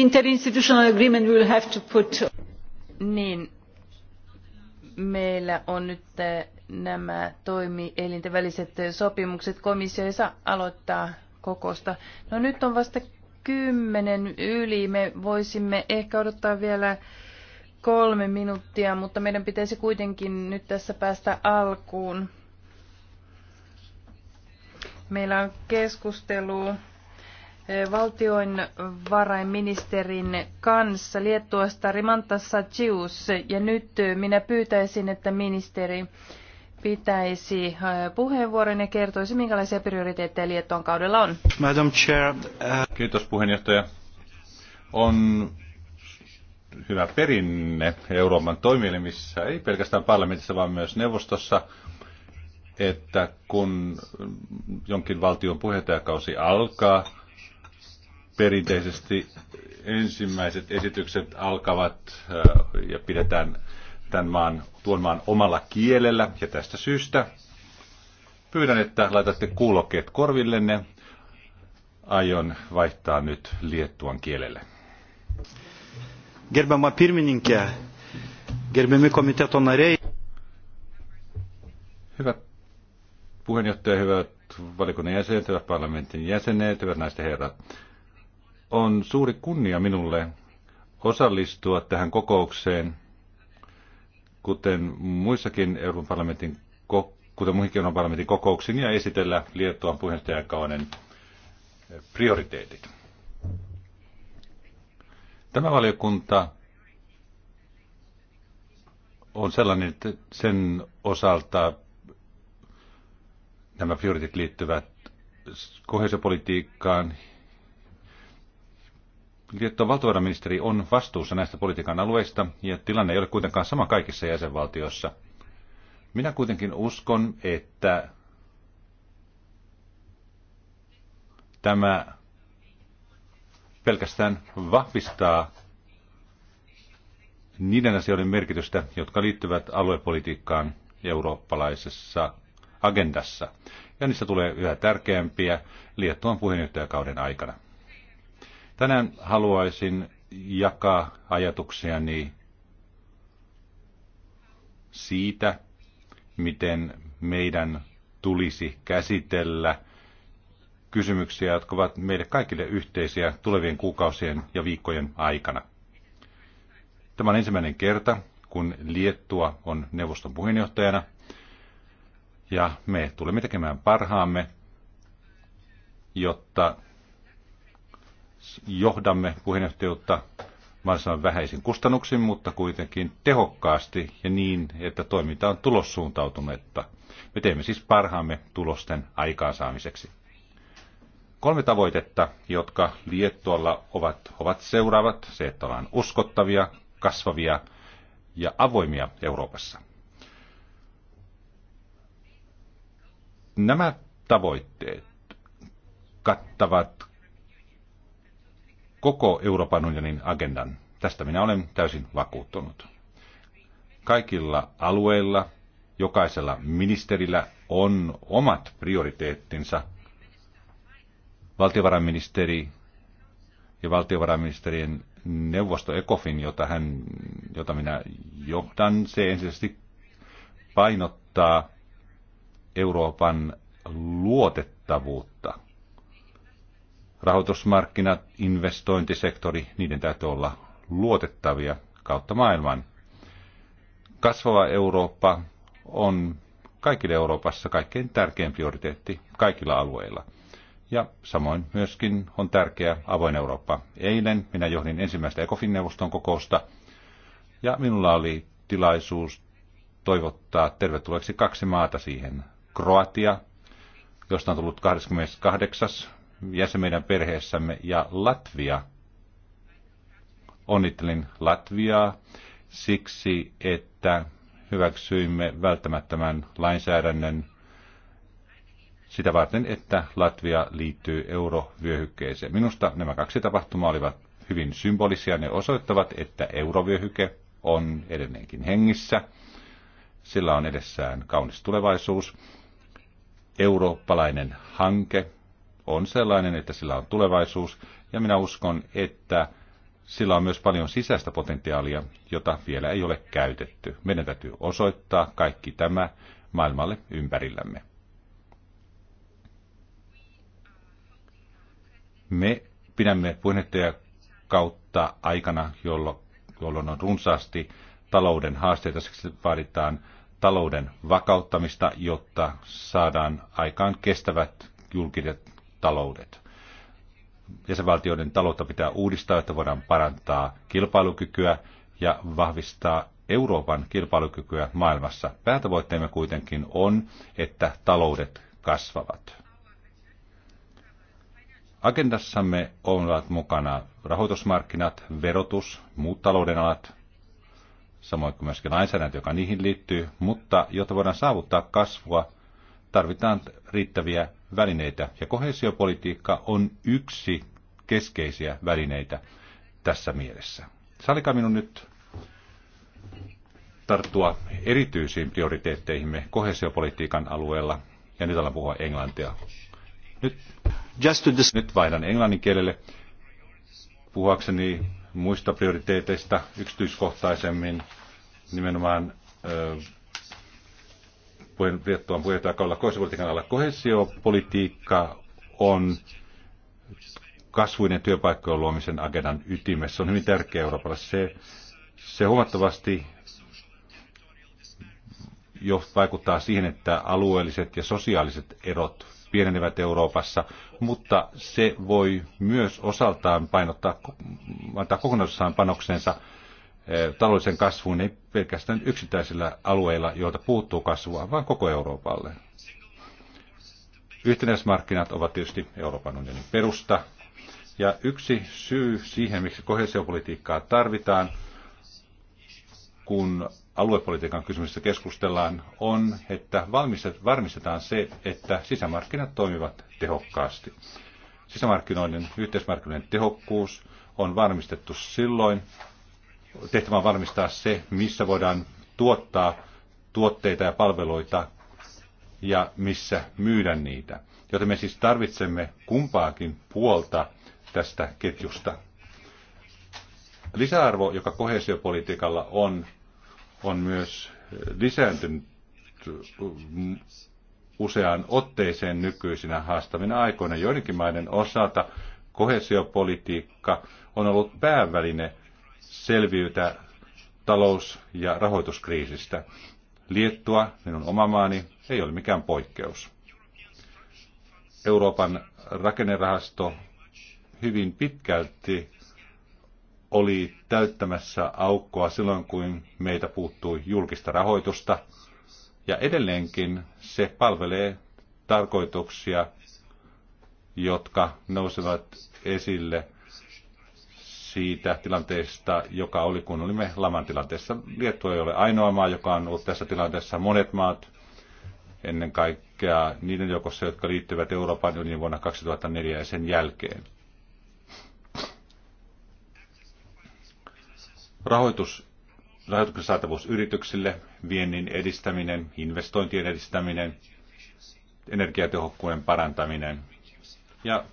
interinstitutional agreement we will have to put... Niin, meillä on nyt nämä toimielinten väliset sopimukset. Komissio ei saa aloittaa kokosta. No nyt on vasta kymmenen yli. Me voisimme ehkä odottaa vielä kolme minuuttia, mutta meidän pitäisi kuitenkin nyt tässä päästä alkuun. Meillä on keskustelu valtion varainministerin kanssa Liettuasta Rimantassa Chius. Ja nyt minä pyytäisin, että ministeri pitäisi äh, puheenvuoron ja kertoisi, minkälaisia prioriteetteja Liettuan kaudella on. Madam Chair, uh... Kiitos puheenjohtaja. On hyvä perinne Euroopan toimielimissä, ei pelkästään parlamentissa, vaan myös neuvostossa, että kun jonkin valtion puheenjohtajakausi alkaa, perinteisesti ensimmäiset esitykset alkavat äh, ja pidetään tämän maan, tuon maan omalla kielellä ja tästä syystä pyydän, että laitatte kuulokkeet korvillenne. Aion vaihtaa nyt liettuan kielelle. Gerbama pirmininkiä, Gerbemi komiteto nariai. Hyvät puheenjohtaja, hyvät valikunnan jäsenet, hyvät parlamentin jäsenet, hyvät naiset ja herrat. On suuri kunnia minulle osallistua tähän kokoukseen, kuten muissakin Euroopan parlamentin kuten muihinkin Euroopan parlamentin kokouksiin, ja esitellä Liettuan puheenjohtajakauden prioriteetit. Tämä valiokunta on sellainen, että sen osalta nämä prioritit liittyvät kohesiopolitiikkaan Liettuan valtiovarainministeri on vastuussa näistä politiikan alueista ja tilanne ei ole kuitenkaan sama kaikissa jäsenvaltioissa. Minä kuitenkin uskon, että tämä pelkästään vahvistaa niiden asioiden merkitystä, jotka liittyvät aluepolitiikkaan eurooppalaisessa agendassa. Ja niistä tulee yhä tärkeämpiä Liettuan puheenjohtajakauden aikana. Tänään haluaisin jakaa ajatuksiani siitä, miten meidän tulisi käsitellä kysymyksiä, jotka ovat meille kaikille yhteisiä tulevien kuukausien ja viikkojen aikana. Tämä on ensimmäinen kerta, kun Liettua on neuvoston puheenjohtajana, ja me tulemme tekemään parhaamme, jotta johdamme puheenjohtajuutta mahdollisimman vähäisin kustannuksin, mutta kuitenkin tehokkaasti ja niin, että toiminta on tulossuuntautunutta. Me teemme siis parhaamme tulosten aikaansaamiseksi. Kolme tavoitetta, jotka Liettualla ovat, ovat seuraavat. Se, että ollaan uskottavia, kasvavia ja avoimia Euroopassa. Nämä tavoitteet kattavat koko Euroopan unionin agendan. Tästä minä olen täysin vakuuttunut. Kaikilla alueilla, jokaisella ministerillä on omat prioriteettinsa. Valtiovarainministeri ja valtiovarainministerien neuvosto ECOFIN, jota, hän, jota minä johdan, se ensisijaisesti painottaa Euroopan luotettavuutta – rahoitusmarkkinat, investointisektori, niiden täytyy olla luotettavia kautta maailman. Kasvava Eurooppa on kaikille Euroopassa kaikkein tärkein prioriteetti kaikilla alueilla. Ja samoin myöskin on tärkeä avoin Eurooppa. Eilen minä johdin ensimmäistä ECOFIN-neuvoston kokousta ja minulla oli tilaisuus toivottaa tervetulleeksi kaksi maata siihen. Kroatia, josta on tullut 28 jäsen meidän perheessämme ja Latvia. Onnittelin Latviaa siksi, että hyväksyimme välttämättömän lainsäädännön sitä varten, että Latvia liittyy eurovyöhykkeeseen. Minusta nämä kaksi tapahtumaa olivat hyvin symbolisia. Ne osoittavat, että eurovyöhyke on edelleenkin hengissä. Sillä on edessään kaunis tulevaisuus. Eurooppalainen hanke, on sellainen, että sillä on tulevaisuus, ja minä uskon, että sillä on myös paljon sisäistä potentiaalia, jota vielä ei ole käytetty. Meidän täytyy osoittaa kaikki tämä maailmalle ympärillämme. Me pidämme puheenjohtaja kautta aikana, jolloin on runsaasti talouden haasteita, siksi vaaditaan talouden vakauttamista, jotta saadaan aikaan kestävät julkiset taloudet. Jäsenvaltioiden taloutta pitää uudistaa, että voidaan parantaa kilpailukykyä ja vahvistaa Euroopan kilpailukykyä maailmassa. Päätavoitteemme kuitenkin on, että taloudet kasvavat. Agendassamme ovat mukana rahoitusmarkkinat, verotus, muut talouden alat, samoin kuin myöskin lainsäädäntö, joka niihin liittyy, mutta jotta voidaan saavuttaa kasvua, tarvitaan riittäviä välineitä ja kohesiopolitiikka on yksi keskeisiä välineitä tässä mielessä. Salika minun nyt tarttua erityisiin prioriteetteihimme kohesiopolitiikan alueella, ja nyt ollaan puhua englantia. Nyt, Just to nyt vaihdan englannin kielelle puhuakseni muista prioriteeteista yksityiskohtaisemmin nimenomaan ö, puheen, Liettuan puheenjohtajakaudella kohesiopolitiikan alla. Kohesiopolitiikka on kasvuinen työpaikkojen luomisen agendan ytimessä. Se on hyvin tärkeä Euroopalla. Se, se huomattavasti jo vaikuttaa siihen, että alueelliset ja sosiaaliset erot pienenevät Euroopassa, mutta se voi myös osaltaan painottaa, antaa kokonaisuudessaan panoksensa – Eh, taloudellisen kasvuun ei pelkästään yksittäisillä alueilla, joilta puuttuu kasvua, vaan koko Euroopalle. Yhtenäismarkkinat ovat tietysti Euroopan unionin perusta, ja yksi syy siihen, miksi kohesiopolitiikkaa tarvitaan, kun aluepolitiikan kysymyksessä keskustellaan, on, että varmistetaan se, että sisämarkkinat toimivat tehokkaasti. Sisämarkkinoiden, yhteismarkkinoiden tehokkuus on varmistettu silloin, tehtävä on varmistaa se, missä voidaan tuottaa tuotteita ja palveluita ja missä myydä niitä. Joten me siis tarvitsemme kumpaakin puolta tästä ketjusta. Lisäarvo, joka kohesiopolitiikalla on, on myös lisääntynyt useaan otteeseen nykyisinä haastavina aikoina. Joidenkin maiden osalta kohesiopolitiikka on ollut pääväline selviytä talous- ja rahoituskriisistä. Liettua, minun oma maani, ei ole mikään poikkeus. Euroopan rakennerahasto hyvin pitkälti oli täyttämässä aukkoa silloin, kun meitä puuttui julkista rahoitusta. Ja edelleenkin se palvelee tarkoituksia, jotka nousevat esille – siitä tilanteesta, joka oli, kun olimme laman tilanteessa. Liettua ei ole ainoa maa, joka on ollut tässä tilanteessa. Monet maat, ennen kaikkea niiden joukossa, jotka liittyvät Euroopan unionin vuonna 2004 ja sen jälkeen. Rahoitus, rahoituksen saatavuus yrityksille, viennin edistäminen, investointien edistäminen, energiatehokkuuden parantaminen ja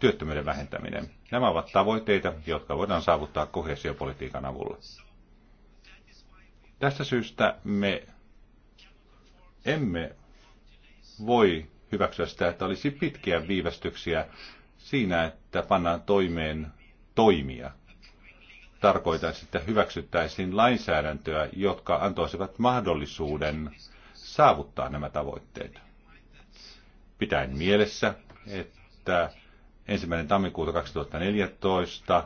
työttömyyden vähentäminen. Nämä ovat tavoitteita, jotka voidaan saavuttaa kohesiopolitiikan avulla. Tästä syystä me emme voi hyväksyä sitä, että olisi pitkiä viivästyksiä siinä, että pannaan toimeen toimia. Tarkoitan, että hyväksyttäisiin lainsäädäntöä, jotka antoisivat mahdollisuuden saavuttaa nämä tavoitteet. Pitäen mielessä, että ensimmäinen tammikuuta 2014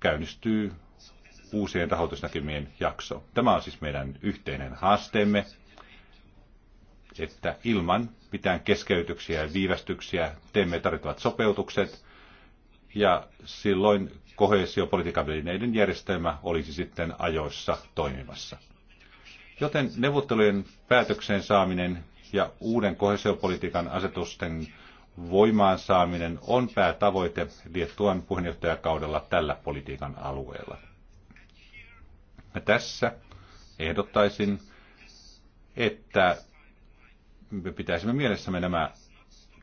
käynnistyy uusien rahoitusnäkymien jakso. Tämä on siis meidän yhteinen haasteemme, että ilman mitään keskeytyksiä ja viivästyksiä teemme tarvittavat sopeutukset, ja silloin kohesiopolitiikan välineiden järjestelmä olisi sitten ajoissa toimimassa. Joten neuvottelujen päätökseen saaminen ja uuden kohesiopolitiikan asetusten voimaan saaminen on päätavoite Liettuan puheenjohtajakaudella tällä politiikan alueella. Ja tässä ehdottaisin, että me pitäisimme mielessämme nämä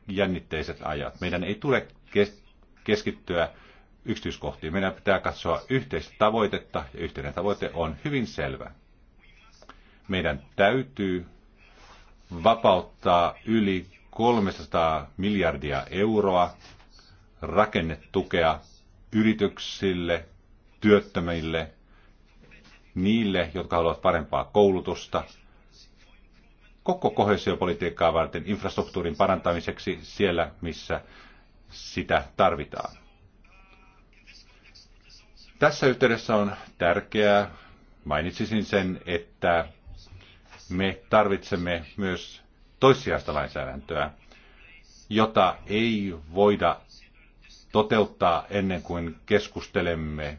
jännitteiset ajat. Meidän ei tule keskittyä yksityiskohtiin. Meidän pitää katsoa yhteistä tavoitetta, ja yhteinen tavoite on hyvin selvä. Meidän täytyy vapauttaa yli 300 miljardia euroa rakennetukea yrityksille, työttömille, niille, jotka haluavat parempaa koulutusta, koko kohesiopolitiikkaa varten infrastruktuurin parantamiseksi siellä, missä sitä tarvitaan. Tässä yhteydessä on tärkeää, mainitsisin sen, että me tarvitsemme myös toissijaista lainsäädäntöä, jota ei voida toteuttaa ennen kuin keskustelemme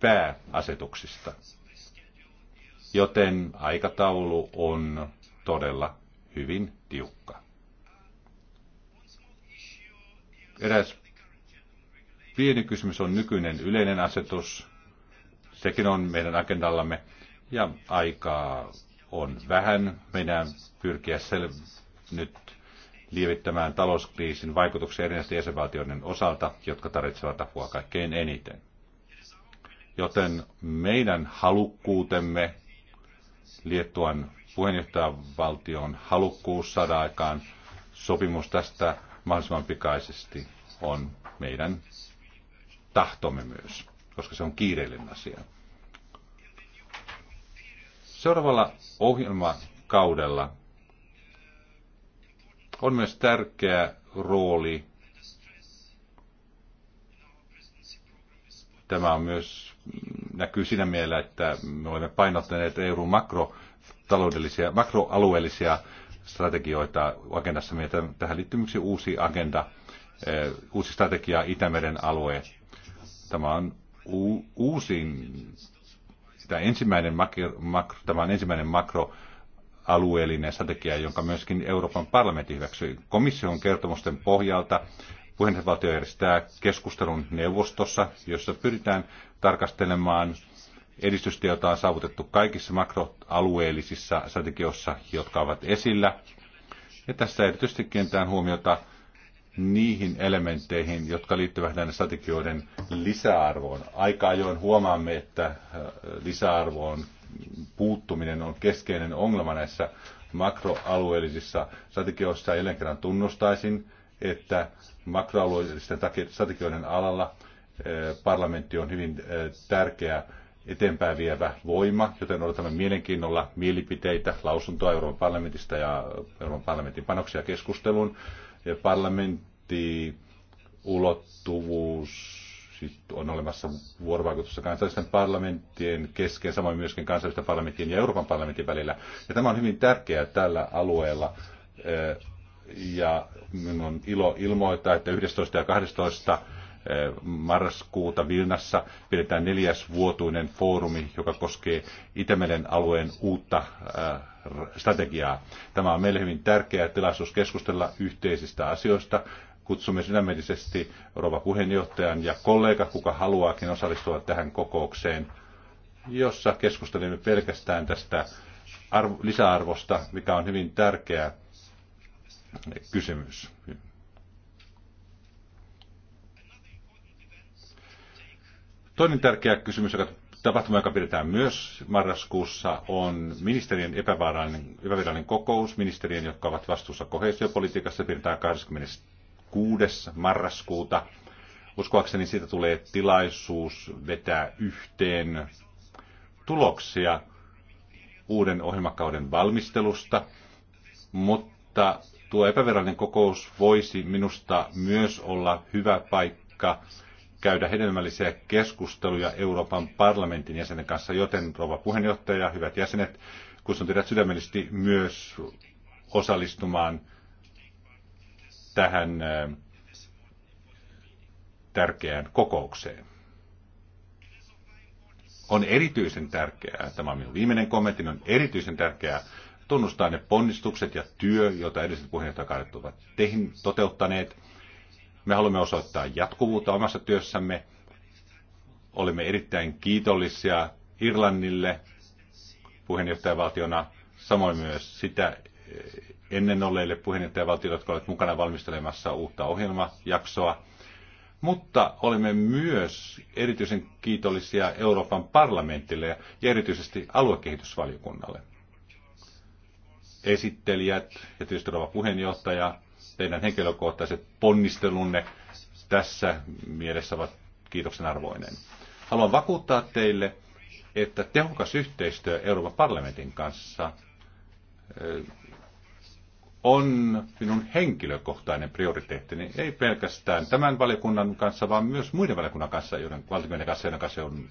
pääasetuksista. Joten aikataulu on todella hyvin tiukka. Eräs pieni kysymys on nykyinen yleinen asetus. Sekin on meidän agendallamme ja aikaa on vähän. Meidän pyrkiä sel- nyt lievittämään talouskriisin vaikutuksia erinäisten jäsenvaltioiden osalta, jotka tarvitsevat apua kaikkein eniten. Joten meidän halukkuutemme Liettuan puheenjohtajavaltion halukkuus saada aikaan sopimus tästä mahdollisimman pikaisesti on meidän tahtomme myös, koska se on kiireellinen asia. Seuraavalla ohjelmakaudella on myös tärkeä rooli. Tämä on myös näkyy siinä mielessä, että me olemme painottaneet EUn makrotaloudellisia, makroalueellisia strategioita agendassa. Meidän tähän liittyy uusi agenda, eh, uusi strategia Itämeren alue. Tämä on uusin sitä ensimmäinen makro, tämä on ensimmäinen makroalueellinen strategia, jonka myöskin Euroopan parlamentti hyväksyi. Komission kertomusten pohjalta puheenjohtajavaltio järjestää keskustelun neuvostossa, jossa pyritään tarkastelemaan edistystä, jota on saavutettu kaikissa makroalueellisissa strategioissa, jotka ovat esillä. Ja tässä erityisesti kiinnitetään huomiota niihin elementteihin, jotka liittyvät näiden strategioiden lisäarvoon. Aika ajoin huomaamme, että äh, lisäarvoon puuttuminen on keskeinen ongelma näissä makroalueellisissa strategioissa. Jälleen kerran tunnustaisin, että makroalueellisten strategioiden alalla äh, parlamentti on hyvin äh, tärkeä eteenpäin vievä voima, joten odotamme mielenkiinnolla mielipiteitä, lausuntoa Euroopan parlamentista ja Euroopan parlamentin panoksia keskusteluun ja parlamentti, ulottuvuus, on olemassa vuorovaikutusta kansallisten parlamenttien kesken, samoin myöskin kansallisten parlamenttien ja Euroopan parlamentin välillä. Ja tämä on hyvin tärkeää tällä alueella. Eh, ja minun on ilo ilmoittaa, että 11. ja 12 eh, marraskuuta Vilnassa pidetään neljäs vuotuinen foorumi, joka koskee Itämeren alueen uutta eh, strategiaa. Tämä on meille hyvin tärkeä tilaisuus keskustella yhteisistä asioista. Kutsumme sydämellisesti rouva puheenjohtajan ja kollega, kuka haluaakin osallistua tähän kokoukseen, jossa keskustelemme pelkästään tästä arvo, lisäarvosta, mikä on hyvin tärkeä kysymys. Toinen tärkeä kysymys, joka Tapahtuma, joka pidetään myös marraskuussa, on ministerien epävirallinen, kokous. Ministerien, jotka ovat vastuussa kohesiopolitiikassa, pidetään 26. marraskuuta. Uskoakseni siitä tulee tilaisuus vetää yhteen tuloksia uuden ohjelmakauden valmistelusta, mutta tuo epävirallinen kokous voisi minusta myös olla hyvä paikka – käydä hedelmällisiä keskusteluja Euroopan parlamentin jäsenen kanssa, joten rouva puheenjohtaja ja hyvät jäsenet, kutsun teidät sydämellisesti myös osallistumaan tähän äh, tärkeään kokoukseen. On erityisen tärkeää, tämä on minun viimeinen kommentti, on erityisen tärkeää tunnustaa ne ponnistukset ja työ, jota edelliset puheenjohtajakaudet ovat toteuttaneet – me haluamme osoittaa jatkuvuutta omassa työssämme. Olemme erittäin kiitollisia Irlannille puheenjohtajavaltiona, samoin myös sitä ennen olleille puheenjohtajavaltioille, jotka olivat mukana valmistelemassa uutta ohjelmajaksoa. Mutta olemme myös erityisen kiitollisia Euroopan parlamentille ja erityisesti aluekehitysvaliokunnalle. Esittelijät ja tietysti puheenjohtaja teidän henkilökohtaiset ponnistelunne tässä mielessä ovat kiitoksen arvoinen. Haluan vakuuttaa teille, että tehokas yhteistyö Euroopan parlamentin kanssa on minun henkilökohtainen prioriteettini, ei pelkästään tämän valiokunnan kanssa, vaan myös muiden valiokunnan kanssa, joiden valtioiden kanssa, joiden kanssa on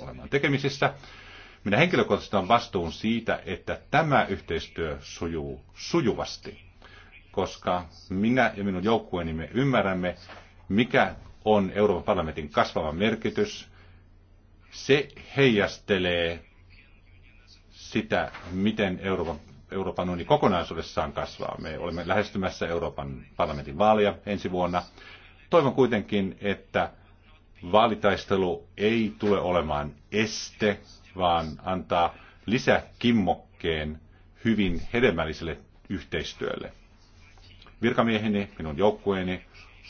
olemaan tekemisissä. Minä henkilökohtaisesti on vastuun siitä, että tämä yhteistyö sujuu sujuvasti koska minä ja minun joukkueeni me ymmärrämme, mikä on Euroopan parlamentin kasvava merkitys. Se heijastelee sitä, miten Euroopan, Euroopan unioni kokonaisuudessaan kasvaa. Me olemme lähestymässä Euroopan parlamentin vaaleja ensi vuonna. Toivon kuitenkin, että vaalitaistelu ei tule olemaan este, vaan antaa lisäkimmokkeen hyvin hedelmälliselle yhteistyölle. Virkamieheni, minun joukkueeni,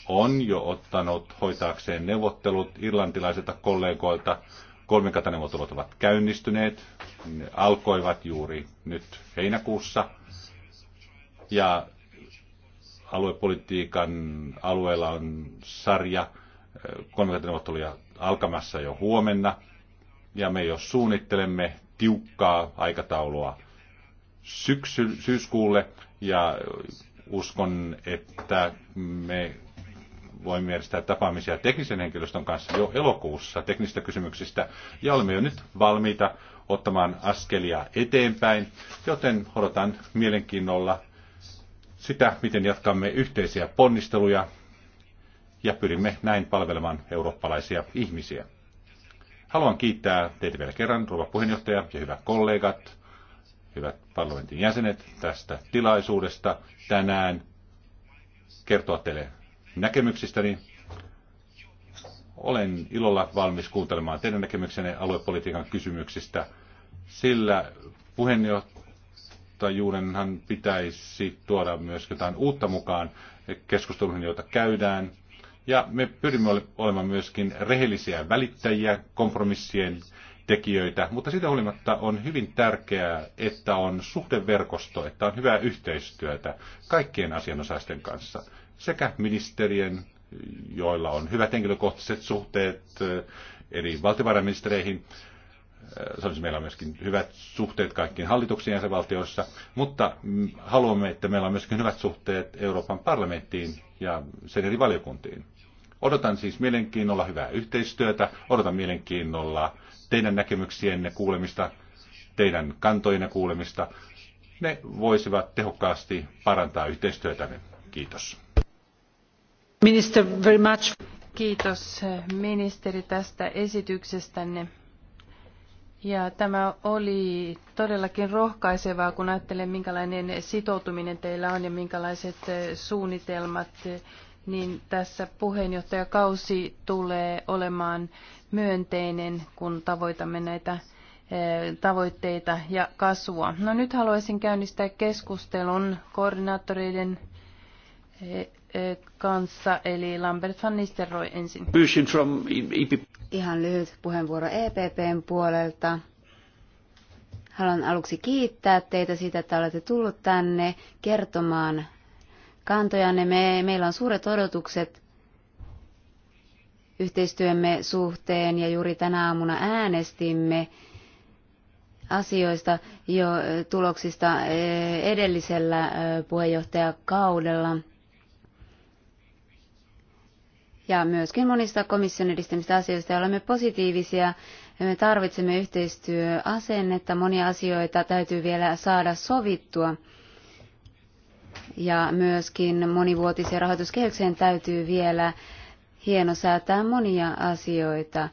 on jo ottanut hoitaakseen neuvottelut irlantilaisilta kollegoilta. Kolmikantaneuvottelut ovat käynnistyneet. Ne alkoivat juuri nyt heinäkuussa. Ja aluepolitiikan alueella on sarja kolmikantaneuvotteluja alkamassa jo huomenna. Ja me jo suunnittelemme tiukkaa aikataulua syksy, syyskuulle ja uskon, että me voimme järjestää tapaamisia teknisen henkilöstön kanssa jo elokuussa teknisistä kysymyksistä, ja olemme jo nyt valmiita ottamaan askelia eteenpäin, joten odotan mielenkiinnolla sitä, miten jatkamme yhteisiä ponnisteluja ja pyrimme näin palvelemaan eurooppalaisia ihmisiä. Haluan kiittää teitä vielä kerran, rouva puheenjohtaja ja hyvät kollegat, hyvät parlamentin jäsenet, tästä tilaisuudesta tänään kertoa teille näkemyksistäni. Olen ilolla valmis kuuntelemaan teidän näkemyksenne aluepolitiikan kysymyksistä, sillä puheenjohtajuudenhan pitäisi tuoda myös jotain uutta mukaan keskusteluihin, joita käydään. Ja me pyrimme olemaan myöskin rehellisiä välittäjiä kompromissien tekijöitä, mutta siitä huolimatta on hyvin tärkeää, että on suhdeverkosto, että on hyvää yhteistyötä kaikkien asianosaisten kanssa, sekä ministerien, joilla on hyvät henkilökohtaiset suhteet eh, eri valtiovarainministereihin, eh, sanoisin, meillä on myöskin hyvät suhteet kaikkiin hallituksiin jäsenvaltioissa, mutta mm, haluamme, että meillä on myöskin hyvät suhteet Euroopan parlamenttiin ja sen eri valiokuntiin. Odotan siis mielenkiinnolla hyvää yhteistyötä, odotan mielenkiinnolla teidän näkemyksienne kuulemista, teidän kantojenne kuulemista. Ne voisivat tehokkaasti parantaa yhteistyötämme. Kiitos. Minister, very much. Kiitos ministeri tästä esityksestänne. Ja tämä oli todellakin rohkaisevaa, kun ajattelen, minkälainen sitoutuminen teillä on ja minkälaiset suunnitelmat niin tässä puheenjohtajakausi tulee olemaan myönteinen, kun tavoitamme näitä eh, tavoitteita ja kasvua. No nyt haluaisin käynnistää keskustelun koordinaattoreiden eh, eh, kanssa, eli Lambert van Nistelrooy ensin. E Ihan lyhyt puheenvuoro EPPn puolelta. Haluan aluksi kiittää teitä siitä, että olette tullut tänne kertomaan kantojanne. Niin me, meillä on suuret odotukset yhteistyömme suhteen ja juuri tänä aamuna äänestimme asioista jo eh, tuloksista eh, edellisellä eh, puheenjohtajakaudella ja myöskin monista komission edistämistä asioista olemme positiivisia. Me tarvitsemme yhteistyöasennetta, monia asioita täytyy vielä saada sovittua ja myöskin monivuotiseen rahoituskehykseen täytyy vielä hienosäätää monia asioita.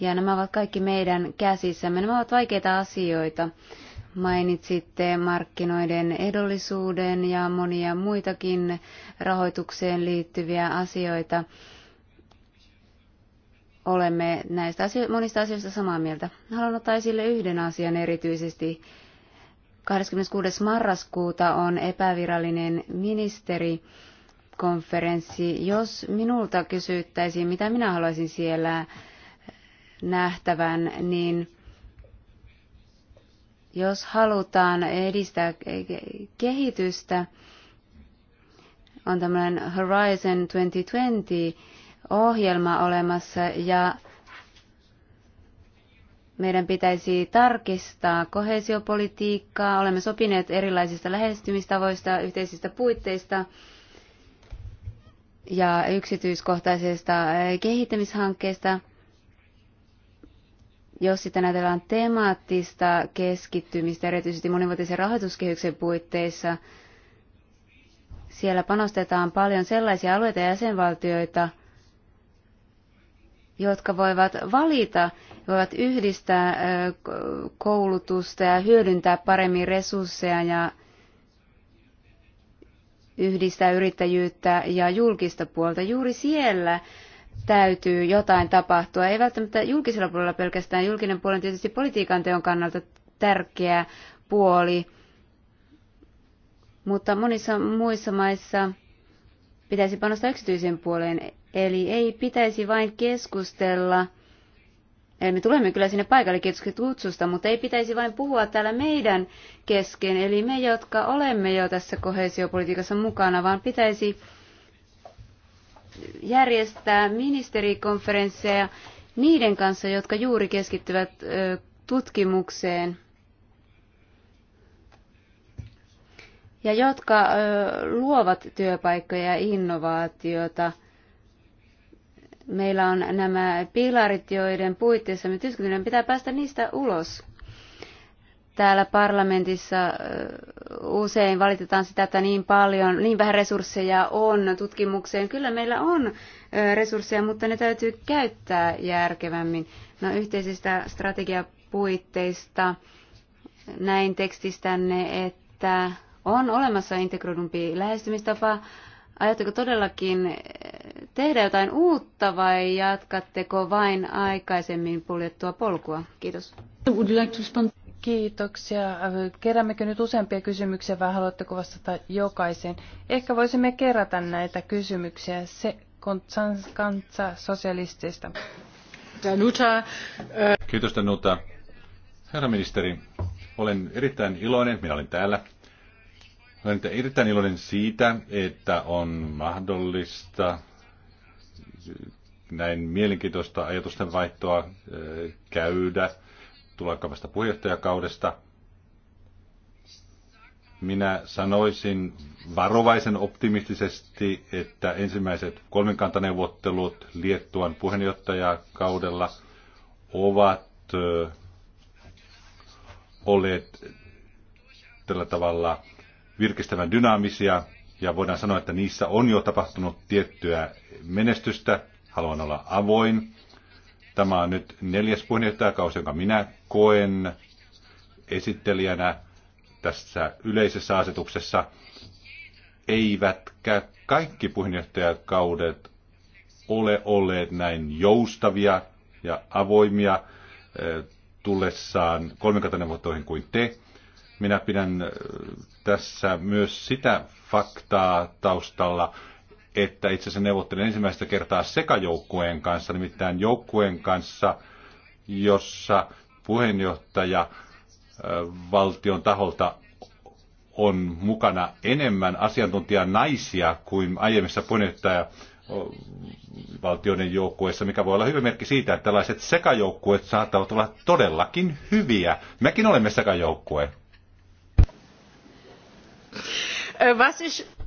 Ja nämä ovat kaikki meidän käsissämme. Nämä ovat vaikeita asioita. Mainitsitte markkinoiden edullisuuden ja monia muitakin rahoitukseen liittyviä asioita. Olemme näistä asio- monista asioista samaa mieltä. Haluan ottaa esille yhden asian erityisesti, 26. marraskuuta on epävirallinen ministerikonferenssi. Jos minulta kysyttäisiin, mitä minä haluaisin siellä nähtävän, niin jos halutaan edistää kehitystä, on tämmöinen Horizon 2020 ohjelma olemassa ja meidän pitäisi tarkistaa kohesiopolitiikkaa. Olemme sopineet erilaisista lähestymistavoista, yhteisistä puitteista ja yksityiskohtaisista kehittämishankkeista. Jos sitten ajatellaan temaattista keskittymistä, erityisesti monivuotisen rahoituskehyksen puitteissa, siellä panostetaan paljon sellaisia alueita ja jäsenvaltioita, jotka voivat valita, voivat yhdistää koulutusta ja hyödyntää paremmin resursseja ja yhdistää yrittäjyyttä ja julkista puolta. Juuri siellä täytyy jotain tapahtua. Ei välttämättä julkisella puolella pelkästään. Julkinen puoli on tietysti politiikan teon kannalta tärkeä puoli. Mutta monissa muissa maissa pitäisi panostaa yksityisen puoleen. Eli ei pitäisi vain keskustella, eli me tulemme kyllä sinne paikalle kutsusta, mutta ei pitäisi vain puhua täällä meidän kesken, eli me, jotka olemme jo tässä kohesiopolitiikassa mukana, vaan pitäisi järjestää ministerikonferensseja niiden kanssa, jotka juuri keskittyvät tutkimukseen ja jotka luovat työpaikkoja ja innovaatiota – Meillä on nämä pilarit, joiden puitteissa me työskentelemme, pitää päästä niistä ulos. Täällä parlamentissa usein valitetaan sitä, että niin paljon, niin vähän resursseja on tutkimukseen. Kyllä meillä on resursseja, mutta ne täytyy käyttää järkevämmin. No yhteisistä strategiapuitteista, näin tekstistänne, että on olemassa integroidumpi lähestymistapa. Ajatteko todellakin tehdä jotain uutta vai jatkatteko vain aikaisemmin poljettua polkua? Kiitos. Kiitoksia. Keräämmekö nyt useampia kysymyksiä vai haluatteko vastata jokaiseen? Ehkä voisimme kerätä näitä kysymyksiä se kanssa sosialistista. Kiitos Danuta. Herra ministeri, olen erittäin iloinen, minä olen täällä. Olen erittäin iloinen siitä, että on mahdollista näin mielenkiintoista ajatusten vaihtoa eh, käydä tulevasta puheenjohtajakaudesta. Minä sanoisin varovaisen optimistisesti, että ensimmäiset kolmikantaneuvottelut Liettuan puheenjohtajakaudella ovat eh, olleet tällä tavalla virkistävän dynaamisia ja voidaan sanoa, että niissä on jo tapahtunut tiettyä menestystä. Haluan olla avoin. Tämä on nyt neljäs puheenjohtajakausi, jonka minä koen esittelijänä tässä yleisessä asetuksessa. Eivätkä kaikki puheenjohtajakaudet ole olleet näin joustavia ja avoimia eh, tullessaan kolmikantaneuvottoihin kuin te. Minä pidän äh, tässä myös sitä faktaa taustalla, että itse asiassa neuvottelen ensimmäistä kertaa sekajoukkueen kanssa, nimittäin joukkueen kanssa, jossa puheenjohtaja äh, valtion taholta on mukana enemmän asiantuntija naisia kuin aiemmissa puheenjohtaja valtioiden joukkueessa, mikä voi olla hyvä merkki siitä, että tällaiset sekajoukkueet saattavat olla todellakin hyviä. Mekin olemme sekajoukkue.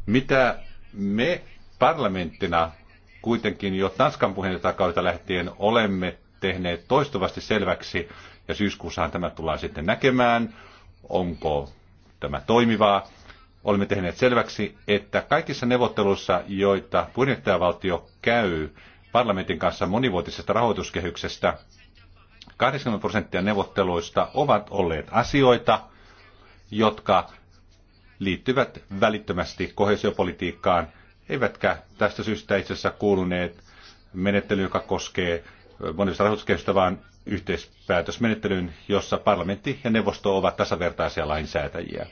Mitä me parlamenttina kuitenkin jo Tanskan puheenjohtajakaudelta lähtien olemme tehneet toistuvasti selväksi, ja syyskuussahan tämä tullaan sitten näkemään, onko tämä toimivaa. Olemme tehneet selväksi, että kaikissa neuvotteluissa, joita puheenjohtajavaltio käy parlamentin kanssa monivuotisesta rahoituskehyksestä, 80 prosenttia neuvotteluista ovat olleet asioita, jotka liittyvät välittömästi kohesiopolitiikkaan, eivätkä tästä syystä itse asiassa kuuluneet menettelyyn, joka koskee monista rahoituskehystä, vaan yhteispäätösmenettelyyn, jossa parlamentti ja neuvosto ovat tasavertaisia lainsäätäjiä.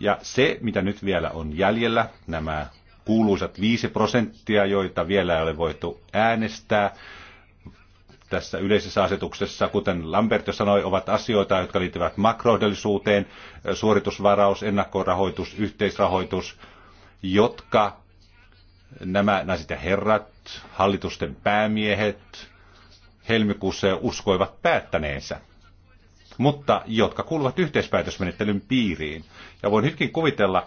Ja se, mitä nyt vielä on jäljellä, nämä kuuluisat 5 prosenttia, joita vielä ei ole voitu äänestää, tässä yleisessä asetuksessa, kuten Lambert jo sanoi, ovat asioita, jotka liittyvät makrohdellisuuteen, suoritusvaraus, ennakkorahoitus, yhteisrahoitus, jotka nämä naiset ja herrat, hallitusten päämiehet, helmikuussa uskoivat päättäneensä mutta jotka kuuluvat yhteispäätösmenettelyn piiriin. Ja voin hyvinkin kuvitella,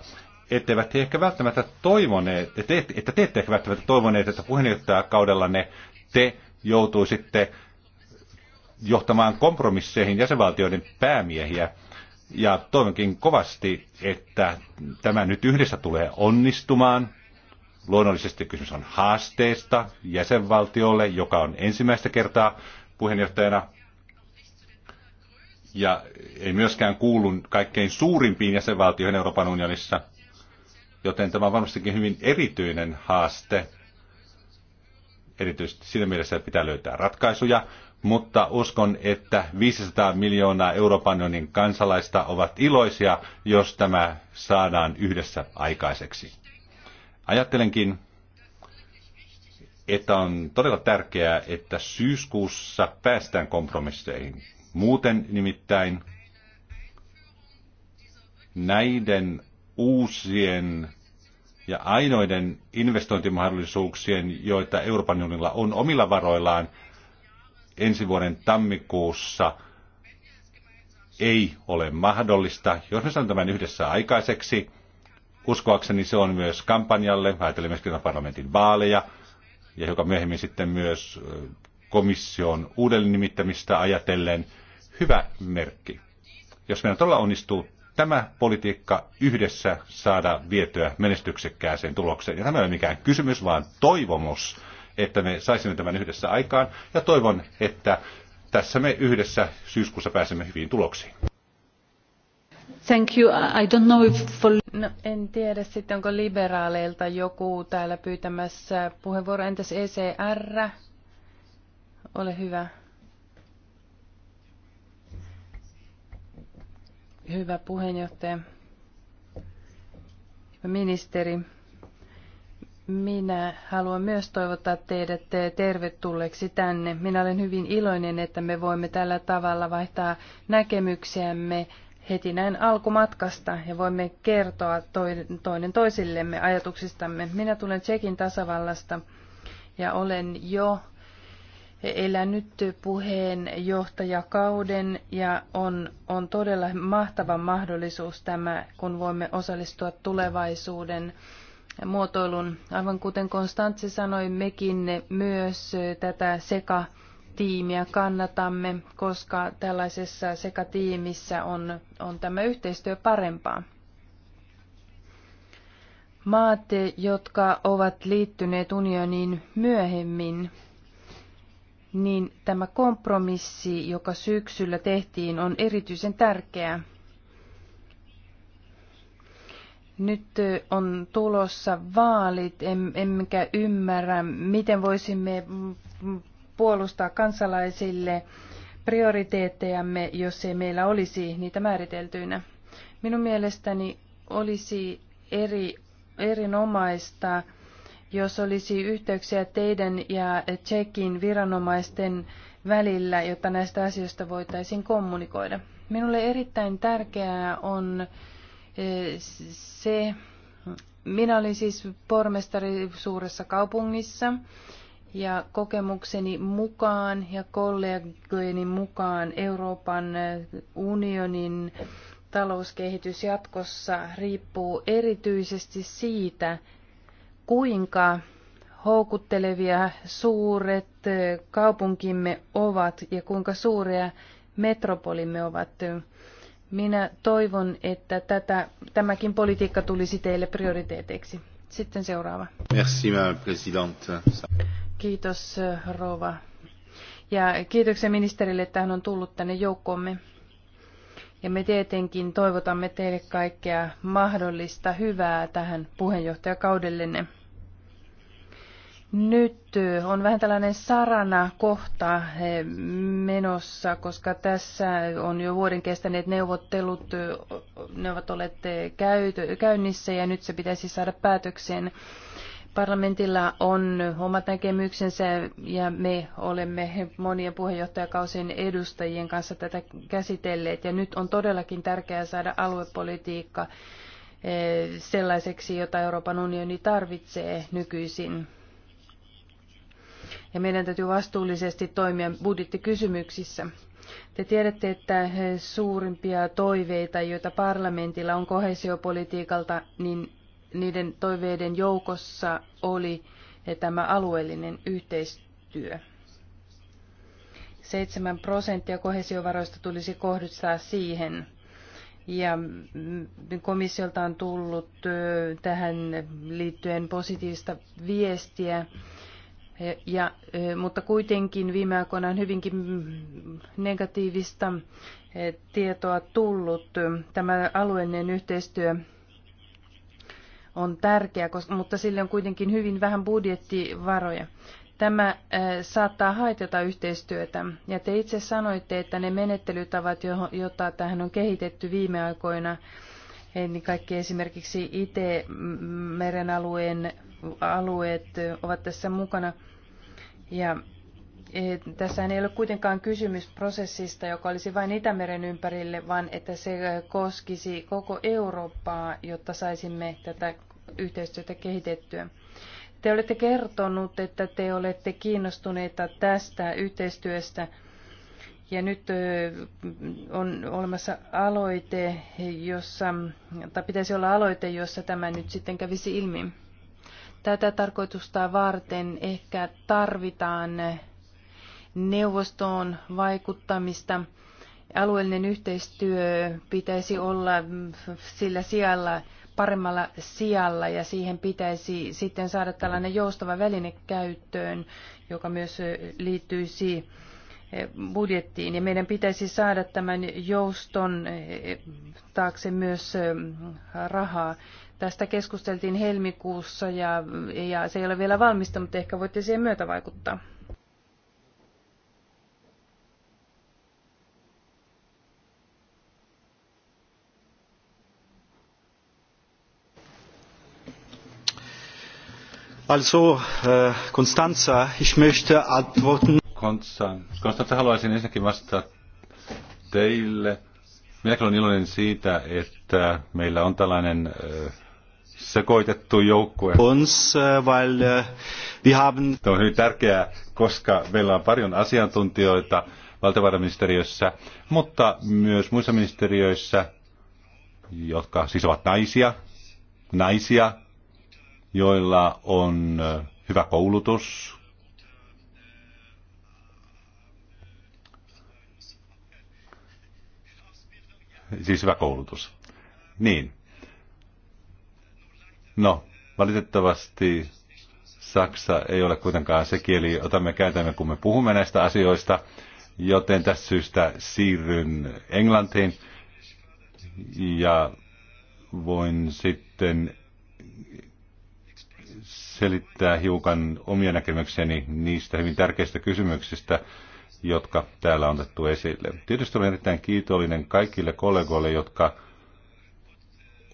etteivät ehkä välttämättä toivoneet, että te ette ehkä välttämättä toivoneet, että puheenjohtajakaudellanne te joutui sitten johtamaan kompromisseihin jäsenvaltioiden päämiehiä. Ja toivonkin kovasti, että tämä nyt yhdessä tulee onnistumaan. Luonnollisesti kysymys on haasteesta jäsenvaltiolle, joka on ensimmäistä kertaa puheenjohtajana. Ja ei myöskään kuulu kaikkein suurimpiin jäsenvaltioihin Euroopan unionissa, joten tämä on varmastikin hyvin erityinen haaste erityisesti siinä mielessä, että pitää löytää ratkaisuja, mutta uskon, että 500 miljoonaa Euroopan unionin kansalaista ovat iloisia, jos tämä saadaan yhdessä aikaiseksi. Ajattelenkin, että on todella tärkeää, että syyskuussa päästään kompromisseihin. Muuten nimittäin näiden uusien ja ainoiden investointimahdollisuuksien, joita Euroopan unionilla on omilla varoillaan ensi vuoden tammikuussa, ei ole mahdollista. Jos me saamme tämän yhdessä aikaiseksi, uskoakseni se on myös kampanjalle, ajatellen myös parlamentin vaaleja, ja joka myöhemmin sitten myös komission uudelleen nimittämistä ajatellen, hyvä merkki. Jos meidän todella onnistuu tämä politiikka yhdessä saada vietyä menestyksekkääseen tulokseen. Ja tämä ei ole mikään kysymys, vaan toivomus, että me saisimme tämän yhdessä aikaan. Ja toivon, että tässä me yhdessä syyskuussa pääsemme hyviin tuloksiin. Thank you. I don't know if for... no, en tiedä sitten, onko liberaaleilta joku täällä pyytämässä puheenvuoro. Entäs ECR? Ole hyvä. hyvä puheenjohtaja, hyvä ministeri. Minä haluan myös toivottaa teidät tervetulleeksi tänne. Minä olen hyvin iloinen, että me voimme tällä tavalla vaihtaa näkemyksiämme heti näin alkumatkasta ja voimme kertoa toinen toisillemme ajatuksistamme. Minä tulen Tsekin tasavallasta ja olen jo elänyt puheenjohtajakauden ja on, on todella mahtava mahdollisuus tämä, kun voimme osallistua tulevaisuuden muotoilun. Aivan kuten Konstantse sanoi, mekin myös tätä sekatiimiä kannatamme, koska tällaisessa sekatiimissä on, on tämä yhteistyö parempaa. Maat, jotka ovat liittyneet unioniin myöhemmin, niin tämä kompromissi, joka syksyllä tehtiin, on erityisen tärkeä. Nyt on tulossa vaalit, emmekä ymmärrä, miten voisimme puolustaa kansalaisille prioriteettejamme, jos ei meillä olisi niitä määriteltyinä. Minun mielestäni olisi eri, erinomaista jos olisi yhteyksiä teidän ja Tsekin viranomaisten välillä, jotta näistä asioista voitaisiin kommunikoida. Minulle erittäin tärkeää on eh, se, minä olin siis pormestari suuressa kaupungissa ja kokemukseni mukaan ja kollegojeni mukaan Euroopan unionin talouskehitys jatkossa riippuu erityisesti siitä, kuinka houkuttelevia suuret kaupunkimme ovat ja kuinka suuria metropolimme ovat. Minä toivon, että tätä, tämäkin politiikka tulisi teille prioriteeteiksi. Sitten seuraava. Merci, Kiitos, Rova. Ja kiitoksia ministerille, että hän on tullut tänne joukkoomme. Ja me tietenkin toivotamme teille kaikkea mahdollista hyvää tähän puheenjohtajakaudellenne. Nyt on vähän tällainen sarana kohta eh, menossa, koska tässä on jo vuoden kestäneet neuvottelut, ne ovat olleet eh, käynnissä ja nyt se pitäisi saada päätökseen. Parlamentilla on omat näkemyksensä ja me olemme monien puheenjohtajakausien edustajien kanssa tätä käsitelleet ja nyt on todellakin tärkeää saada aluepolitiikka eh, sellaiseksi, jota Euroopan unioni tarvitsee nykyisin ja meidän täytyy vastuullisesti toimia budjettikysymyksissä. Te tiedätte, että eh, suurimpia toiveita, joita parlamentilla on kohesiopolitiikalta, niin niiden toiveiden joukossa oli eh, tämä alueellinen yhteistyö. 7 prosenttia kohesiovaroista tulisi kohdistaa siihen. Ja mm, komissiolta on tullut eh, tähän liittyen positiivista viestiä ja, mutta kuitenkin viime aikoina on hyvinkin negatiivista tietoa tullut. Tämä alueellinen yhteistyö on tärkeä, mutta sille on kuitenkin hyvin vähän budjettivaroja. Tämä saattaa haitata yhteistyötä. Ja te itse sanoitte, että ne menettelytavat, joita tähän on kehitetty viime aikoina, Ennen kaikkea esimerkiksi Itämeren alueen alueet ovat tässä mukana. Ja e, tässä ei ole kuitenkaan kysymys prosessista, joka olisi vain Itämeren ympärille, vaan että se koskisi koko Eurooppaa, jotta saisimme tätä yhteistyötä kehitettyä. Te olette kertonut, että te olette kiinnostuneita tästä yhteistyöstä ja nyt on olemassa aloite, jossa, tai pitäisi olla aloite, jossa tämä nyt sitten kävisi ilmi. Tätä tarkoitusta varten ehkä tarvitaan neuvostoon vaikuttamista. Alueellinen yhteistyö pitäisi olla sillä sijalla, paremmalla sijalla ja siihen pitäisi sitten saada tällainen joustava väline käyttöön, joka myös liittyisi budjettiin. Ja meidän pitäisi saada tämän jouston eh, taakse myös eh, rahaa. Tästä keskusteltiin helmikuussa ja, ja se ei ole vielä valmista, mutta ehkä voitte siihen myötä vaikuttaa. Also, äh, Constanza, ich möchte antworten Kontsa. Konstantsa, haluaisin ensinnäkin vastata teille. Minäkin olen iloinen siitä, että meillä on tällainen sekoitettu joukkue. Uns, weil wir haben... Tämä on hyvin tärkeää, koska meillä on paljon asiantuntijoita valtiovarainministeriössä, mutta myös muissa ministeriöissä, jotka siis ovat naisia, naisia, joilla on hyvä koulutus, siis hyvä koulutus. Niin. No, valitettavasti Saksa ei ole kuitenkaan se kieli, jota me käytämme, kun me puhumme näistä asioista, joten tästä syystä siirryn Englantiin ja voin sitten selittää hiukan omia näkemykseni niistä hyvin tärkeistä kysymyksistä, jotka täällä on otettu esille. Tietysti olen erittäin kiitollinen kaikille kollegoille, jotka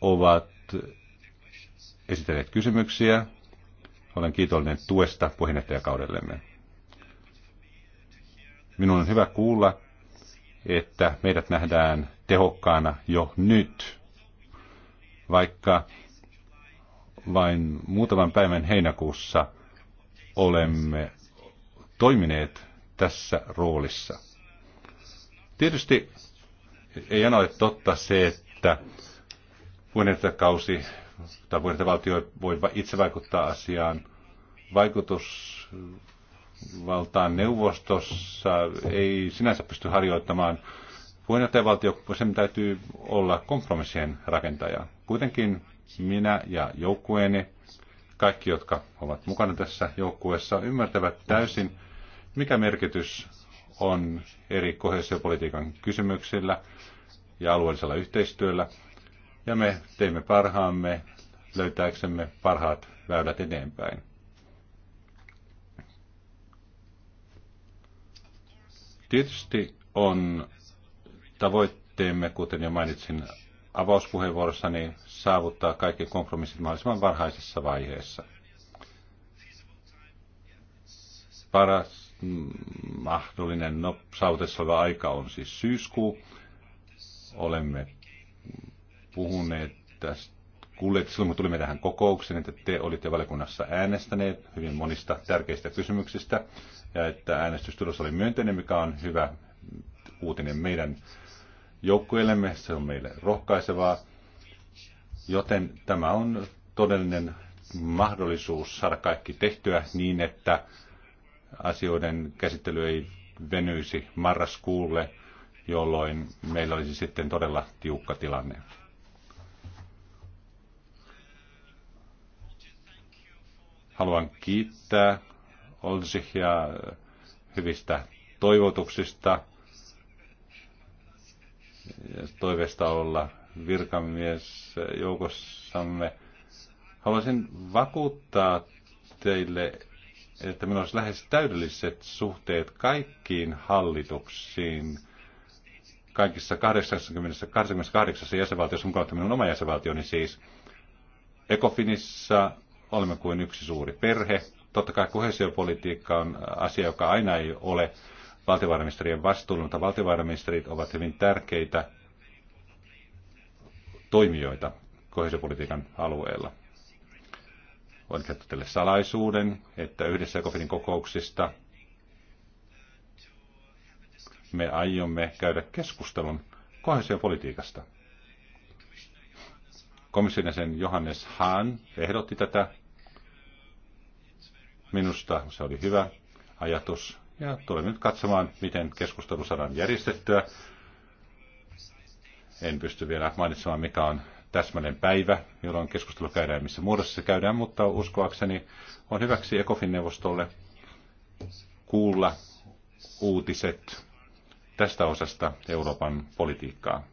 ovat esitelleet kysymyksiä. Olen kiitollinen tuesta puheenjohtajakaudellemme. Minun on hyvä kuulla, että meidät nähdään tehokkaana jo nyt, vaikka vain muutaman päivän heinäkuussa olemme toimineet tässä roolissa. Tietysti ei aina ole totta se, että puheenjohtajakausi tai puheenjohtajavaltio voi itse vaikuttaa asiaan. Vaikutusvaltaan neuvostossa ei sinänsä pysty harjoittamaan. Puheenjohtajavaltio, sen täytyy olla kompromissien rakentaja. Kuitenkin minä ja joukkueeni, kaikki jotka ovat mukana tässä joukkueessa, ymmärtävät täysin, mikä merkitys on eri kohesiopolitiikan kysymyksillä ja alueellisella yhteistyöllä, ja me teemme parhaamme löytääksemme parhaat väylät eteenpäin. Tietysti on tavoitteemme, kuten jo mainitsin avauspuheenvuorossani, saavuttaa kaikki kompromissit mahdollisimman varhaisessa vaiheessa. Paras mahdollinen no, saavutettava aika on siis syyskuu. Olemme puhuneet tästä, kuulleet silloin, kun tulimme tähän kokoukseen, että te olitte valiokunnassa äänestäneet hyvin monista tärkeistä kysymyksistä ja että äänestystulos oli myönteinen, mikä on hyvä uutinen meidän joukkueellemme. Se on meille rohkaisevaa. Joten tämä on todellinen mahdollisuus saada kaikki tehtyä niin, että asioiden käsittely ei venyisi marraskuulle, jolloin meillä olisi sitten todella tiukka tilanne. Haluan kiittää Olsihia hyvistä toivotuksista, toiveista olla virkamies joukossamme. Haluaisin vakuuttaa teille, että meillä olisi lähes täydelliset suhteet kaikkiin hallituksiin kaikissa 80, 88 jäsenvaltiossa, mukaan minun oma jäsenvaltioni siis. ekofinissa olemme kuin yksi suuri perhe. Totta kai kohesiopolitiikka on asia, joka aina ei ole valtiovarainministerien vastuulla, mutta valtiovarainministerit ovat hyvin tärkeitä toimijoita kohesiopolitiikan alueella. Voin kertoa teille salaisuuden, että yhdessä Ekofinin kokouksista me aiomme käydä keskustelun kohesiopolitiikasta. Komission jäsen Johannes Hahn ehdotti tätä. Minusta se oli hyvä ajatus. Ja tulemme nyt katsomaan, miten keskustelu saadaan järjestettyä. En pysty vielä mainitsemaan, mikä on täsmälleen päivä, jolloin keskustelu käydään, missä muodossa se käydään, mutta uskoakseni on hyväksi ECOFIN-neuvostolle kuulla uutiset tästä osasta Euroopan politiikkaa.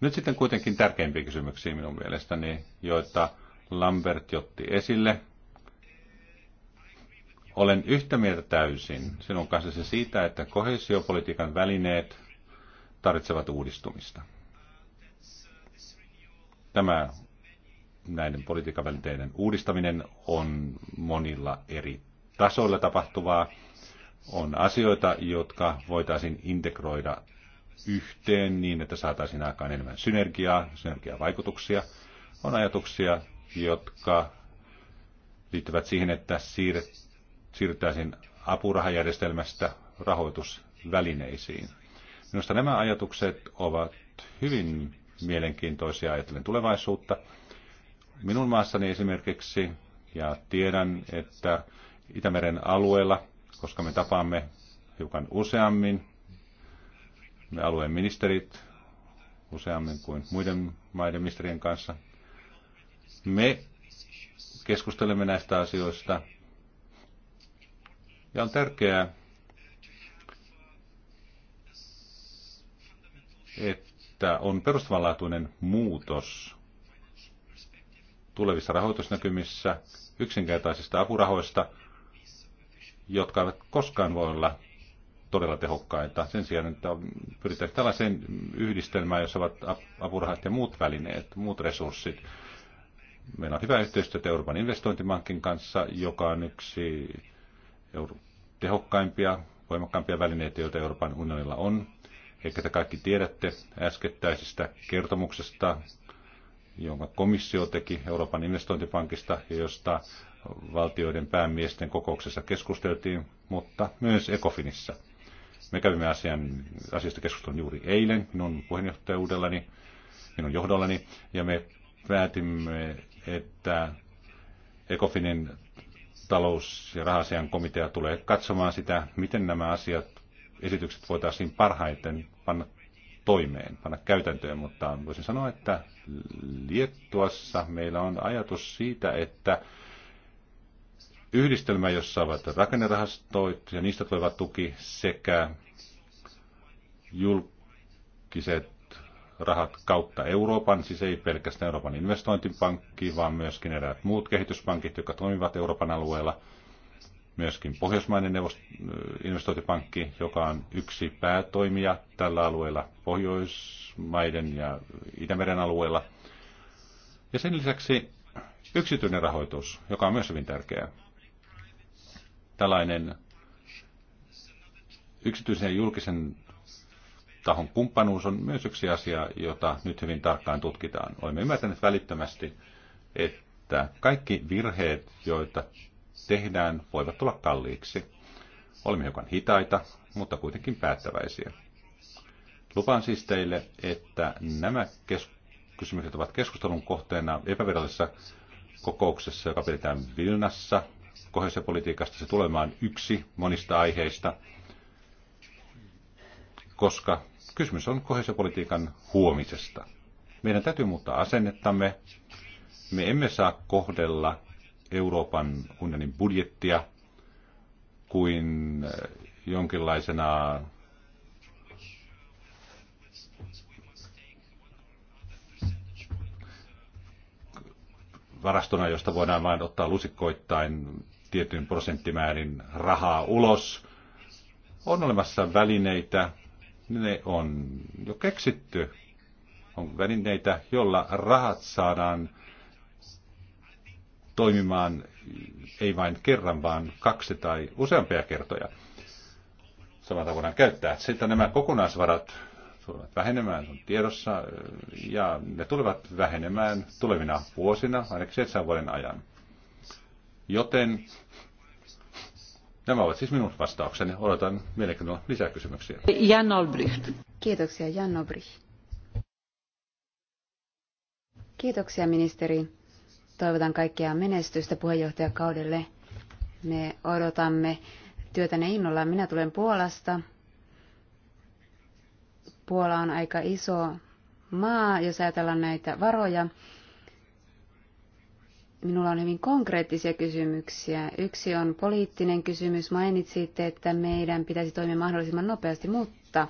Nyt sitten kuitenkin tärkeimpiä kysymyksiä minun mielestäni, joita Lambert otti esille. Olen yhtä mieltä täysin sinun kanssasi siitä, että kohesiopolitiikan välineet tarvitsevat uudistumista. Tämä näiden politiikavälineiden uudistaminen on monilla eri tasoilla tapahtuvaa. On asioita, jotka voitaisiin integroida yhteen niin, että saataisiin aikaan enemmän synergiaa, synergiavaikutuksia. On ajatuksia, jotka liittyvät siihen, että siirryttäisiin apurahajärjestelmästä rahoitusvälineisiin. Minusta nämä ajatukset ovat hyvin mielenkiintoisia ajatellen tulevaisuutta. Minun maassani esimerkiksi, ja tiedän, että Itämeren alueella, koska me tapaamme hiukan useammin, me alueen ministerit useammin kuin muiden maiden ministerien kanssa, me keskustelemme näistä asioista. Ja on tärkeää, että että on perustavanlaatuinen muutos tulevissa rahoitusnäkymissä yksinkertaisista apurahoista, jotka eivät koskaan voi olla todella tehokkaita. Sen sijaan, että pyritään tällaiseen yhdistelmään, jossa ovat apurahat ja muut välineet, muut resurssit. Meillä on hyvä yhteistyö Euroopan investointimankin kanssa, joka on yksi tehokkaimpia, voimakkaampia välineitä, joita Euroopan unionilla on. Ehkä te kaikki tiedätte äskettäisestä kertomuksesta, jonka komissio teki Euroopan investointipankista ja josta valtioiden päämiesten kokouksessa keskusteltiin, mutta myös Ecofinissa. Me kävimme asian, asiasta keskustelun juuri eilen minun puheenjohtajuudellani, minun johdollani, ja me päätimme, että Ecofinin talous- ja rahasian komitea tulee katsomaan sitä, miten nämä asiat, esitykset voitaisiin parhaiten panna toimeen, panna käytäntöön, mutta voisin sanoa, että Liettuassa meillä on ajatus siitä, että yhdistelmä, jossa ovat rakennerahastoit ja niistä tuleva tuki sekä julkiset rahat kautta Euroopan, siis ei pelkästään Euroopan investointipankki, vaan myöskin eräät muut kehityspankit, jotka toimivat Euroopan alueella – myöskin Pohjoismainen neuvost- investointipankki, joka on yksi päätoimija tällä alueella, Pohjoismaiden ja Itämeren alueella. Ja sen lisäksi yksityinen rahoitus, joka on myös hyvin tärkeää. Tällainen yksityisen ja julkisen tahon kumppanuus on myös yksi asia, jota nyt hyvin tarkkaan tutkitaan. Olemme ymmärtäneet välittömästi, että kaikki virheet, joita tehdään, voivat tulla kalliiksi. Olemme hiukan hitaita, mutta kuitenkin päättäväisiä. Lupaan siis teille, että nämä kes- kysymykset ovat keskustelun kohteena epävirallisessa kokouksessa, joka pidetään Vilnassa. Kohesiopolitiikasta se tulemaan yksi monista aiheista, koska kysymys on kohesiopolitiikan huomisesta. Meidän täytyy muuttaa asennettamme. Me emme saa kohdella Euroopan unionin budjettia kuin äh, jonkinlaisena varastona, josta voidaan vain ottaa lusikkoittain tietyn prosenttimäärin rahaa ulos. On olemassa välineitä, ne on jo keksitty. On välineitä, jolla rahat saadaan toimimaan ei vain kerran, vaan kaksi tai useampia kertoja. Samalla voidaan käyttää. Sitten nämä kokonaisvarat tulevat vähenemään, on tiedossa, ja ne tulevat vähenemään tulevina vuosina, ainakin seitsemän vuoden ajan. Joten nämä ovat siis minun vastaukseni. Odotan mielenkiinnolla lisää kysymyksiä. Jan Olbricht. Kiitoksia, Jan Olbricht. Kiitoksia, ministeri. Toivotan kaikkea menestystä puheenjohtajakaudelle. Me odotamme työtäne innolla. Minä tulen Puolasta. Puola on aika iso maa, jos ajatellaan näitä varoja. Minulla on hyvin konkreettisia kysymyksiä. Yksi on poliittinen kysymys. Mainitsitte, että meidän pitäisi toimia mahdollisimman nopeasti, mutta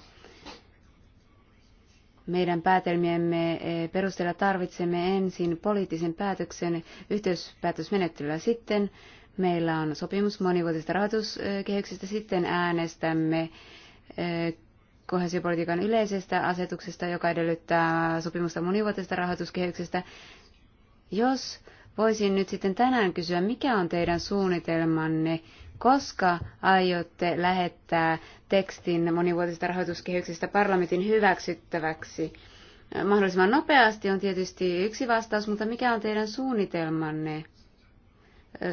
meidän päätelmiemme eh, perusteella tarvitsemme ensin poliittisen päätöksen yhteispäätösmenettelyllä sitten. Meillä on sopimus monivuotisesta rahoituskehyksestä, sitten äänestämme eh, kohesiopolitiikan yleisestä asetuksesta, joka edellyttää sopimusta monivuotisesta rahoituskehyksestä. Jos voisin nyt sitten tänään kysyä, mikä on teidän suunnitelmanne koska aiotte lähettää tekstin monivuotisesta rahoituskehyksestä parlamentin hyväksyttäväksi? Mahdollisimman nopeasti on tietysti yksi vastaus, mutta mikä on teidän suunnitelmanne?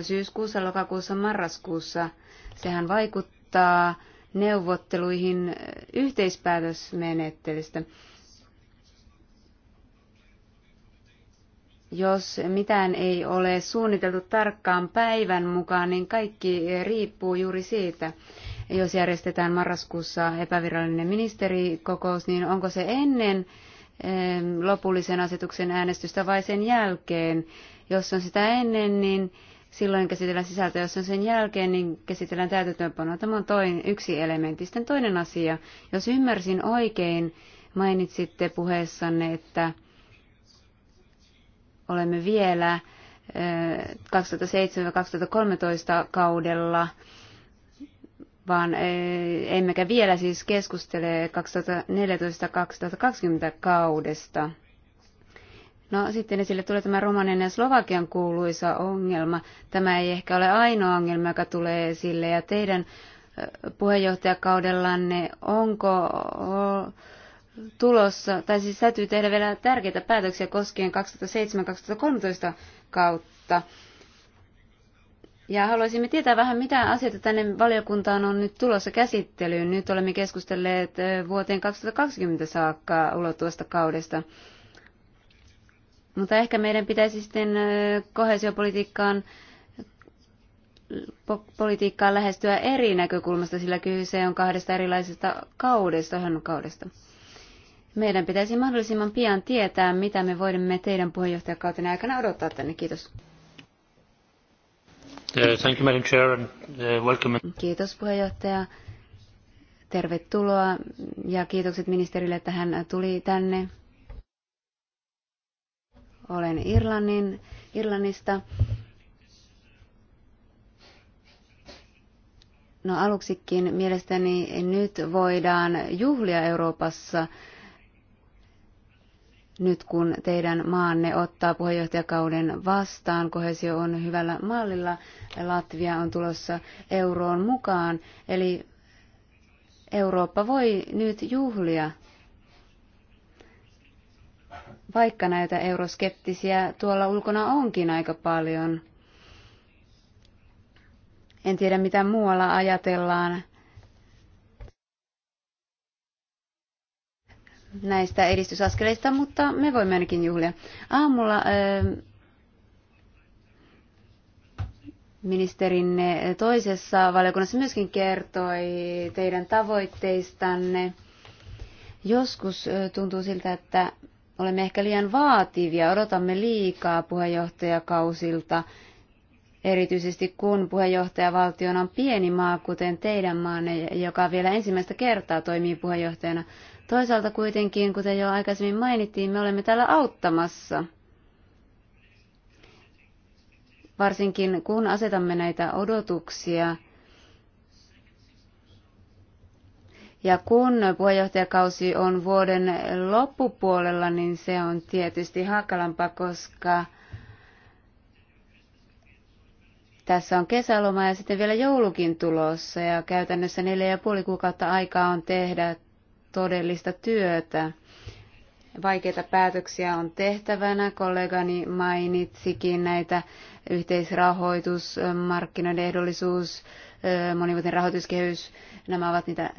Syyskuussa, lokakuussa, marraskuussa. Sehän vaikuttaa neuvotteluihin yhteispäätösmenettelystä. Jos mitään ei ole suunniteltu tarkkaan päivän mukaan, niin kaikki riippuu juuri siitä. Jos järjestetään marraskuussa epävirallinen ministerikokous, niin onko se ennen lopullisen asetuksen äänestystä vai sen jälkeen. Jos on sitä ennen, niin silloin käsitellään sisältöä. Jos on sen jälkeen, niin käsitellään täytäntöönpanoa. Tämä on toinen yksi elementti. Sitten toinen asia. Jos ymmärsin oikein, mainitsitte puheessanne, että olemme vielä 2007-2013 kaudella, vaan emmekä vielä siis keskustele 2014-2020 kaudesta. No sitten esille tulee tämä Romanian ja Slovakian kuuluisa ongelma. Tämä ei ehkä ole ainoa ongelma, joka tulee esille. Ja teidän puheenjohtajakaudellanne, onko tulossa, tai siis täytyy tehdä vielä tärkeitä päätöksiä koskien 2007-2013 kautta. Ja haluaisimme tietää vähän, mitä asioita tänne valiokuntaan on nyt tulossa käsittelyyn. Nyt olemme keskustelleet vuoteen 2020 saakka ulottuvasta kaudesta. Mutta ehkä meidän pitäisi sitten kohesiopolitiikkaan politiikkaan lähestyä eri näkökulmasta, sillä kyse on kahdesta erilaisesta kaudesta, kaudesta. Meidän pitäisi mahdollisimman pian tietää, mitä me voimme teidän puheenjohtajakautena aikana odottaa tänne. Kiitos. Uh, thank you, Madam Chair, and uh, welcome. Kiitos puheenjohtaja. Tervetuloa ja kiitokset ministerille, että hän tuli tänne. Olen Irlannin, Irlannista. No aluksikin mielestäni nyt voidaan juhlia Euroopassa nyt kun teidän maanne ottaa puheenjohtajakauden vastaan, kohesio on hyvällä mallilla, Latvia on tulossa euroon mukaan, eli Eurooppa voi nyt juhlia, vaikka näitä euroskeptisiä tuolla ulkona onkin aika paljon. En tiedä, mitä muualla ajatellaan näistä edistysaskeleista, mutta me voimme ainakin juhlia. Aamulla äh, ministerinne toisessa valiokunnassa myöskin kertoi teidän tavoitteistanne. Joskus äh, tuntuu siltä, että olemme ehkä liian vaativia, odotamme liikaa puheenjohtajakausilta, erityisesti kun puheenjohtajavaltiona on pieni maa, kuten teidän maanne, joka vielä ensimmäistä kertaa toimii puheenjohtajana. Toisaalta kuitenkin, kuten jo aikaisemmin mainittiin, me olemme täällä auttamassa. Varsinkin kun asetamme näitä odotuksia, Ja kun puheenjohtajakausi on vuoden loppupuolella, niin se on tietysti hakalampaa, koska tässä on kesäloma ja sitten vielä joulukin tulossa ja käytännössä neljä ja puoli kuukautta aikaa on tehdä todellista työtä. Vaikeita päätöksiä on tehtävänä. Kollegani mainitsikin näitä yhteisrahoitus, markkinoiden ehdollisuus, monivuotinen rahoituskehys. Nämä ovat niitä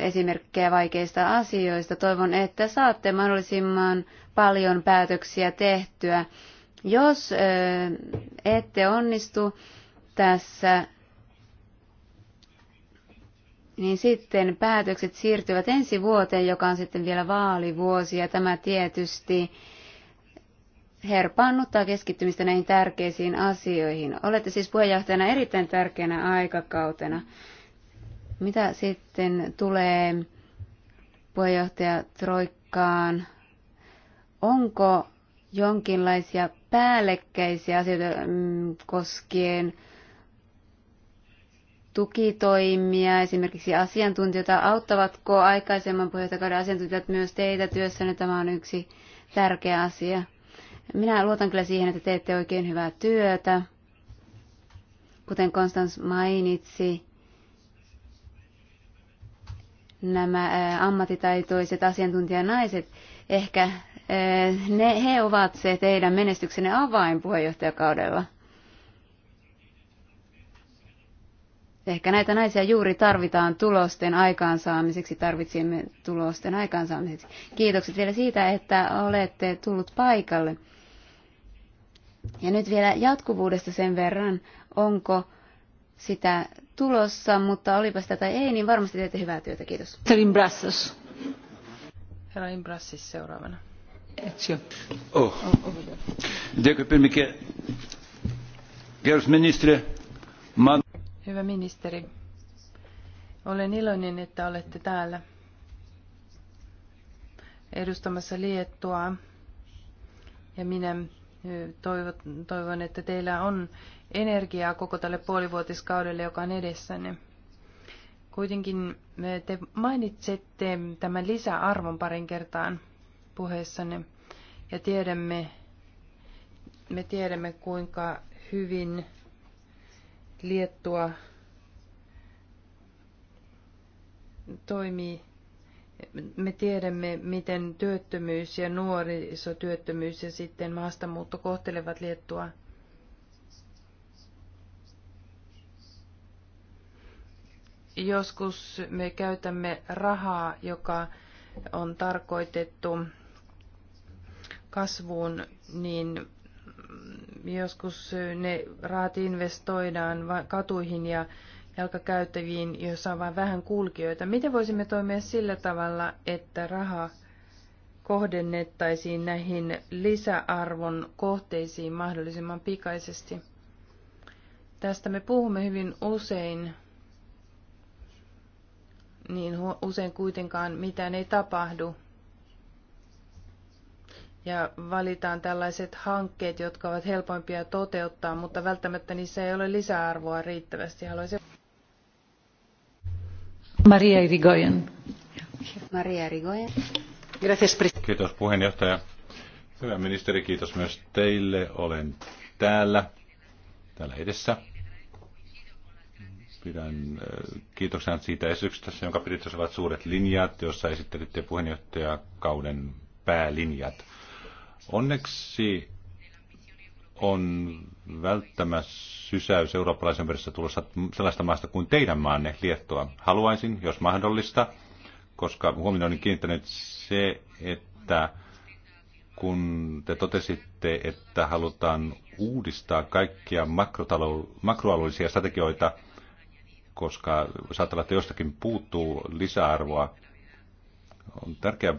esimerkkejä vaikeista asioista. Toivon, että saatte mahdollisimman paljon päätöksiä tehtyä. Jos ette onnistu tässä niin sitten päätökset siirtyvät ensi vuoteen, joka on sitten vielä vaalivuosi, ja tämä tietysti herpaannuttaa keskittymistä näihin tärkeisiin asioihin. Olette siis puheenjohtajana erittäin tärkeänä aikakautena. Mitä sitten tulee puheenjohtaja Troikkaan? Onko jonkinlaisia päällekkäisiä asioita mm, koskien – tukitoimia, esimerkiksi asiantuntijoita. Auttavatko aikaisemman puheenjohtajakauden asiantuntijat myös teitä työssänne? Tämä on yksi tärkeä asia. Minä luotan kyllä siihen, että teette oikein hyvää työtä. Kuten Konstans mainitsi, nämä ammattitaitoiset asiantuntijanaiset, ehkä ne, he ovat se teidän menestyksenne avain puheenjohtajakaudella. Ehkä näitä naisia juuri tarvitaan tulosten aikaansaamiseksi, tarvitsemme tulosten aikaansaamiseksi. Kiitokset vielä siitä, että olette tullut paikalle. Ja nyt vielä jatkuvuudesta sen verran, onko sitä tulossa, mutta olipa sitä tai ei, niin varmasti teette hyvää työtä. Kiitos. Terin Brassos. Herra Imbrassis seuraavana. Oh. oh, oh Dėkui, pirmikė. Geras ministeri, Hyvä ministeri, olen iloinen, että olette täällä edustamassa Liettua. Ja minä toivon, että teillä on energiaa koko tälle puolivuotiskaudelle, joka on edessänne. Kuitenkin te mainitsette tämän lisäarvon parin kertaan puheessanne ja tiedämme, me tiedämme kuinka hyvin Liettua toimii. Me tiedämme, miten työttömyys ja nuorisotyöttömyys ja sitten maastamuutto kohtelevat Liettua. Joskus me käytämme rahaa, joka on tarkoitettu kasvuun, niin joskus ne rahat investoidaan katuihin ja jalkakäyttäviin, joissa on vain vähän kulkijoita. Miten voisimme toimia sillä tavalla, että raha kohdennettaisiin näihin lisäarvon kohteisiin mahdollisimman pikaisesti? Tästä me puhumme hyvin usein, niin usein kuitenkaan mitään ei tapahdu ja valitaan tällaiset hankkeet, jotka ovat helpoimpia toteuttaa, mutta välttämättä niissä ei ole lisäarvoa riittävästi. Haluaisin... Maria Irigoyen. Maria Irigoyen. Gracias, Kiitos puheenjohtaja. Hyvä ministeri, kiitos myös teille. Olen täällä, täällä edessä. Pidän äh, kiitoksen siitä esityksestä, jonka pidit ovat suuret linjat, jossa esittelitte puheenjohtajakauden päälinjat. Onneksi on välttämässä sysäys eurooppalaisen verissä tulossa sellaista maasta kuin teidän maanne, Liettua. Haluaisin, jos mahdollista, koska huomioon on kiinnittänyt se, että kun te totesitte, että halutaan uudistaa kaikkia makroalueellisia strategioita, koska saattaa olla, että jostakin puuttuu lisäarvoa. On tärkeää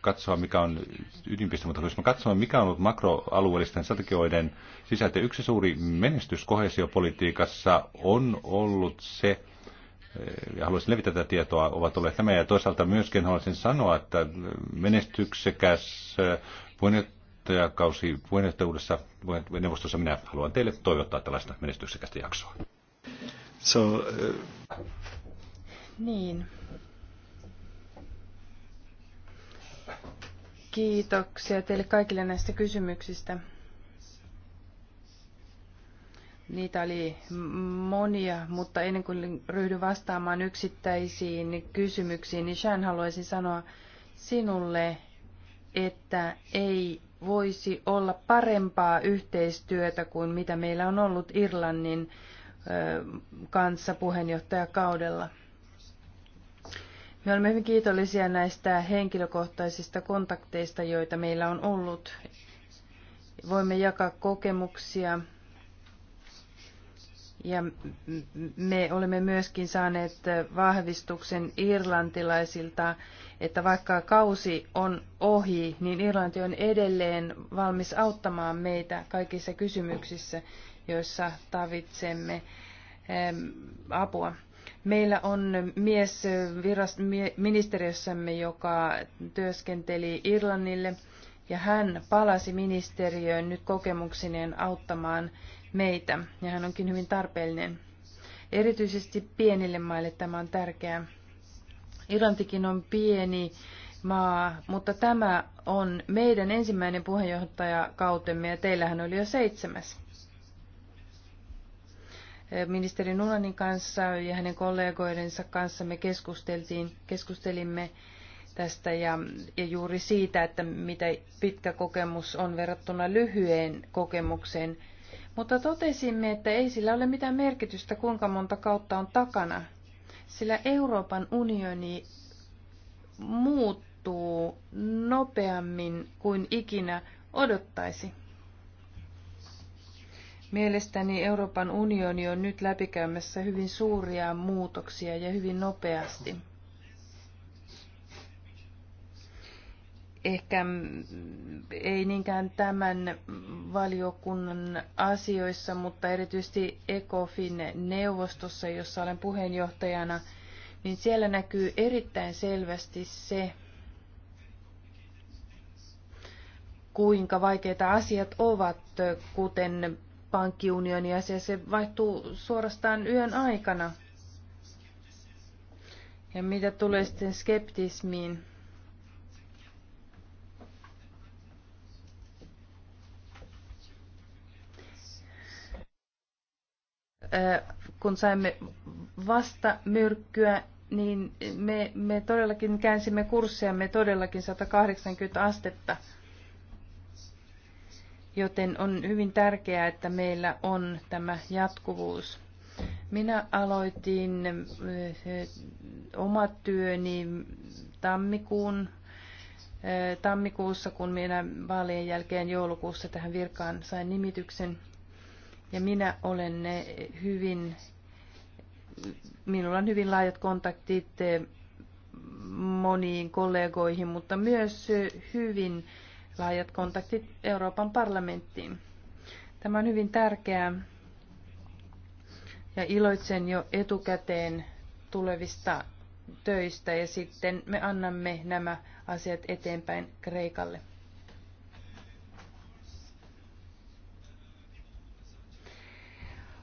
katsoa, mikä on ydinpiste, mutta jos me katsomme, mikä on ollut makroalueellisten strategioiden sisältö. Yksi suuri menestys kohesiopolitiikassa on ollut se, eh, ja haluaisin levittää tätä tietoa, ovat olleet nämä. Ja toisaalta myöskin haluaisin sanoa, että menestyksekäs eh, puheenjohtajakausi puheenjohtajuudessa neuvostossa minä haluan teille toivottaa tällaista menestyksekästä jaksoa. So, uh... Niin, Kiitoksia teille kaikille näistä kysymyksistä. Niitä oli monia, mutta ennen kuin ryhdyn vastaamaan yksittäisiin kysymyksiin, niin Shan haluaisin sanoa sinulle, että ei voisi olla parempaa yhteistyötä kuin mitä meillä on ollut Irlannin kanssa puheenjohtajakaudella. Me olemme hyvin kiitollisia näistä henkilökohtaisista kontakteista, joita meillä on ollut. Voimme jakaa kokemuksia ja me olemme myöskin saaneet vahvistuksen irlantilaisilta, että vaikka kausi on ohi, niin Irlanti on edelleen valmis auttamaan meitä kaikissa kysymyksissä, joissa tarvitsemme apua. Meillä on mies ministeriössämme, joka työskenteli Irlannille, ja hän palasi ministeriöön nyt kokemuksineen auttamaan meitä, ja hän onkin hyvin tarpeellinen. Erityisesti pienille maille tämä on tärkeää. Irlantikin on pieni maa, mutta tämä on meidän ensimmäinen puheenjohtajakautemme, ja teillähän oli jo seitsemäs. Ministeri Nulanin kanssa ja hänen kollegoidensa kanssa me keskusteltiin, keskustelimme tästä ja, ja juuri siitä, että mitä pitkä kokemus on verrattuna lyhyeen kokemukseen. Mutta totesimme, että ei sillä ole mitään merkitystä, kuinka monta kautta on takana, sillä Euroopan unioni muuttuu nopeammin kuin ikinä odottaisi. Mielestäni Euroopan unioni on nyt läpikäymässä hyvin suuria muutoksia ja hyvin nopeasti. Ehkä ei niinkään tämän valiokunnan asioissa, mutta erityisesti ECOFIN neuvostossa, jossa olen puheenjohtajana, niin siellä näkyy erittäin selvästi se, kuinka vaikeita asiat ovat, kuten pankkiunionia ja se vaihtuu suorastaan yön aikana. Ja mitä tulee sitten skeptismiin, äh, kun saimme vasta myrkkyä, niin me, me todellakin käänsimme kurssia, me todellakin 180 astetta. Joten on hyvin tärkeää, että meillä on tämä jatkuvuus. Minä aloitin eh, omat työni tammikuun, eh, tammikuussa, kun minä vaalien jälkeen joulukuussa tähän virkaan sain nimityksen. Ja minä olen eh, hyvin, minulla on hyvin laajat kontaktit moniin kollegoihin, mutta myös hyvin laajat kontaktit Euroopan parlamenttiin. Tämä on hyvin tärkeää ja iloitsen jo etukäteen tulevista töistä ja sitten me annamme nämä asiat eteenpäin Kreikalle.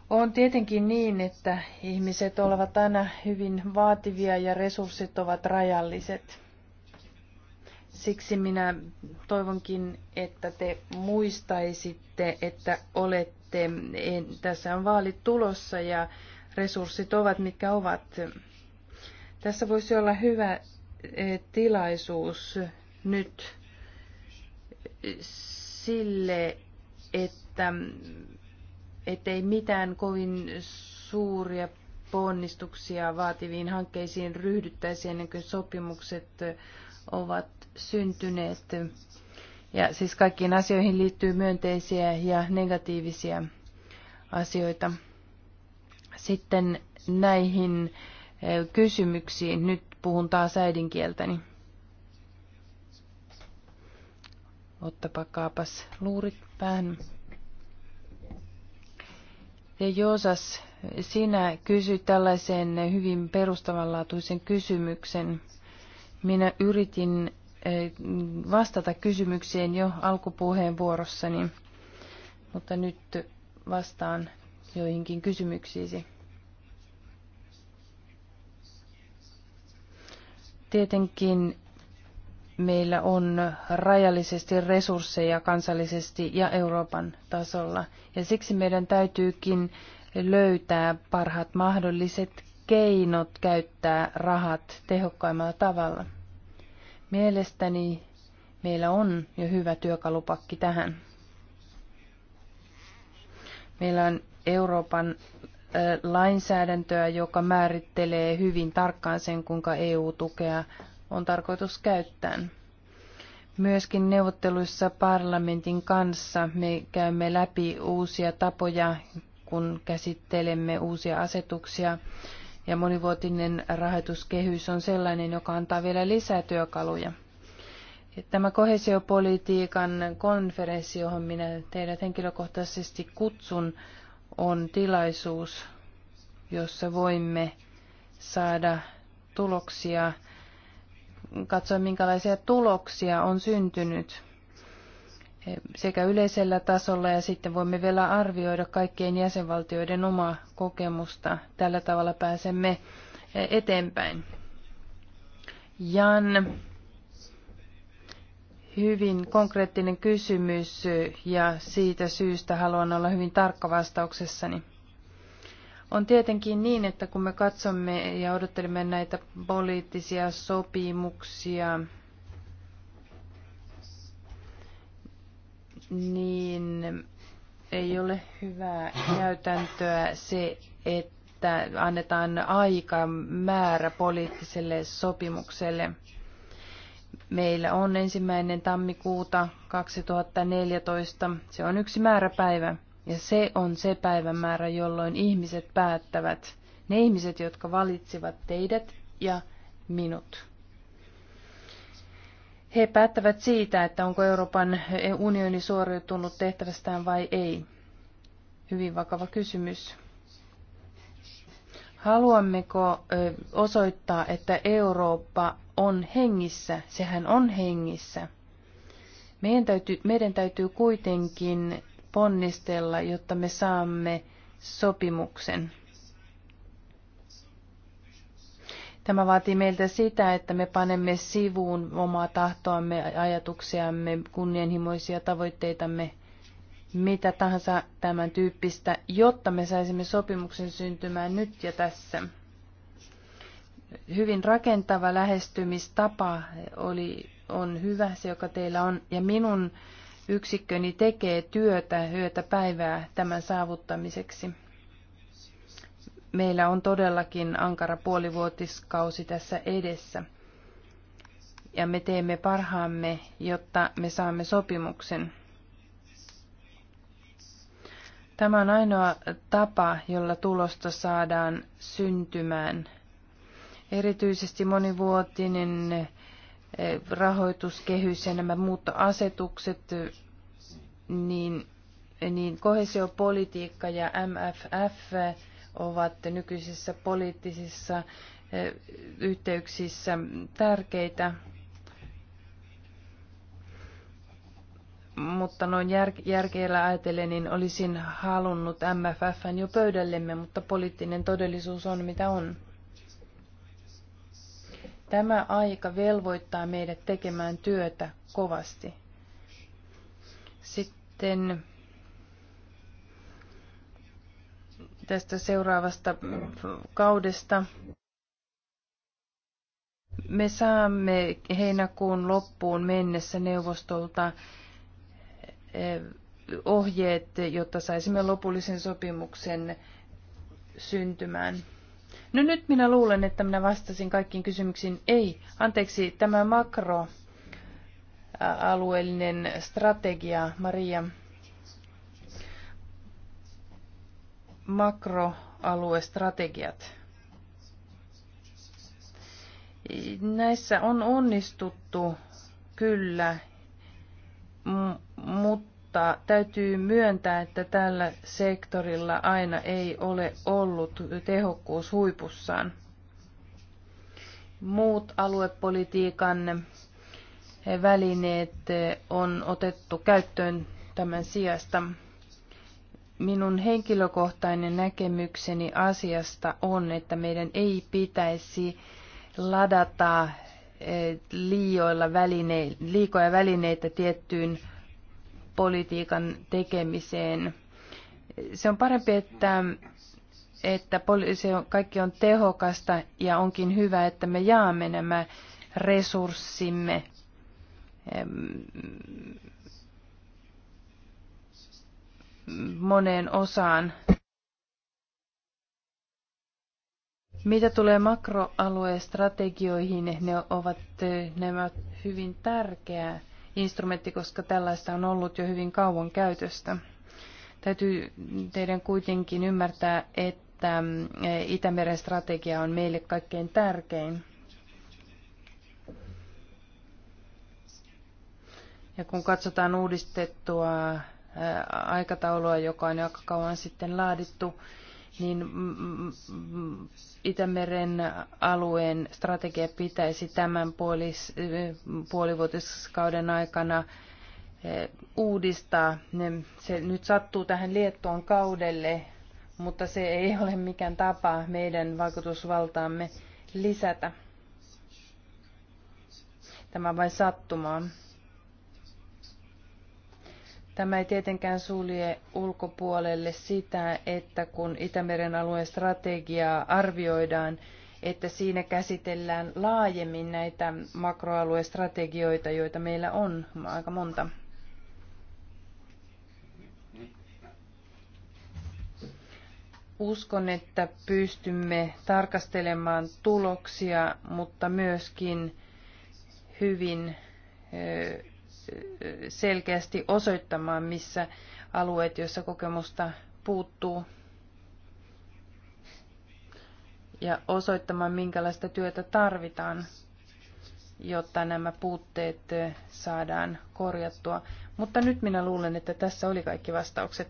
On tietenkin niin, että ihmiset ovat aina hyvin vaativia ja resurssit ovat rajalliset. Siksi minä toivonkin, että te muistaisitte, että olette, tässä on vaalit tulossa ja resurssit ovat mitkä ovat. Tässä voisi olla hyvä e, tilaisuus nyt sille, että ettei mitään kovin suuria ponnistuksia vaativiin hankkeisiin ryhdyttäisiin ennen kuin sopimukset ovat syntyneet. Ja siis kaikkiin asioihin liittyy myönteisiä ja negatiivisia asioita. Sitten näihin eh, kysymyksiin. Nyt puhun taas äidinkieltäni. Ottapakaapas luurit päähän. Ja Joosas, sinä kysyt tällaisen hyvin perustavanlaatuisen kysymyksen. Minä yritin eh, vastata kysymykseen jo alkupuheenvuorossani, mutta nyt vastaan joihinkin kysymyksiisi. Tietenkin meillä on rajallisesti resursseja kansallisesti ja Euroopan tasolla, ja siksi meidän täytyykin löytää parhaat mahdolliset keinot käyttää rahat tehokkaimmalla tavalla. Mielestäni meillä on jo hyvä työkalupakki tähän. Meillä on Euroopan lainsäädäntöä, joka määrittelee hyvin tarkkaan sen, kuinka EU-tukea on tarkoitus käyttää. Myöskin neuvotteluissa parlamentin kanssa me käymme läpi uusia tapoja, kun käsittelemme uusia asetuksia ja monivuotinen rahoituskehys on sellainen, joka antaa vielä lisää työkaluja. Tämä kohesiopolitiikan konferenssi, johon minä teidät henkilökohtaisesti kutsun, on tilaisuus, jossa voimme saada tuloksia, katsoa minkälaisia tuloksia on syntynyt sekä yleisellä tasolla ja sitten voimme vielä arvioida kaikkien jäsenvaltioiden omaa kokemusta. Tällä tavalla pääsemme eteenpäin. Jan, hyvin konkreettinen kysymys ja siitä syystä haluan olla hyvin tarkka vastauksessani. On tietenkin niin, että kun me katsomme ja odottelemme näitä poliittisia sopimuksia, niin ei ole hyvää käytäntöä se, että annetaan aika määrä poliittiselle sopimukselle. Meillä on ensimmäinen tammikuuta 2014. Se on yksi määräpäivä. Ja se on se päivämäärä, jolloin ihmiset päättävät. Ne ihmiset, jotka valitsivat teidät ja minut. He päättävät siitä, että onko Euroopan unioni suoriutunut tehtävästään vai ei. Hyvin vakava kysymys. Haluammeko osoittaa, että Eurooppa on hengissä? Sehän on hengissä. Meidän täytyy, meidän täytyy kuitenkin ponnistella, jotta me saamme sopimuksen. Tämä vaatii meiltä sitä, että me panemme sivuun omaa tahtoamme, ajatuksiamme, kunnianhimoisia tavoitteitamme, mitä tahansa tämän tyyppistä, jotta me saisimme sopimuksen syntymään nyt ja tässä. Hyvin rakentava lähestymistapa oli, on hyvä se, joka teillä on, ja minun yksikköni tekee työtä yötä päivää tämän saavuttamiseksi meillä on todellakin ankara puolivuotiskausi tässä edessä. Ja me teemme parhaamme, jotta me saamme sopimuksen. Tämä on ainoa tapa, jolla tulosta saadaan syntymään. Erityisesti monivuotinen eh, rahoituskehys ja nämä asetukset, niin, niin kohesiopolitiikka ja MFF ovat nykyisissä poliittisissa eh, yhteyksissä tärkeitä, mutta noin jär, järkeillä ajatellen, niin olisin halunnut MFFn jo pöydällemme, mutta poliittinen todellisuus on mitä on. Tämä aika velvoittaa meidät tekemään työtä kovasti. Sitten tästä seuraavasta kaudesta. Me saamme heinäkuun loppuun mennessä neuvostolta eh, ohjeet, jotta saisimme lopullisen sopimuksen syntymään. No nyt minä luulen, että minä vastasin kaikkiin kysymyksiin. Ei, anteeksi, tämä makroalueellinen strategia, Maria. makroaluestrategiat. Näissä on onnistuttu kyllä, mutta täytyy myöntää, että tällä sektorilla aina ei ole ollut tehokkuus huipussaan. Muut aluepolitiikan välineet on otettu käyttöön tämän sijasta. Minun henkilökohtainen näkemykseni asiasta on, että meidän ei pitäisi ladata eh, liioilla väline, liikoja välineitä tiettyyn politiikan tekemiseen. Se on parempi, että, että se on, kaikki on tehokasta ja onkin hyvä, että me jaamme nämä resurssimme moneen osaan. Mitä tulee makroalueen strategioihin, ne ovat, ne ovat hyvin tärkeä instrumentti, koska tällaista on ollut jo hyvin kauan käytöstä. Täytyy teidän kuitenkin ymmärtää, että Itämeren strategia on meille kaikkein tärkein. Ja kun katsotaan uudistettua aikataulua, joka on aika kauan sitten laadittu, niin Itämeren alueen strategia pitäisi tämän puolis, puolivuotiskauden aikana uudistaa. Se nyt sattuu tähän Liettuan kaudelle, mutta se ei ole mikään tapa meidän vaikutusvaltaamme lisätä. Tämä vain sattumaan. Tämä ei tietenkään sulje ulkopuolelle sitä, että kun Itämeren alueen strategiaa arvioidaan, että siinä käsitellään laajemmin näitä makroaluestrategioita, joita meillä on aika monta. Uskon, että pystymme tarkastelemaan tuloksia, mutta myöskin hyvin selkeästi osoittamaan, missä alueet, joissa kokemusta puuttuu, ja osoittamaan, minkälaista työtä tarvitaan, jotta nämä puutteet saadaan korjattua. Mutta nyt minä luulen, että tässä oli kaikki vastaukset.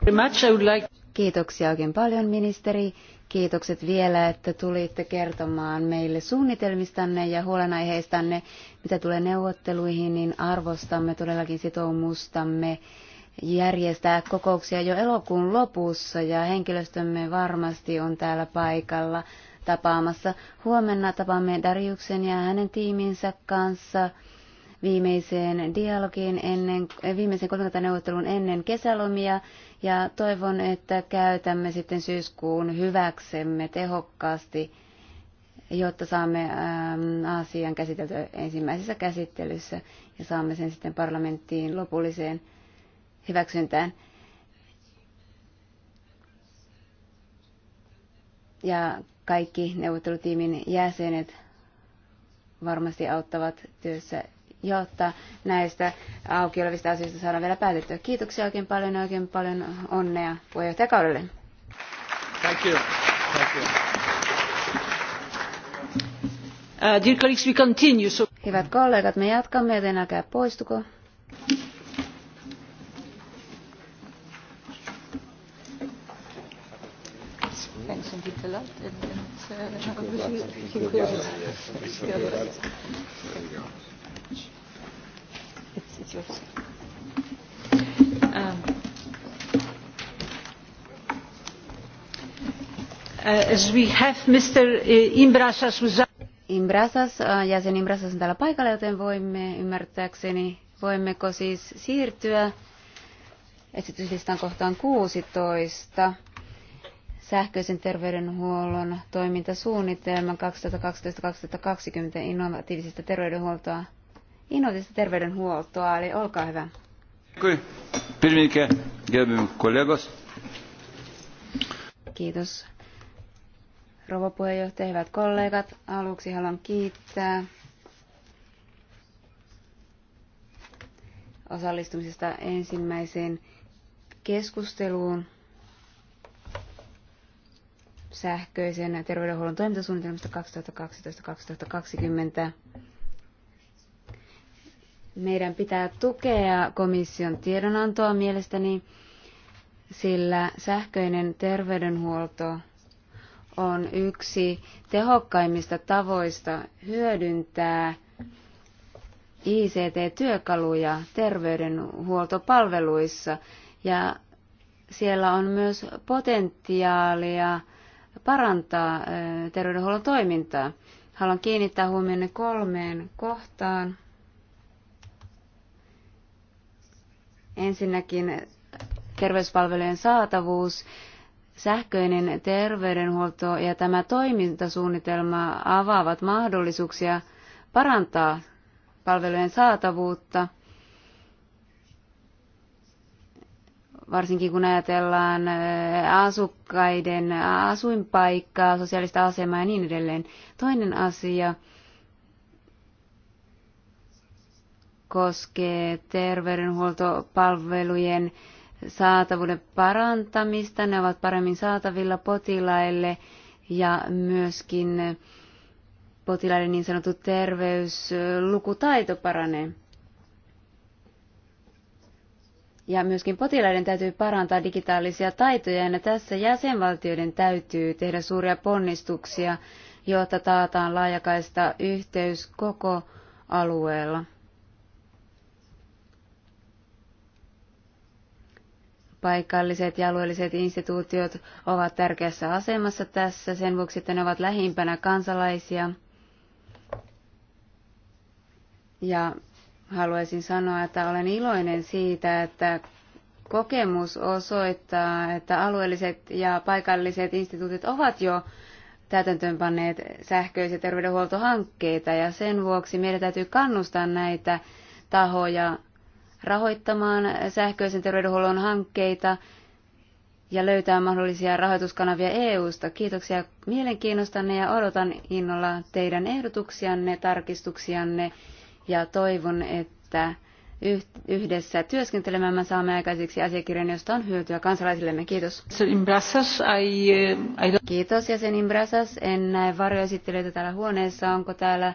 Kiitoksia oikein paljon, ministeri. Kiitokset vielä, että tulitte kertomaan meille suunnitelmistanne ja huolenaiheistanne, mitä tulee neuvotteluihin, niin arvostamme todellakin sitoumustamme järjestää kokouksia jo elokuun lopussa ja henkilöstömme varmasti on täällä paikalla tapaamassa. Huomenna tapaamme Dariuksen ja hänen tiiminsä kanssa viimeiseen dialogiin ennen, eh, viimeisen kolmikantaneuvottelun ennen kesälomia ja toivon, että käytämme sitten syyskuun hyväksemme tehokkaasti, jotta saamme asian käsiteltyä ensimmäisessä käsittelyssä ja saamme sen sitten parlamenttiin lopulliseen hyväksyntään. Ja kaikki neuvottelutiimin jäsenet varmasti auttavat työssä jotta näistä auki olevista asioista saadaan vielä päätettyä. Kiitoksia oikein paljon ja oikein paljon onnea puheenjohtajakaudelle. Thank you. Thank you. Uh, dear colleagues, we continue, so... Hyvät kollegat, me jatkamme, joten älkää poistuko. Thanks and uh, it's yours. Um, uh, as we have Mr. Uh, Imbrasas Imbrasas, uh, jäsen Imbrasas on täällä paikalla, joten voimme ymmärtääkseni, voimmeko siis siirtyä esityslistan kohtaan 16 sähköisen terveydenhuollon toimintasuunnitelman 2012-2020 innovatiivisesta terveydenhuoltoa innovatiivista terveydenhuoltoa, eli olkaa hyvä. Kiitos. Rouva puheenjohtaja, hyvät kollegat, aluksi haluan kiittää osallistumisesta ensimmäiseen keskusteluun sähköisen terveydenhuollon toimintasuunnitelmasta 2012-2020. Meidän pitää tukea komission tiedonantoa mielestäni, sillä sähköinen terveydenhuolto on yksi tehokkaimmista tavoista hyödyntää ICT-työkaluja terveydenhuoltopalveluissa ja siellä on myös potentiaalia parantaa terveydenhuollon toimintaa. Haluan kiinnittää huomioon kolmeen kohtaan. Ensinnäkin terveyspalvelujen saatavuus, sähköinen terveydenhuolto ja tämä toimintasuunnitelma avaavat mahdollisuuksia parantaa palvelujen saatavuutta, varsinkin kun ajatellaan asukkaiden asuinpaikkaa, sosiaalista asemaa ja niin edelleen. Toinen asia – koskee terveydenhuoltopalvelujen saatavuuden parantamista. Ne ovat paremmin saatavilla potilaille ja myöskin potilaiden niin sanottu terveyslukutaito paranee. Ja myöskin potilaiden täytyy parantaa digitaalisia taitoja ja tässä jäsenvaltioiden täytyy tehdä suuria ponnistuksia, jotta taataan laajakaista yhteys koko alueella. Paikalliset ja alueelliset instituutiot ovat tärkeässä asemassa tässä sen vuoksi, että ne ovat lähimpänä kansalaisia. Ja haluaisin sanoa, että olen iloinen siitä, että kokemus osoittaa, että alueelliset ja paikalliset instituutit ovat jo täytäntöönpanneet sähköisiä terveydenhuoltohankkeita ja sen vuoksi meidän täytyy kannustaa näitä tahoja rahoittamaan sähköisen terveydenhuollon hankkeita ja löytää mahdollisia rahoituskanavia EU-sta. Kiitoksia mielenkiinnostanne ja odotan innolla teidän ehdotuksianne, tarkistuksianne ja toivon, että yhdessä työskentelemään saamme aikaiseksi asiakirjan, josta on hyötyä kansalaisillemme. Kiitos. Eh, Kiitos jäsenin Brasas. En näe varjoesittelyitä täällä huoneessa. Onko täällä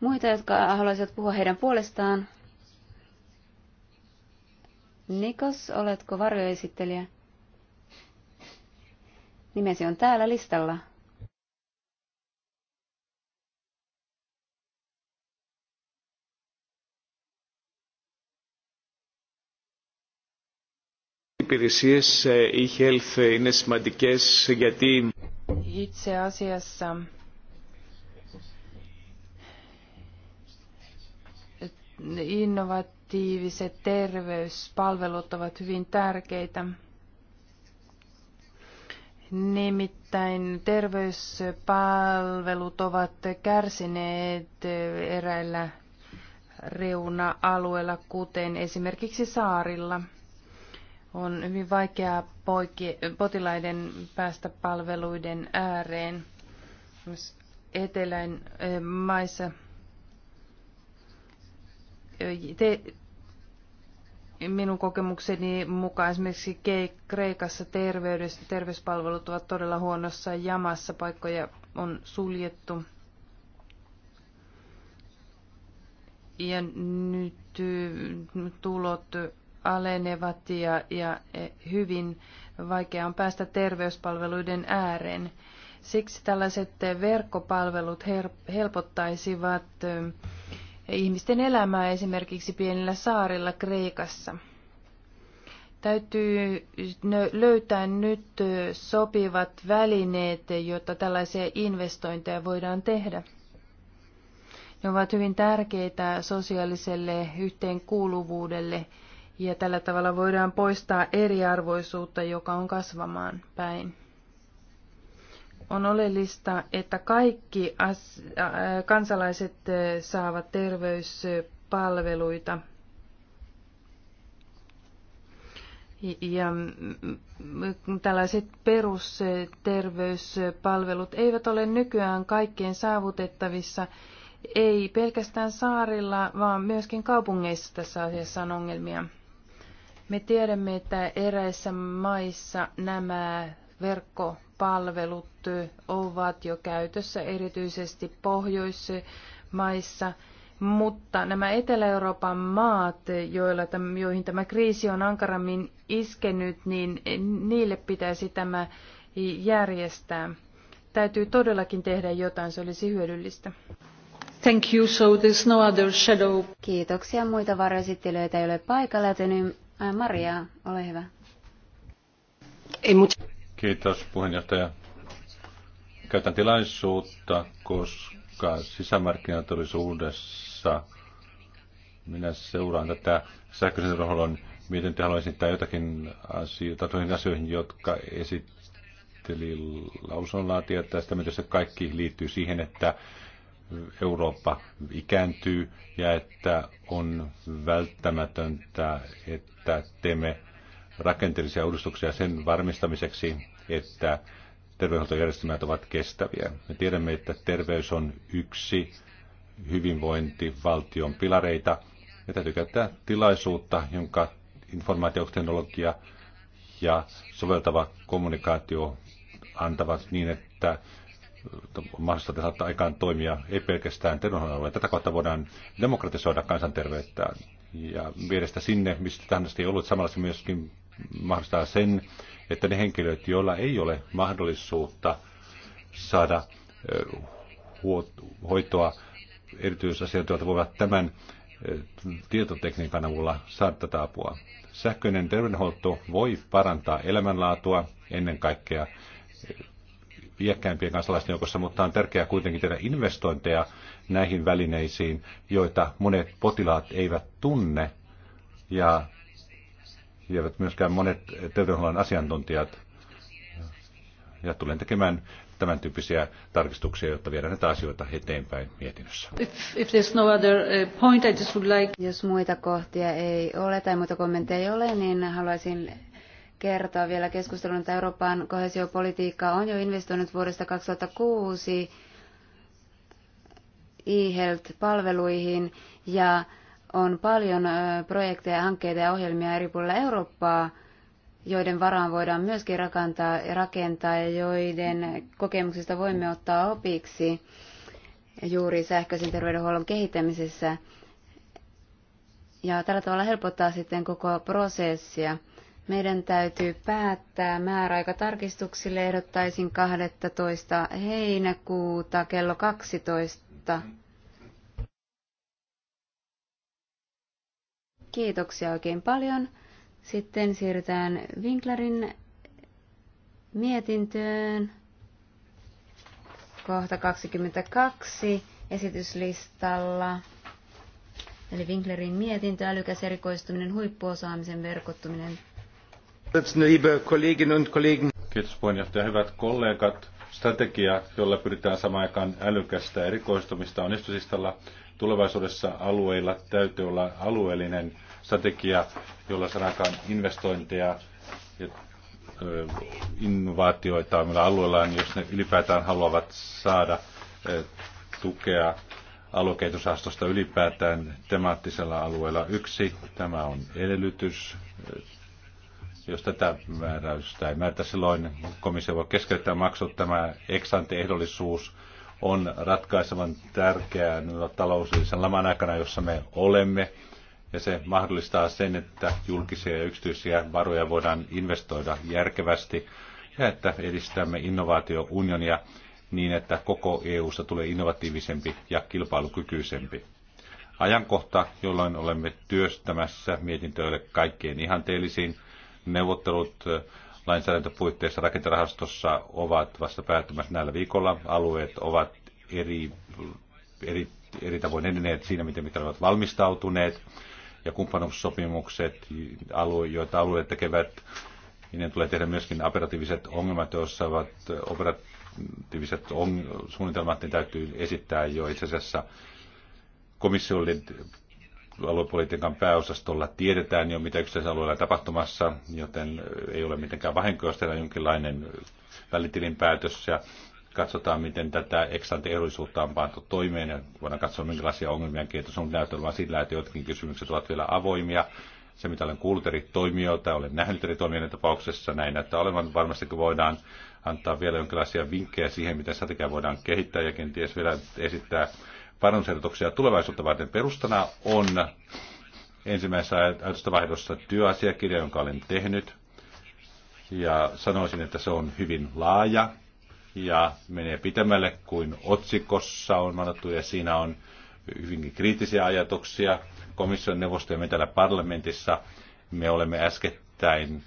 muita, jotka haluaisivat puhua heidän puolestaan? Nikos, oletko varjoesittelijä? Nimesi on täällä listalla. Itse asiassa innovat, innovatiiviset terveyspalvelut ovat hyvin tärkeitä. Nimittäin terveyspalvelut ovat kärsineet eräillä reuna-alueilla, kuten esimerkiksi saarilla. On hyvin vaikeaa potilaiden päästä palveluiden ääreen. Myös eteläin eh, maissa eh, minun kokemukseni mukaan esimerkiksi Kreikassa terveydessä, terveyspalvelut ovat todella huonossa jamassa, paikkoja on suljettu. Ja nyt tulot alenevat ja, ja e, hyvin vaikea on päästä terveyspalveluiden ääreen. Siksi tällaiset verkkopalvelut helpottaisivat ihmisten elämää esimerkiksi pienillä saarilla Kreikassa. Täytyy löytää nyt sopivat välineet, jotta tällaisia investointeja voidaan tehdä. Ne ovat hyvin tärkeitä sosiaaliselle yhteenkuuluvuudelle ja tällä tavalla voidaan poistaa eriarvoisuutta, joka on kasvamaan päin on oleellista, että kaikki kansalaiset saavat terveyspalveluita. Ja tällaiset perusterveyspalvelut eivät ole nykyään kaikkien saavutettavissa, ei pelkästään saarilla, vaan myöskin kaupungeissa tässä asiassa on ongelmia. Me tiedämme, että eräissä maissa nämä verkko palvelut ovat jo käytössä erityisesti pohjoismaissa, mutta nämä Etelä-Euroopan maat, joilla, joihin tämä kriisi on ankarammin iskenyt, niin niille pitäisi tämä järjestää. Täytyy todellakin tehdä jotain, se olisi hyödyllistä. Thank you, so there's no other shadow. Kiitoksia. Muita varjoesittelyitä ei ole paikalla, joten Maria, ole hyvä. Ei, mutta... Kiitos puheenjohtaja. Käytän tilaisuutta, koska sisämarkkinatodellisuudessa minä seuraan tätä sähköisen terveydenhuollon mietintöä. Haluaisin esittää jotakin asioita, asioihin, jotka esitteli lausunnonlaatija tästä, mitä se kaikki liittyy siihen, että Eurooppa ikääntyy ja että on välttämätöntä, että teemme rakenteellisia uudistuksia sen varmistamiseksi, että terveydenhuoltojärjestelmät ovat kestäviä. Me tiedämme, että terveys on yksi hyvinvointivaltion pilareita, ja täytyy käyttää tilaisuutta, jonka informaatioteknologia ja soveltava kommunikaatio antavat niin, että mahdollista saattaa aikaan toimia ei pelkästään terveydenhuollon Tätä kautta voidaan demokratisoida kansanterveyttä ja viedä sitä sinne, mistä tähän asti ei ollut. Samalla se myöskin mahdollistaa sen, että ne henkilöt, joilla ei ole mahdollisuutta saada hoitoa erityisasiantuntijoilta, voivat tämän tietotekniikan avulla saada tätä apua. Sähköinen terveydenhuolto voi parantaa elämänlaatua ennen kaikkea iäkkäimpien kansalaisten joukossa, mutta on tärkeää kuitenkin tehdä investointeja näihin välineisiin, joita monet potilaat eivät tunne. Ja eivät myöskään monet terveydenhuollon asiantuntijat. Ja tulen tekemään tämän tyyppisiä tarkistuksia, jotta viedään näitä asioita eteenpäin mietinnössä. If, if no other uh, point, I just would like... Jos muita kohtia ei ole tai muita kommentteja ei ole, niin haluaisin kertoa vielä keskustelun, että Euroopan kohesiopolitiikka on jo investoinut vuodesta 2006 e-health-palveluihin ja on paljon projekteja, hankkeita ja ohjelmia eri puolilla Eurooppaa, joiden varaan voidaan myöskin rakentaa, rakentaa ja joiden kokemuksista voimme ottaa opiksi juuri sähköisen terveydenhuollon kehittämisessä. Ja tällä tavalla helpottaa sitten koko prosessia. Meidän täytyy päättää määräaika tarkistuksille. Ehdottaisin 12. heinäkuuta kello 12. Kiitoksia oikein paljon. Sitten siirrytään Winklerin mietintöön. Kohta 22 esityslistalla. Eli Winklerin mietintö, älykäs erikoistuminen, huippuosaamisen verkottuminen. Kiitos puheenjohtaja. Hyvät kollegat, strategia, jolla pyritään samaan aikaan älykästä erikoistumista on istutistalla Tulevaisuudessa alueilla täytyy olla alueellinen strategia, jolla saadaan investointeja ja innovaatioita omilla alueillaan, jos ne ylipäätään haluavat saada tukea aluekehitysastosta ylipäätään temaattisella alueella. Yksi, tämä on edellytys. Jos tätä määräystä ei määrätä silloin komissio voi keskeyttää maksut tämä eksante ehdollisuus on ratkaisevan tärkeää taloudellisen laman aikana, jossa me olemme. Ja se mahdollistaa sen, että julkisia ja yksityisiä varoja voidaan investoida järkevästi ja että edistämme innovaatiounionia niin, että koko EUsta tulee innovatiivisempi ja kilpailukykyisempi. Ajankohta, jolloin olemme työstämässä mietintöille kaikkien ihanteellisiin neuvottelut lainsäädäntöpuitteissa rakentarahastossa ovat vasta päättymässä näillä viikolla. Alueet ovat eri, eri, eri tavoin edenneet siinä, miten mitä ovat valmistautuneet. Ja kumppanuussopimukset, alue, joita alueet tekevät, niin tulee tehdä myöskin operatiiviset ongelmat, joissa ovat operatiiviset on, suunnitelmat, niin täytyy esittää jo itse asiassa komissiolle aluepolitiikan pääosastolla tiedetään jo, mitä on tapahtumassa, joten äh, ei ole mitenkään vahinkoa, tehdä jonkinlainen äh, välitilinpäätös ja katsotaan, miten tätä eksanteerollisuutta on pantu toimeen ja voidaan katsoa, minkälaisia ongelmia kiitos on näytöllä vaan sillä, että jotkin kysymykset ovat vielä avoimia. Se, mitä olen kuullut eri toimijoilta, olen nähnyt eri toimijoiden tapauksessa, näin että olevan. Varmasti voidaan antaa vielä jonkinlaisia vinkkejä siihen, miten strategiaa voidaan kehittää ja kenties vielä esittää parannusehdotuksia tulevaisuutta varten. Perustana on ensimmäisessä ajatusta vaihdossa työasiakirja, jonka olen tehnyt. Ja sanoisin, että se on hyvin laaja ja menee pitemmälle kuin otsikossa on manattu ja siinä on hyvinkin kriittisiä ajatuksia. Komission neuvosto ja me täällä parlamentissa me olemme äskettäin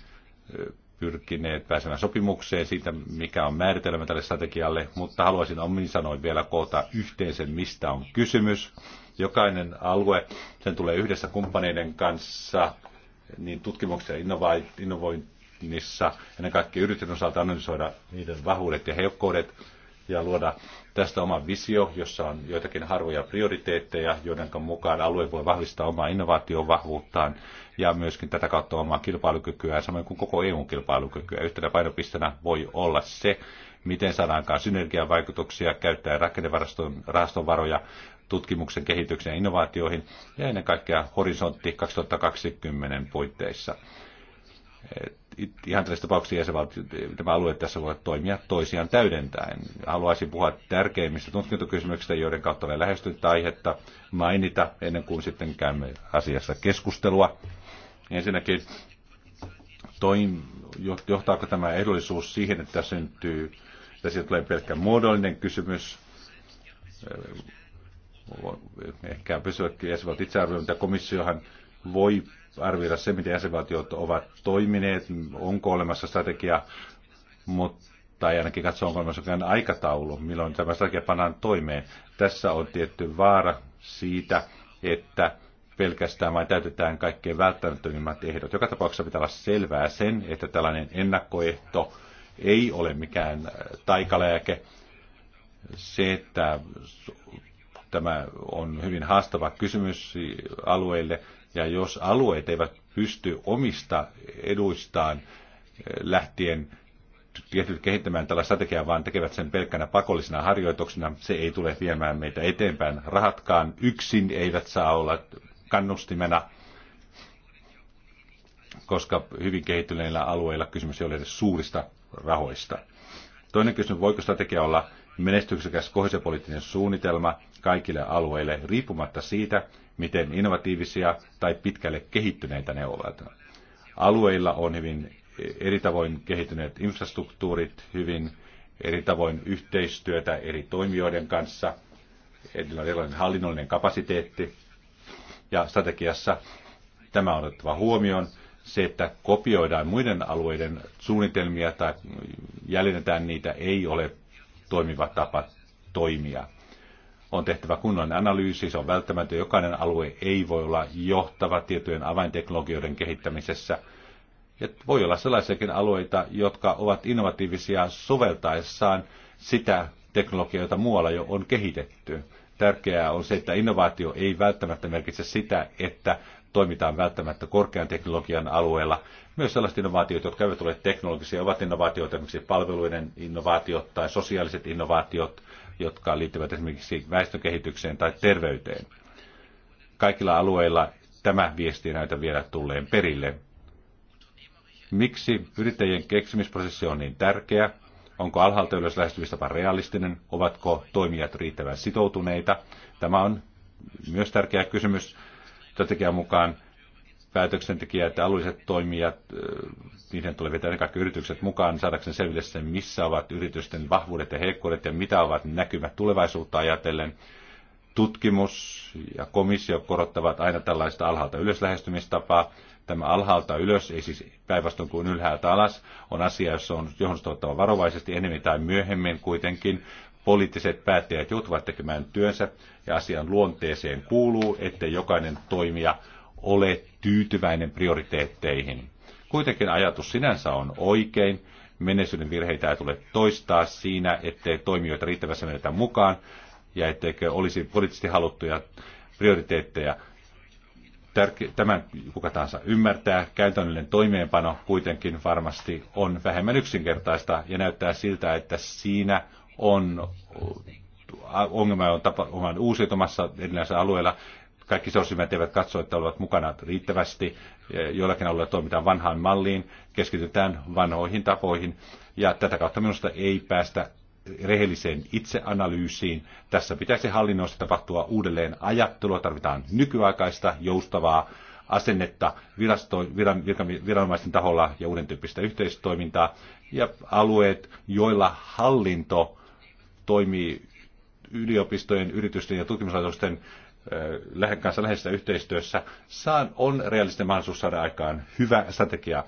pyrkineet pääsemään sopimukseen siitä, mikä on määritelmä tälle strategialle, mutta haluaisin omin sanoin vielä koota yhteisen, mistä on kysymys. Jokainen alue, sen tulee yhdessä kumppaneiden kanssa, niin tutkimuksessa ja innovoinnissa, ennen kaikkea yritysten osalta analysoida niiden vahvuudet ja heikkoudet ja luoda Tästä oma visio, jossa on joitakin harvoja prioriteetteja, joiden mukaan alue voi vahvistaa omaa innovaatiovahvuuttaan ja myöskin tätä kautta omaa kilpailukykyä, samoin kuin koko EUn kilpailukykyä. Yhtenä painopisteenä voi olla se, miten saadaankaan synergiavaikutuksia käyttäen rakennevaraston varoja tutkimuksen, kehityksen ja innovaatioihin ja ennen kaikkea horisontti 2020 puitteissa ihan tässä tapauksessa jäsenvaltiot, nämä alueet tässä voivat toimia toisiaan täydentäen. Haluaisin puhua tärkeimmistä tutkintokysymyksistä, joiden kautta olen lähestynyt aihetta, mainita ennen kuin sitten käymme asiassa keskustelua. Ensinnäkin, toim, johtaako tämä edullisuus siihen, että syntyy, että siitä tulee pelkkä muodollinen kysymys, ehkä pysyä jäsenvaltiot itse arvioimaan, komissiohan voi arvioida se, miten jäsenvaltiot ovat toimineet, onko olemassa strategia, mutta tai ainakin katsoa, onko olemassa aikataulu, milloin tämä strategia pannaan toimeen. Tässä on tietty vaara siitä, että pelkästään vain täytetään kaikkein välttämättömimmät ehdot. Joka tapauksessa pitää olla selvää sen, että tällainen ennakkoehto ei ole mikään taikalääke. Se, että tämä on hyvin haastava kysymys alueille, ja jos alueet eivät pysty omista eduistaan eh, lähtien kehittämään tällä strategiaa, vaan tekevät sen pelkkänä pakollisena harjoituksena, se ei tule viemään meitä eteenpäin. Rahatkaan yksin eivät saa olla kannustimena, koska hyvin kehittyneillä alueilla kysymys ei ole edes suurista rahoista. Toinen kysymys, voiko strategia olla menestyksekäs kohdisepoliittinen suunnitelma kaikille alueille, riippumatta siitä, miten innovatiivisia tai pitkälle kehittyneitä ne ovat. Alueilla on hyvin eri tavoin kehittyneet infrastruktuurit, hyvin eri tavoin yhteistyötä eri toimijoiden kanssa, erilainen hallinnollinen kapasiteetti. Ja strategiassa tämä on otettava huomioon. Se, että kopioidaan muiden alueiden suunnitelmia tai jäljennetään niitä, ei ole toimiva tapa toimia. On tehtävä kunnon analyysi, se on välttämätön. Jokainen alue ei voi olla johtava tietojen avainteknologioiden kehittämisessä. Et voi olla sellaisiakin alueita, jotka ovat innovatiivisia soveltaessaan sitä teknologiaa, jota muualla jo on kehitetty. Tärkeää on se, että innovaatio ei välttämättä merkitse sitä, että toimitaan välttämättä korkean teknologian alueella. Myös sellaiset innovaatiot, jotka eivät ole teknologisia, ovat innovaatioita, esimerkiksi palveluiden innovaatiot tai sosiaaliset innovaatiot jotka liittyvät esimerkiksi väestökehitykseen tai terveyteen. Kaikilla alueilla tämä viesti näytä vielä tulleen perille. Miksi yrittäjien keksimisprosessi on niin tärkeä? Onko alhaalta ylös lähestymistapa realistinen? Ovatko toimijat riittävän sitoutuneita? Tämä on myös tärkeä kysymys. Strategian mukaan päätöksentekijät ja alueelliset toimijat niiden tulee vetää kaikki yritykset mukaan saadakseen selville sen, missä ovat yritysten vahvuudet ja heikkoudet ja mitä ovat näkymät tulevaisuutta ajatellen. Tutkimus ja komissio korottavat aina tällaista alhaalta ylös lähestymistapaa. Tämä alhaalta ylös, ei siis päinvastoin kuin ylhäältä alas, on asia, jossa on johon varovaisesti enemmän tai myöhemmin kuitenkin. Poliittiset päättäjät joutuvat tekemään työnsä ja asian luonteeseen kuuluu, että jokainen toimija ole tyytyväinen prioriteetteihin Kuitenkin ajatus sinänsä on oikein. Menneisyyden virheitä ei tule toistaa siinä, ettei toimijoita riittävässä menetä mukaan ja etteikö olisi poliittisesti haluttuja prioriteetteja. Tämän kuka tahansa ymmärtää. Käytännöllinen toimeenpano kuitenkin varmasti on vähemmän yksinkertaista ja näyttää siltä, että siinä on ongelma on, tapa, on uusiutumassa erilaisilla alueilla kaikki seurasimet eivät katso, että olivat mukana riittävästi. Joillakin alueilla toimitaan vanhaan malliin, keskitytään vanhoihin tapoihin. Ja tätä kautta minusta ei päästä rehelliseen itseanalyysiin. Tässä pitäisi hallinnoissa tapahtua uudelleen ajattelua, tarvitaan nykyaikaista, joustavaa asennetta virasto, viran, viranomaisten taholla ja uuden tyyppistä yhteistoimintaa. Ja alueet, joilla hallinto toimii yliopistojen, yritysten ja tutkimuslaitosten kanssa läheisessä yhteistyössä saan, on realistinen mahdollisuus saada aikaan hyvä strategia.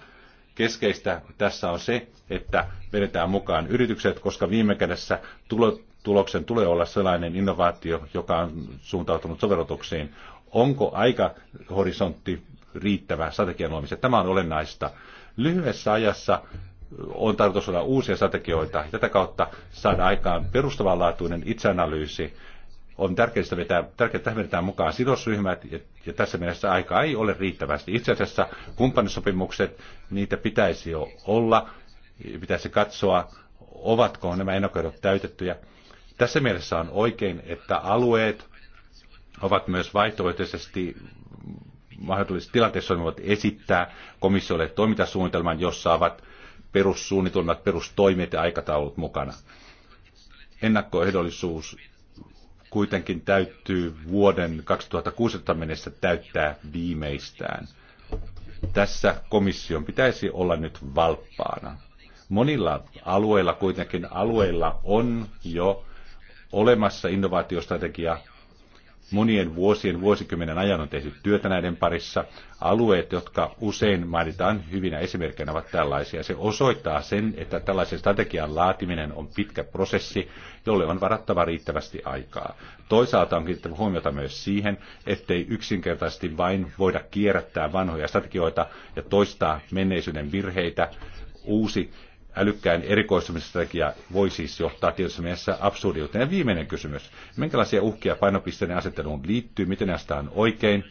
Keskeistä tässä on se, että vedetään mukaan yritykset, koska viime kädessä tulo, tuloksen tulee olla sellainen innovaatio, joka on suuntautunut sovellutuksiin. Onko aikahorisontti riittävä strategian luomiseen? Tämä on olennaista. Lyhyessä ajassa on tarkoitus olla uusia strategioita. Tätä kautta saada aikaan perustavanlaatuinen itseanalyysi on tärkeää, vetää, tärkeää vetää mukaan sidosryhmät, ja, ja tässä mielessä aika ei ole riittävästi. Itse asiassa kumppanisopimukset, niitä pitäisi jo olla, pitäisi katsoa, ovatko nämä ennakoidot täytettyjä. Tässä mielessä on oikein, että alueet ovat myös vaihtoehtoisesti mahdollisessa tilanteessa voivat esittää komissiolle toimintasuunnitelman, jossa ovat perussuunnitelmat, perustoimet ja aikataulut mukana. Ennakkoehdollisuus kuitenkin täytyy vuoden 2016 mennessä täyttää viimeistään. Tässä komission pitäisi olla nyt valppaana. Monilla alueilla kuitenkin alueilla on jo olemassa innovaatiostrategia monien vuosien, vuosikymmenen ajan on tehty työtä näiden parissa. Alueet, jotka usein mainitaan hyvinä esimerkkeinä, ovat tällaisia. Se osoittaa sen, että tällaisen strategian laatiminen on pitkä prosessi, jolle on varattava riittävästi aikaa. Toisaalta on kiinnittävä huomiota myös siihen, ettei yksinkertaisesti vain voida kierrättää vanhoja strategioita ja toistaa menneisyyden virheitä. Uusi älykkään erikoistumistrategia voi siis johtaa tietyssä mielessä absurdiuteen. Ja viimeinen kysymys. Minkälaisia uhkia painopisteiden asetteluun liittyy? Miten näistä on oikein?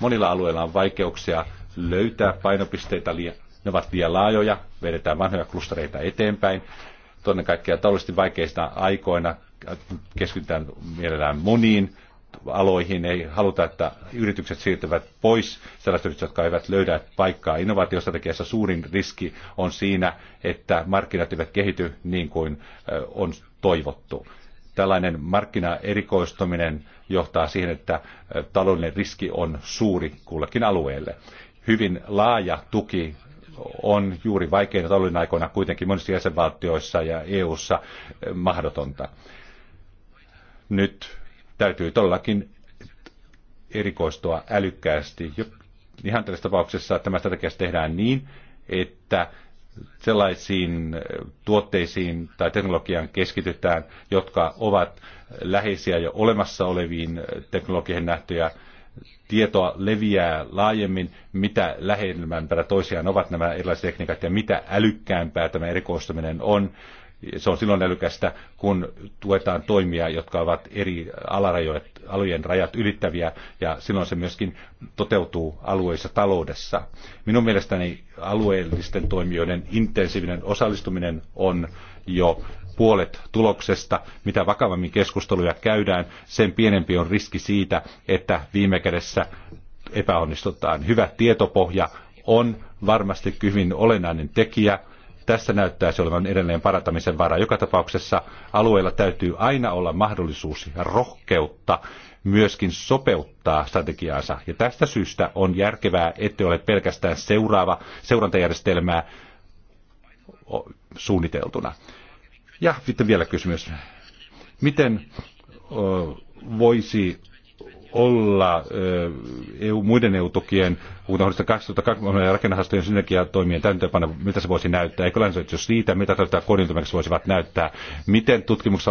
Monilla alueilla on vaikeuksia löytää painopisteitä. ne ovat liian laajoja. Vedetään vanhoja klustereita eteenpäin. Toinen kaikkea taloudellisesti vaikeista aikoina keskitytään mielellään moniin aloihin, ei haluta, että yritykset siirtyvät pois, sellaiset yritykset, jotka eivät löydä paikkaa innovaatiostrategiassa. Suurin riski on siinä, että markkinat eivät kehity niin kuin on toivottu. Tällainen markkinaerikoistuminen johtaa siihen, että taloudellinen riski on suuri kullekin alueelle. Hyvin laaja tuki on juuri vaikeina taloudellinen aikoina kuitenkin monissa jäsenvaltioissa ja EU:ssa mahdotonta. Nyt täytyy todellakin erikoistua älykkäästi. Ihan tällaisessa tapauksessa tämä strategiassa tehdään niin, että sellaisiin tuotteisiin tai teknologiaan keskitytään, jotka ovat läheisiä jo olemassa oleviin teknologiin nähtyjä. Tietoa leviää laajemmin, mitä lähemmämpänä toisiaan ovat nämä erilaiset tekniikat ja mitä älykkäämpää tämä erikoistuminen on, se on silloin älykästä, kun tuetaan toimia, jotka ovat eri alarajojen, alojen rajat ylittäviä, ja silloin se myöskin toteutuu alueissa taloudessa. Minun mielestäni alueellisten toimijoiden intensiivinen osallistuminen on jo puolet tuloksesta. Mitä vakavammin keskusteluja käydään, sen pienempi on riski siitä, että viime kädessä epäonnistutaan. Hyvä tietopohja on varmasti hyvin olennainen tekijä tässä näyttäisi olevan edelleen parantamisen varaa. Joka tapauksessa alueella täytyy aina olla mahdollisuus ja rohkeutta myöskin sopeuttaa strategiaansa. Ja tästä syystä on järkevää, ettei ole pelkästään seuraava seurantajärjestelmää suunniteltuna. Ja sitten vielä kysymys. Miten voisi olla EU, muiden EU-tukien vuodesta 2020 rakennehastojen synergiatoimien täytäntöönpano, miltä se voisi näyttää, eikö jos siitä, mitä tarvitaan koordinoitumiseksi voisivat näyttää, miten tutkimuksessa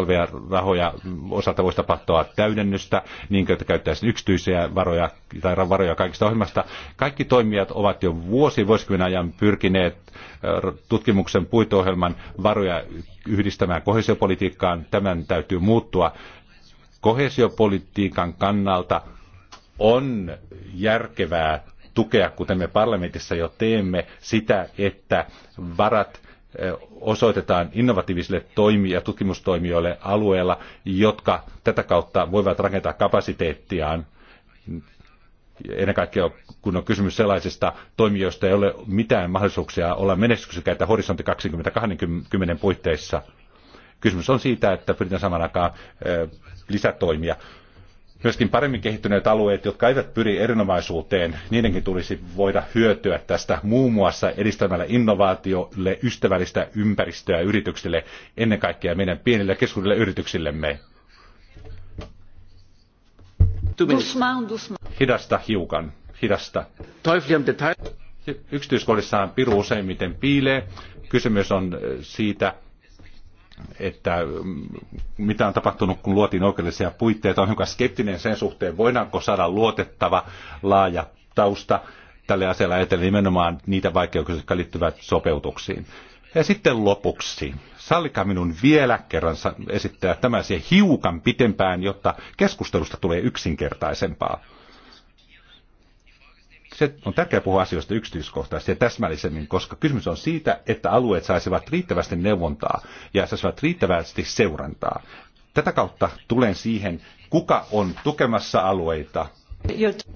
rahoja osalta voisi tapahtua täydennystä, niin että käyttäisiin yksityisiä varoja tai varoja kaikista ohjelmasta. Kaikki toimijat ovat jo vuosi vuosikymmenen ajan pyrkineet äh, tutkimuksen puitoohjelman varoja yhdistämään kohesiopolitiikkaan. Tämän täytyy muuttua. Kohesiopolitiikan kannalta on järkevää tukea, kuten me parlamentissa jo teemme, sitä, että varat osoitetaan innovatiivisille toimi- ja tutkimustoimijoille alueella, jotka tätä kautta voivat rakentaa kapasiteettiaan ennen kaikkea kun on kysymys sellaisista toimijoista, ei ole mitään mahdollisuuksia olla menestyksekäitä horisontti 2020 puitteissa. Kysymys on siitä, että pyritään saman aikaan lisätoimia. Myöskin paremmin kehittyneet alueet, jotka eivät pyri erinomaisuuteen, niidenkin tulisi voida hyötyä tästä muun muassa edistämällä innovaatiolle ystävällistä ympäristöä yrityksille, ennen kaikkea meidän pienille keskuudelle yrityksillemme. Hidasta hiukan, hidasta. Yksityiskohdissaan piru useimmiten piilee. Kysymys on eh, siitä, että mm, mitä on tapahtunut, kun luotiin oikeudellisia puitteita, on hiukan skeptinen sen suhteen, voidaanko saada luotettava laaja tausta tälle asialle ajatellen nimenomaan niitä vaikeuksia, jotka liittyvät sopeutuksiin. Ja sitten lopuksi, sallikaa minun vielä kerran esittää tämä asia hiukan pitempään, jotta keskustelusta tulee yksinkertaisempaa. Se on tärkeää puhua asioista yksityiskohtaisesti ja täsmällisemmin, koska kysymys on siitä, että alueet saisivat riittävästi neuvontaa ja saisivat riittävästi seurantaa. Tätä kautta tulen siihen, kuka on tukemassa alueita.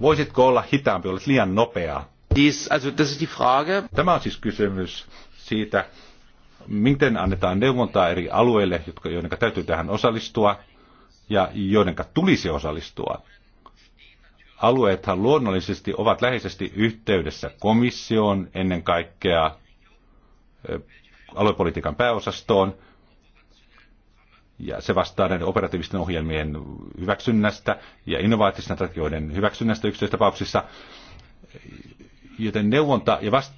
Voisitko olla hitaampi, olet liian nopea. Tämä on siis kysymys siitä, miten annetaan neuvontaa eri alueille, jotka, joiden täytyy tähän osallistua ja joiden tulisi osallistua alueethan luonnollisesti ovat läheisesti yhteydessä komissioon ennen kaikkea aluepolitiikan pääosastoon, ja se vastaa näiden operatiivisten ohjelmien hyväksynnästä ja innovaattisten strategioiden hyväksynnästä yksityistapauksissa. Joten neuvonta ja vast,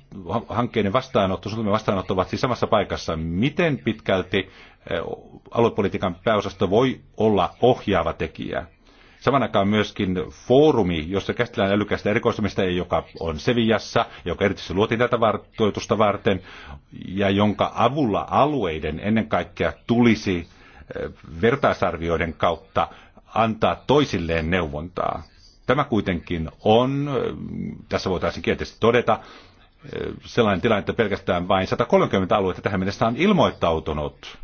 hankkeiden vastaanotto, suunnitelmien vastaanotto ovat siis samassa paikassa. Miten pitkälti aluepolitiikan pääosasto voi olla ohjaava tekijä? Saman aikaan myöskin foorumi, jossa käsitellään älykästä erikoistumista, joka on Sevillassa, joka erityisesti luotiin tätä vartoitusta varten, ja jonka avulla alueiden ennen kaikkea tulisi eh, vertaisarvioiden kautta antaa toisilleen neuvontaa. Tämä kuitenkin on, eh, tässä voitaisiin kielteisesti todeta, eh, sellainen tilanne, että pelkästään vain 130 aluetta tähän mennessä on ilmoittautunut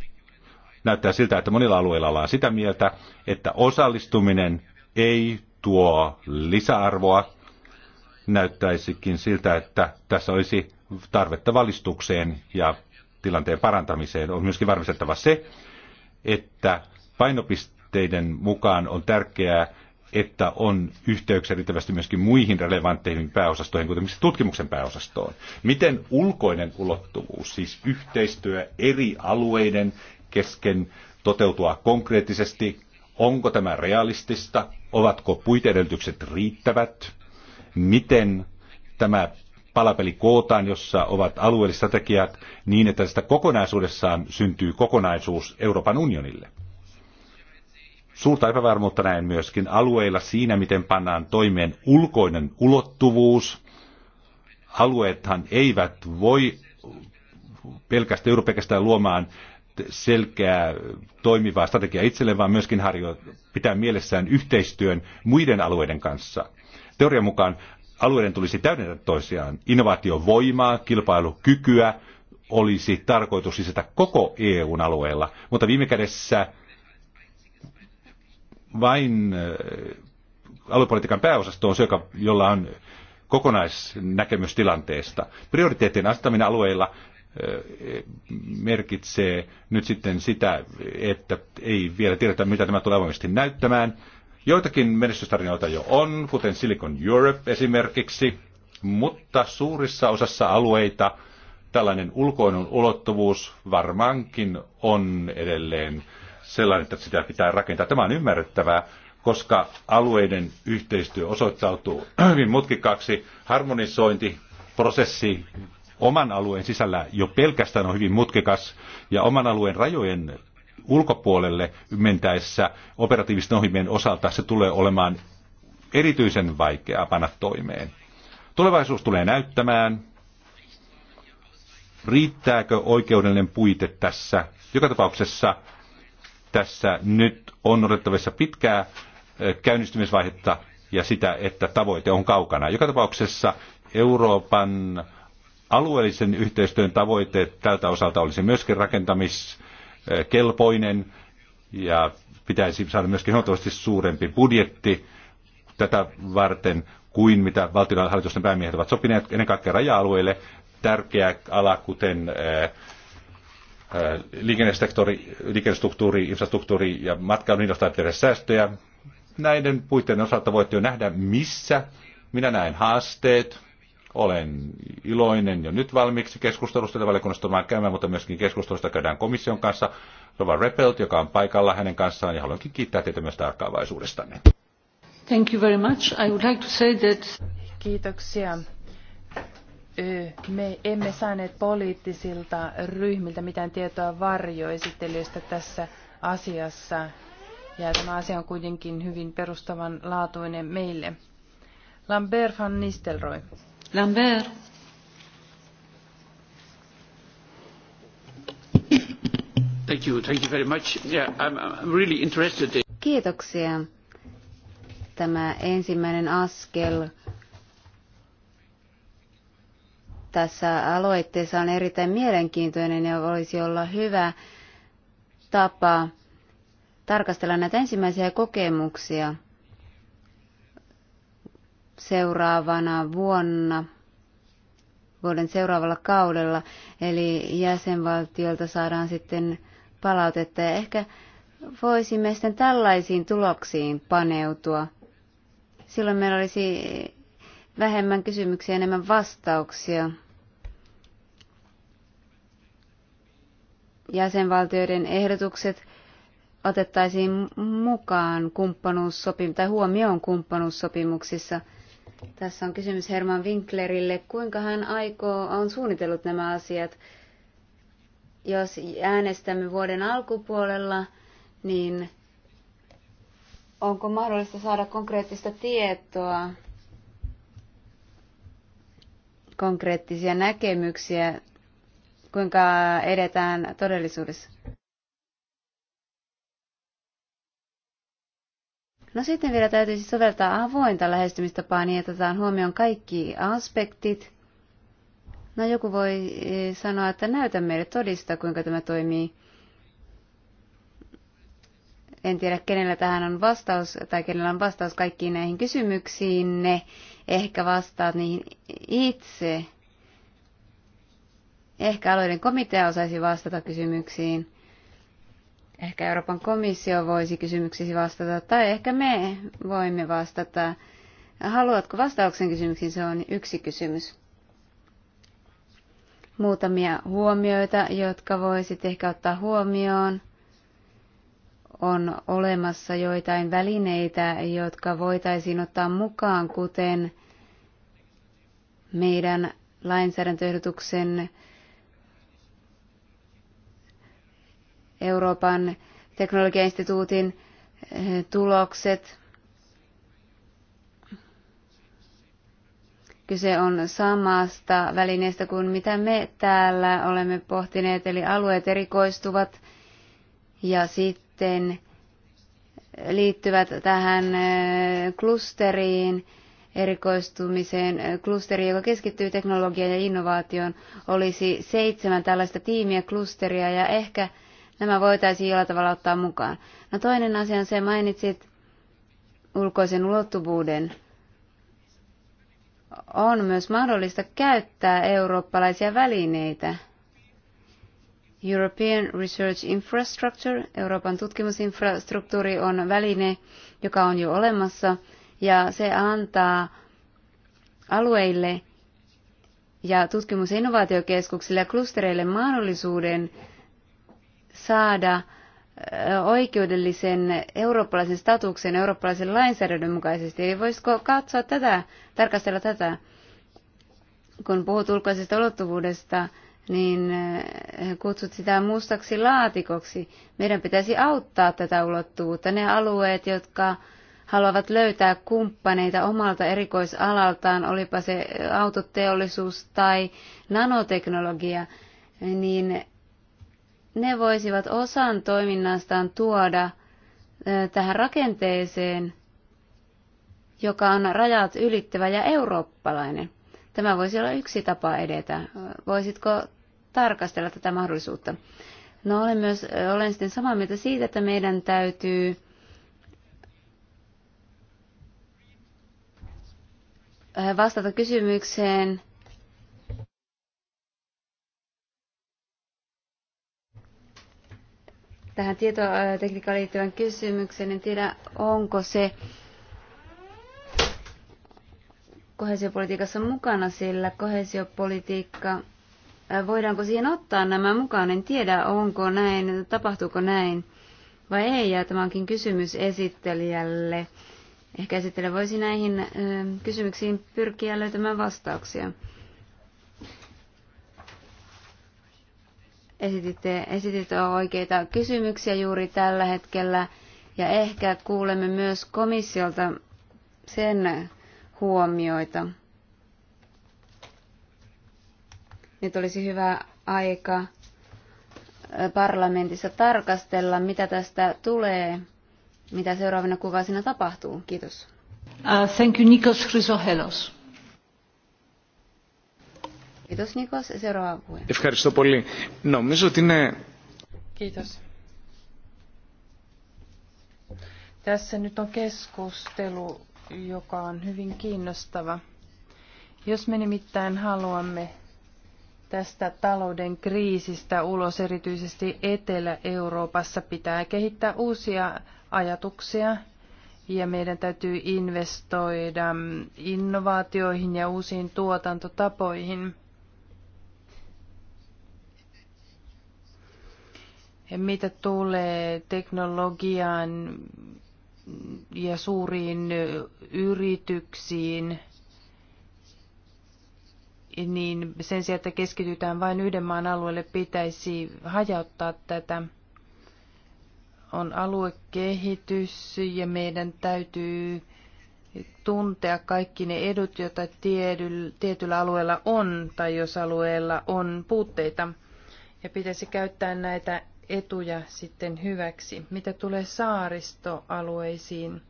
näyttää siltä, että monilla alueilla ollaan sitä mieltä, että osallistuminen ei tuo lisäarvoa. Näyttäisikin siltä, että tässä olisi tarvetta valistukseen ja tilanteen parantamiseen. On myöskin varmistettava se, että painopisteiden mukaan on tärkeää, että on yhteyksiä riittävästi myöskin muihin relevantteihin pääosastoihin, kuten tutkimuksen pääosastoon. Miten ulkoinen ulottuvuus, siis yhteistyö eri alueiden, kesken toteutua konkreettisesti. Onko tämä realistista? Ovatko puiteedellytykset riittävät? Miten tämä palapeli kootaan, jossa ovat alueelliset strategiat, niin, että sitä kokonaisuudessaan syntyy kokonaisuus Euroopan unionille? Suurta epävarmuutta näen myöskin alueilla siinä, miten pannaan toimeen ulkoinen ulottuvuus. Alueethan eivät voi pelkästään juuri pelkästään luomaan selkeää toimivaa strategia itselleen, vaan myöskin harjo, pitää mielessään yhteistyön muiden alueiden kanssa. Teorian mukaan alueiden tulisi täydentää toisiaan. Innovaatiovoimaa, kilpailukykyä olisi tarkoitus lisätä koko EUn alueella, mutta viime kädessä vain äh, aluepolitiikan pääosasto on se, joka, jolla on kokonaisnäkemys tilanteesta. Prioriteettien asettaminen alueilla merkitsee nyt sitten sitä, että ei vielä tiedetä, mitä tämä tulee avoimesti näyttämään. Joitakin menestystarinoita jo on, kuten Silicon Europe esimerkiksi, mutta suurissa osassa alueita tällainen ulkoinen ulottuvuus varmaankin on edelleen sellainen, että sitä pitää rakentaa. Tämä on ymmärrettävää, koska alueiden yhteistyö osoittautuu hyvin mutkikkaaksi. Harmonisointi, prosessi oman alueen sisällä jo pelkästään on hyvin mutkikas ja oman alueen rajojen ulkopuolelle mentäessä operatiivisten ohjelmien osalta se tulee olemaan erityisen vaikeaa panna toimeen. Tulevaisuus tulee näyttämään, riittääkö oikeudellinen puite tässä. Joka tapauksessa tässä nyt on odotettavissa pitkää käynnistymisvaihetta ja sitä, että tavoite on kaukana. Joka tapauksessa Euroopan alueellisen yhteistyön tavoite tältä osalta olisi myöskin rakentamiskelpoinen ja pitäisi saada myöskin huomattavasti suurempi budjetti tätä varten kuin mitä valtionhallitusten päämiehet ovat sopineet ennen kaikkea raja-alueille. Tärkeä ala, kuten äh, äh, liikennesektori, liikennestruktuuri, infrastruktuuri ja matkailu, niistä tehdä säästöjä. Näiden puitteiden osalta voitte jo nähdä, missä minä näen haasteet, olen iloinen jo nyt valmiiksi keskustelusta, jota valiokunnassa tullaan käymään, mutta myöskin keskustelusta käydään komission kanssa. Rova Repelt, joka on paikalla hänen kanssaan, ja haluankin kiittää teitä myös tarkkaavaisuudestanne. Thank you very much. I would like to say that... Kiitoksia me emme saaneet poliittisilta ryhmiltä mitään tietoa varjoesittelyistä tässä asiassa. Ja tämä asia on kuitenkin hyvin perustavanlaatuinen meille. Lambert van Nistelrooy. Lambert. Thank you. Thank you very much. Yeah, I'm, I'm really interested in... Kiitoksia. Tämä ensimmäinen askel tässä aloitteessa on erittäin mielenkiintoinen ja olisi olla hyvä tapa tarkastella näitä ensimmäisiä kokemuksia seuraavana vuonna, vuoden seuraavalla kaudella, eli jäsenvaltiolta saadaan sitten palautetta. Ja ehkä voisimme sitten tällaisiin tuloksiin paneutua. Silloin meillä olisi vähemmän kysymyksiä, enemmän vastauksia. Jäsenvaltioiden ehdotukset otettaisiin mukaan kumppanuussopim- tai huomioon kumppanuussopimuksissa – tässä on kysymys Herman Winklerille. Kuinka hän aikoo, on suunnitellut nämä asiat? Jos äänestämme vuoden alkupuolella, niin onko mahdollista saada konkreettista tietoa, konkreettisia näkemyksiä, kuinka edetään todellisuudessa? No sitten vielä täytyisi siis soveltaa avointa lähestymistapaa niin, että otetaan huomioon kaikki aspektit. No joku voi eh, sanoa, että näytä meille todista, kuinka tämä toimii. En tiedä, kenellä tähän on vastaus tai kenellä on vastaus kaikkiin näihin kysymyksiin. Ne ehkä vastaat niihin itse. Ehkä alueiden komitea osaisi vastata kysymyksiin. Ehkä Euroopan komissio voisi kysymyksesi vastata, tai ehkä me voimme vastata. Haluatko vastauksen kysymyksiin? Se on yksi kysymys. Muutamia huomioita, jotka voisit ehkä ottaa huomioon. On olemassa joitain välineitä, jotka voitaisiin ottaa mukaan, kuten meidän lainsäädäntöehdotuksen Euroopan teknologiainstituutin eh, tulokset. Kyse on samasta välineestä kuin mitä me täällä olemme pohtineet, eli alueet erikoistuvat ja sitten liittyvät tähän eh, klusteriin, erikoistumiseen. Klusteri, joka keskittyy teknologiaan ja innovaatioon, olisi seitsemän tällaista tiimiä, klusteria ja ehkä – nämä voitaisiin jollain tavalla ottaa mukaan. No toinen asia on se, mainitsit ulkoisen ulottuvuuden. On myös mahdollista käyttää eurooppalaisia välineitä. European Research Infrastructure, Euroopan tutkimusinfrastruktuuri on väline, joka on jo olemassa, ja se antaa alueille ja tutkimus- ja innovaatiokeskuksille ja klustereille mahdollisuuden saada oikeudellisen eurooppalaisen statuksen eurooppalaisen lainsäädännön mukaisesti. Eli voisiko katsoa tätä, tarkastella tätä, kun puhut ulkoisesta ulottuvuudesta, niin kutsut sitä mustaksi laatikoksi. Meidän pitäisi auttaa tätä ulottuvuutta. Ne alueet, jotka haluavat löytää kumppaneita omalta erikoisalaltaan, olipa se autoteollisuus tai nanoteknologia, niin ne voisivat osan toiminnastaan tuoda tähän rakenteeseen, joka on rajat ylittävä ja eurooppalainen. Tämä voisi olla yksi tapa edetä. Voisitko tarkastella tätä mahdollisuutta? No olen myös, olen sitten samaa mieltä siitä, että meidän täytyy vastata kysymykseen, tähän tietotekniikkaan liittyvän kysymyksen. En tiedä, onko se kohesiopolitiikassa mukana, sillä kohesiopolitiikka, voidaanko siihen ottaa nämä mukaan, en tiedä onko näin, tapahtuuko näin vai ei, ja tämä onkin kysymys esittelijälle. Ehkä esittelijä voisi näihin kysymyksiin pyrkiä löytämään vastauksia. Esititte, esititte oikeita kysymyksiä juuri tällä hetkellä ja ehkä kuulemme myös komissiolta sen huomioita. Nyt olisi hyvä aika parlamentissa tarkastella, mitä tästä tulee, mitä seuraavina kuukausina tapahtuu. Kiitos. Uh, thank you, Nikos Chrysohelos. Kiitos Nikos, seuraava puhe. Ευχαριστώ πολύ. Νομίζω ότι είναι... Kiitos. Tässä nyt on keskustelu, joka on hyvin kiinnostava. Jos me nimittäin haluamme tästä talouden kriisistä ulos, erityisesti Etelä-Euroopassa pitää kehittää uusia ajatuksia ja meidän täytyy investoida innovaatioihin ja uusiin tuotantotapoihin. Mitä tulee teknologiaan ja suuriin yrityksiin, niin sen sijaan, että keskitytään vain yhden maan alueelle, pitäisi hajauttaa tätä. On aluekehitys ja meidän täytyy tuntea kaikki ne edut, joita tietyllä alueella on tai jos alueella on puutteita. Ja pitäisi käyttää näitä etuja sitten hyväksi. Mitä tulee saaristoalueisiin,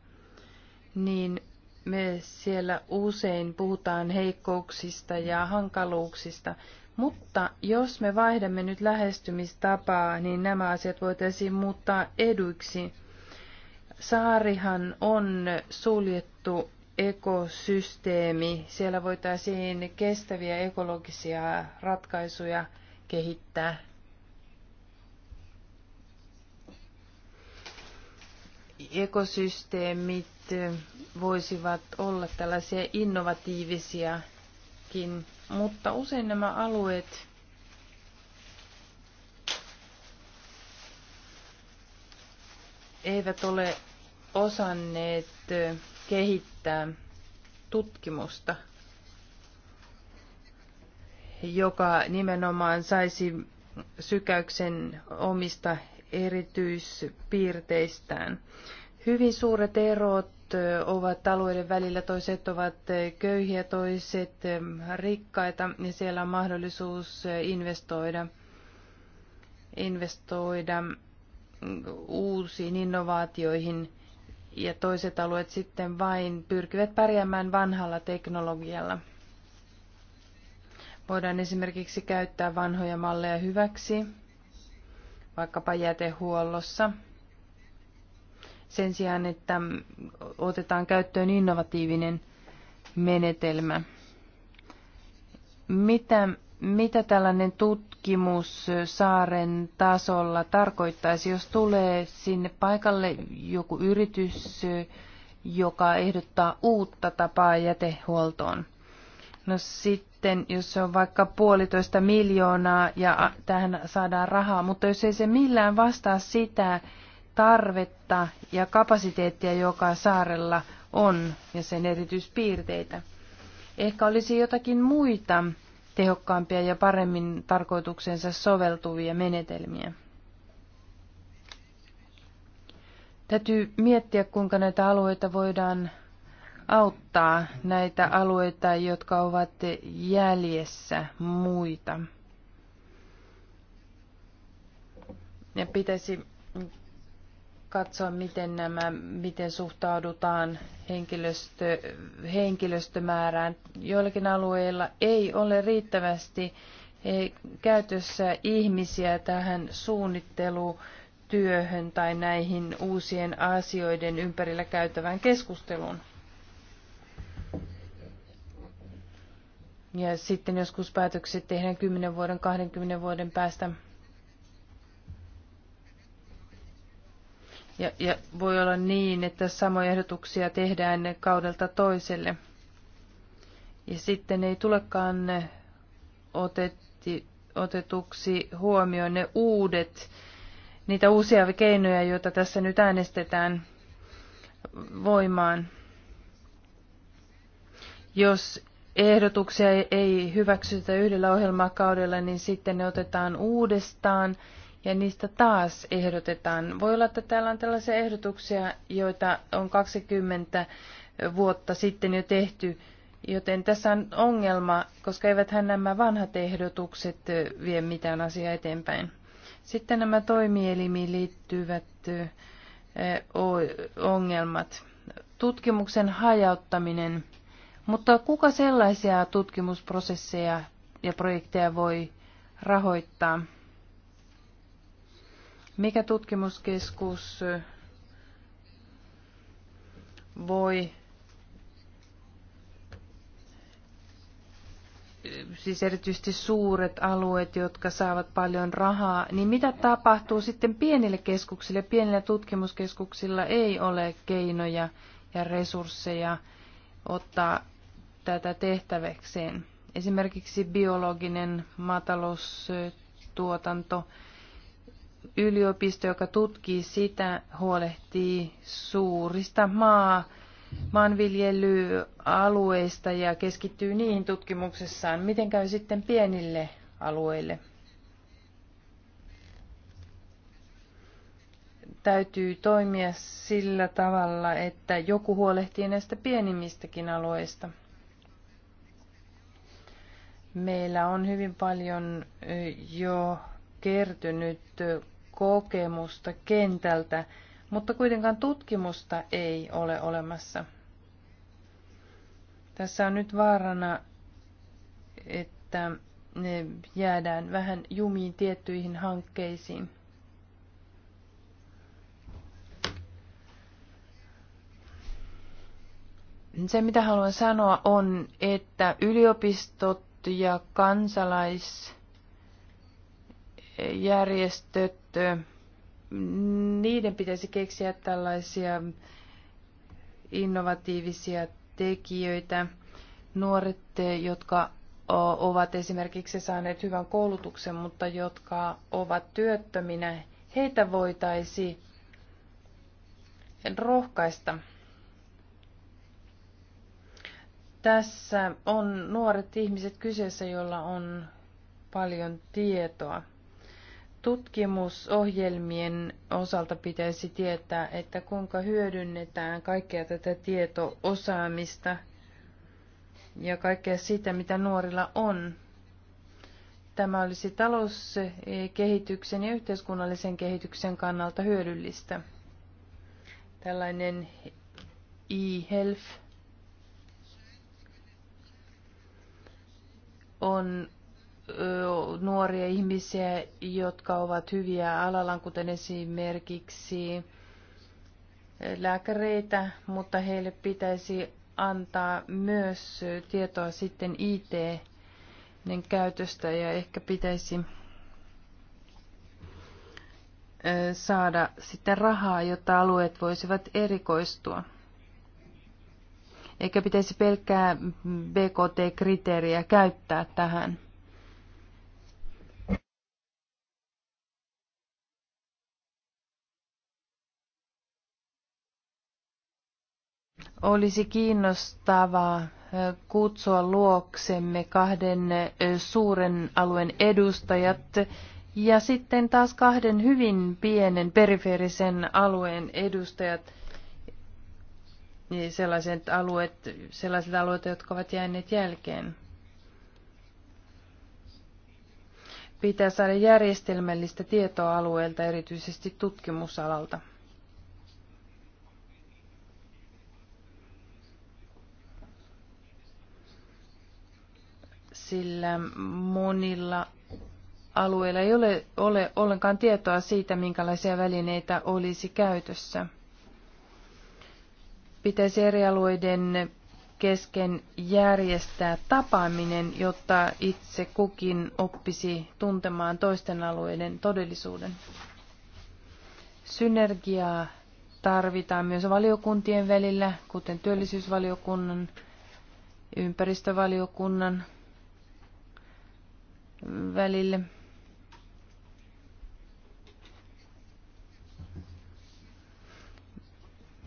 niin me siellä usein puhutaan heikkouksista ja hankaluuksista, mutta jos me vaihdamme nyt lähestymistapaa, niin nämä asiat voitaisiin muuttaa eduiksi. Saarihan on suljettu ekosysteemi. Siellä voitaisiin kestäviä ekologisia ratkaisuja kehittää. ekosysteemit voisivat olla tällaisia innovatiivisiakin, mutta usein nämä alueet eivät ole osanneet kehittää tutkimusta, joka nimenomaan saisi sykäyksen omista erityispiirteistään. Hyvin suuret erot ovat alueiden välillä, toiset ovat köyhiä, toiset rikkaita ja siellä on mahdollisuus investoida, investoida mm, uusiin innovaatioihin ja toiset alueet sitten vain pyrkivät pärjäämään vanhalla teknologialla. Voidaan esimerkiksi käyttää vanhoja malleja hyväksi vaikkapa jätehuollossa. Sen sijaan, että otetaan käyttöön innovatiivinen menetelmä. Mitä, mitä tällainen tutkimus saaren tasolla tarkoittaisi, jos tulee sinne paikalle joku yritys, joka ehdottaa uutta tapaa jätehuoltoon? No sit sitten, jos se on vaikka puolitoista miljoonaa ja tähän saadaan rahaa, mutta jos ei se millään vastaa sitä tarvetta ja kapasiteettia, joka saarella on ja sen erityispiirteitä. Ehkä olisi jotakin muita tehokkaampia ja paremmin tarkoituksensa soveltuvia menetelmiä. Täytyy miettiä, kuinka näitä alueita voidaan auttaa näitä alueita, jotka ovat jäljessä muita. Ja pitäisi katsoa, miten, nämä, miten suhtaudutaan henkilöstö, henkilöstömäärään. Joillakin alueilla ei ole riittävästi e, käytössä ihmisiä tähän suunnittelutyöhön tai näihin uusien asioiden ympärillä käytävään keskusteluun. Ja sitten joskus päätökset tehdään 10 vuoden, 20 vuoden päästä. Ja, ja voi olla niin, että samoja ehdotuksia tehdään kaudelta toiselle. Ja sitten ei tulekaan otetti, otetuksi huomioon ne uudet, niitä uusia keinoja, joita tässä nyt äänestetään voimaan. Jos ehdotuksia ei hyväksytä yhdellä ohjelmakaudella, niin sitten ne otetaan uudestaan ja niistä taas ehdotetaan. Voi olla, että täällä on tällaisia ehdotuksia, joita on 20 vuotta sitten jo tehty, joten tässä on ongelma, koska eiväthän nämä vanhat ehdotukset vie mitään asiaa eteenpäin. Sitten nämä toimielimiin liittyvät eh, ongelmat. Tutkimuksen hajauttaminen – mutta kuka sellaisia tutkimusprosesseja ja projekteja voi rahoittaa? Mikä tutkimuskeskus voi siis erityisesti suuret alueet, jotka saavat paljon rahaa, niin mitä tapahtuu sitten pienille keskuksille? Pienillä tutkimuskeskuksilla ei ole keinoja ja resursseja ottaa tätä tehtäväkseen. Esimerkiksi biologinen maataloustuotanto, yliopisto, joka tutkii sitä, huolehtii suurista maa, maanviljelyalueista ja keskittyy niihin tutkimuksessaan. Miten käy sitten pienille alueille? Täytyy toimia sillä tavalla, että joku huolehtii näistä pienimmistäkin alueista. Meillä on hyvin paljon jo kertynyt kokemusta kentältä, mutta kuitenkaan tutkimusta ei ole olemassa. Tässä on nyt vaarana, että ne jäädään vähän jumiin tiettyihin hankkeisiin. Se, mitä haluan sanoa, on, että yliopistot ja kansalaisjärjestöt, niiden pitäisi keksiä tällaisia innovatiivisia tekijöitä. Nuoret, jotka ovat esimerkiksi saaneet hyvän koulutuksen, mutta jotka ovat työttöminä, heitä voitaisiin rohkaista. Tässä on nuoret ihmiset kyseessä, joilla on paljon tietoa. Tutkimusohjelmien osalta pitäisi tietää, että kuinka hyödynnetään kaikkea tätä tietoosaamista ja kaikkea sitä, mitä nuorilla on. Tämä olisi talouskehityksen ja yhteiskunnallisen kehityksen kannalta hyödyllistä. Tällainen e-health on nuoria ihmisiä, jotka ovat hyviä alalan, kuten esimerkiksi lääkäreitä, mutta heille pitäisi antaa myös tietoa sitten IT käytöstä ja ehkä pitäisi saada sitten rahaa, jotta alueet voisivat erikoistua eikä pitäisi pelkkää BKT-kriteeriä käyttää tähän. Olisi kiinnostavaa kutsua luoksemme kahden suuren alueen edustajat ja sitten taas kahden hyvin pienen periferisen alueen edustajat – niin sellaiset alueet, sellaiset alueet, jotka ovat jääneet jälkeen. Pitää saada järjestelmällistä tietoa alueelta, erityisesti tutkimusalalta. Sillä monilla alueilla ei ole, ole ollenkaan tietoa siitä, minkälaisia välineitä olisi käytössä pitäisi eri alueiden kesken järjestää tapaaminen, jotta itse kukin oppisi tuntemaan toisten alueiden todellisuuden. Synergiaa tarvitaan myös valiokuntien välillä, kuten työllisyysvaliokunnan, ympäristövaliokunnan välille.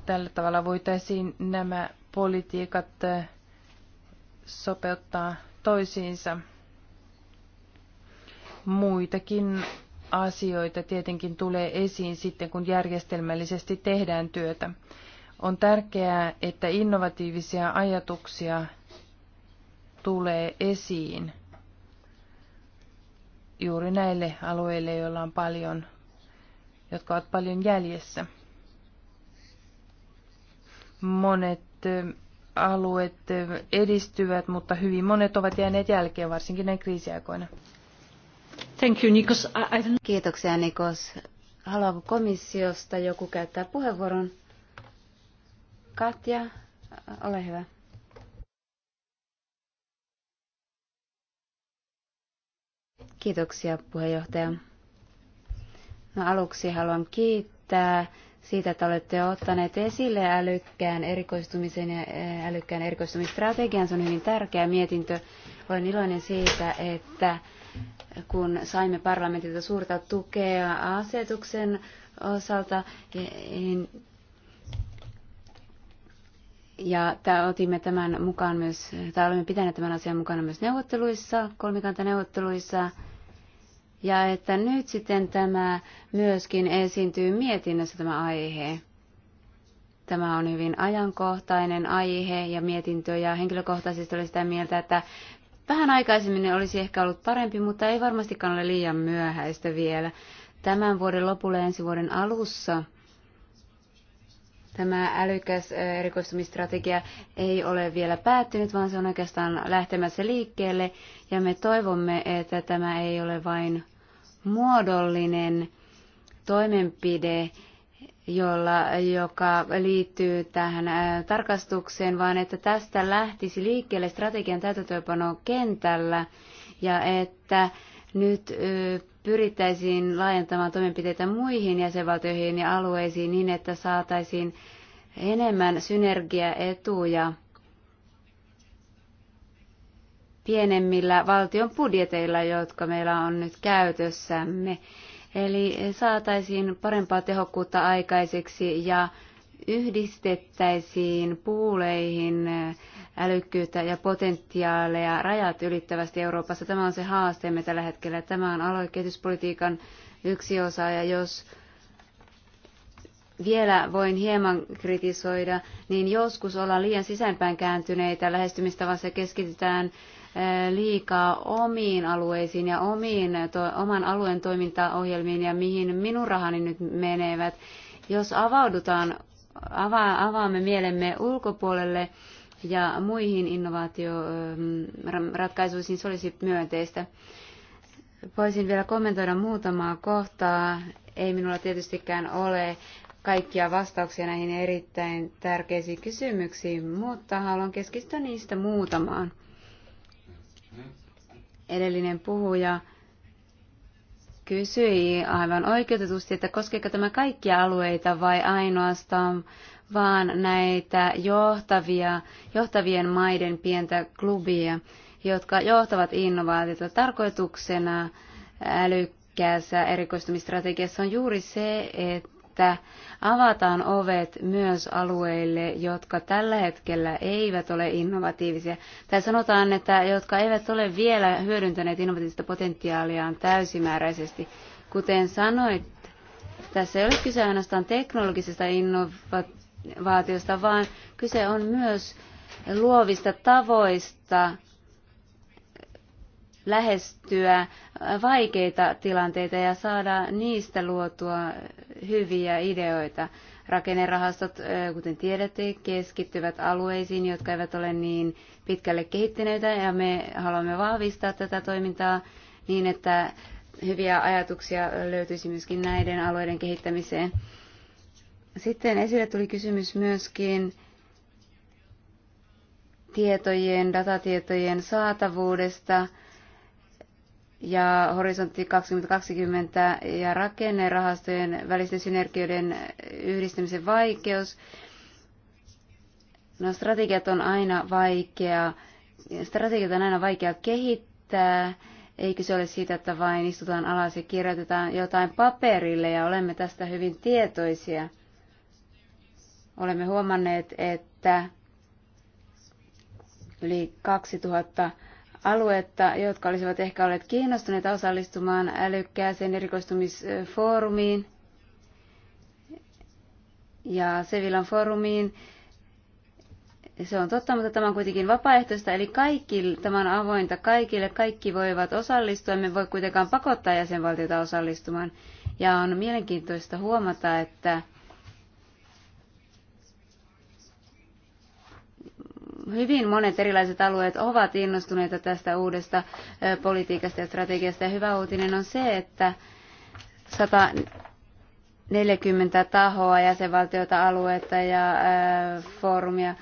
Tällä tavalla voitaisiin nämä politiikat sopeuttaa toisiinsa. Muitakin asioita tietenkin tulee esiin sitten, kun järjestelmällisesti tehdään työtä. On tärkeää, että innovatiivisia ajatuksia tulee esiin juuri näille alueille, joilla on paljon, jotka ovat paljon jäljessä. Monet alueet edistyvät, mutta hyvin monet ovat jääneet jälkeen, varsinkin näin kriisiaikoina. Thank you, Nikos. I, Kiitoksia, Nikos. Haluaako komissiosta joku käyttää puheenvuoron? Katja, ole hyvä. Kiitoksia puheenjohtaja. No, aluksi haluan kiittää siitä, että olette ottaneet esille älykkään erikoistumisen ja älykkään erikoistumistrategian. Se on hyvin tärkeä mietintö. Olen iloinen siitä, että kun saimme parlamentilta suurta tukea asetuksen osalta, e, ja otimme tämän mukaan myös, tai olemme pitäneet tämän asian mukana myös neuvotteluissa, kolmikantaneuvotteluissa neuvotteluissa ja että nyt sitten tämä myöskin esiintyy mietinnössä tämä aihe. Tämä on hyvin ajankohtainen aihe ja mietintö ja henkilökohtaisesti olen sitä mieltä, että vähän aikaisemmin olisi ehkä ollut parempi, mutta ei varmastikaan ole liian myöhäistä vielä. Tämän vuoden lopulla ensi vuoden alussa – Tämä älykäs erikoistumistrategia ei ole vielä päättynyt, vaan se on oikeastaan lähtemässä liikkeelle. Ja me toivomme, että tämä ei ole vain muodollinen toimenpide, jolla, joka liittyy tähän tarkastukseen, vaan että tästä lähtisi liikkeelle strategian täytäntöönpano kentällä ja että nyt pyrittäisiin laajentamaan toimenpiteitä muihin jäsenvaltioihin ja alueisiin niin, että saataisiin enemmän synergiaetuja pienemmillä valtion budjeteilla, jotka meillä on nyt käytössämme. Eli saataisiin parempaa tehokkuutta aikaiseksi ja yhdistettäisiin puuleihin älykkyyttä ja potentiaalia rajat ylittävästi Euroopassa. Tämä on se haasteemme tällä hetkellä. Tämä on aluekehityspolitiikan yksi osa ja jos vielä voin hieman kritisoida, niin joskus ollaan liian sisäänpäin kääntyneitä lähestymistavassa keskitytään eh, liikaa omiin alueisiin ja omiin, to, oman alueen toimintaohjelmiin ja mihin minun rahani nyt menevät. Jos avaudutaan, ava, avaamme mielemme ulkopuolelle, ja muihin innovaatioratkaisuihin, se olisi myönteistä. Voisin vielä kommentoida muutamaa kohtaa. Ei minulla tietystikään ole kaikkia vastauksia näihin erittäin tärkeisiin kysymyksiin, mutta haluan keskittyä niistä muutamaan. Edellinen puhuja kysyi aivan oikeutetusti, että koskeeko tämä kaikkia alueita vai ainoastaan vaan näitä johtavia, johtavien maiden pientä klubia, jotka johtavat innovaatiota. Tarkoituksena älykkäässä erikoistumistrategiassa on juuri se, että avataan ovet myös alueille, jotka tällä hetkellä eivät ole innovatiivisia. Tai sanotaan, että jotka eivät ole vielä hyödyntäneet innovatiivista potentiaaliaan täysimääräisesti. Kuten sanoit, tässä ei ole kyse ainoastaan teknologisesta innovaatiosta innovaatiosta, vaan kyse on myös luovista tavoista lähestyä vaikeita tilanteita ja saada niistä luotua hyviä ideoita. Rakennerahastot, kuten tiedätte, keskittyvät alueisiin, jotka eivät ole niin pitkälle kehittyneitä, ja me haluamme vahvistaa tätä toimintaa niin, että hyviä ajatuksia löytyisi myöskin näiden alueiden kehittämiseen. Sitten esille tuli kysymys myöskin tietojen, datatietojen saatavuudesta ja horisontti 2020 ja rakennerahastojen välisten synergioiden yhdistämisen vaikeus. No strategiat on aina vaikea, strategiat on aina vaikea kehittää, eikö se ole siitä, että vain istutaan alas ja kirjoitetaan jotain paperille ja olemme tästä hyvin tietoisia. Olemme huomanneet, että yli 2000 aluetta, jotka olisivat ehkä olleet kiinnostuneita osallistumaan älykkääseen erikoistumisfoorumiin ja Sevilan foorumiin. Se on totta, mutta tämä on kuitenkin vapaaehtoista, eli kaikki, tämä on avointa kaikille, kaikki voivat osallistua, emme voi kuitenkaan pakottaa jäsenvaltiota osallistumaan. Ja on mielenkiintoista huomata, että hyvin monet erilaiset alueet ovat innostuneita tästä uudesta politiikasta ja strategiasta. Ja hyvä uutinen on se, että 140 tahoa, jäsenvaltiota, aluetta ja foorumia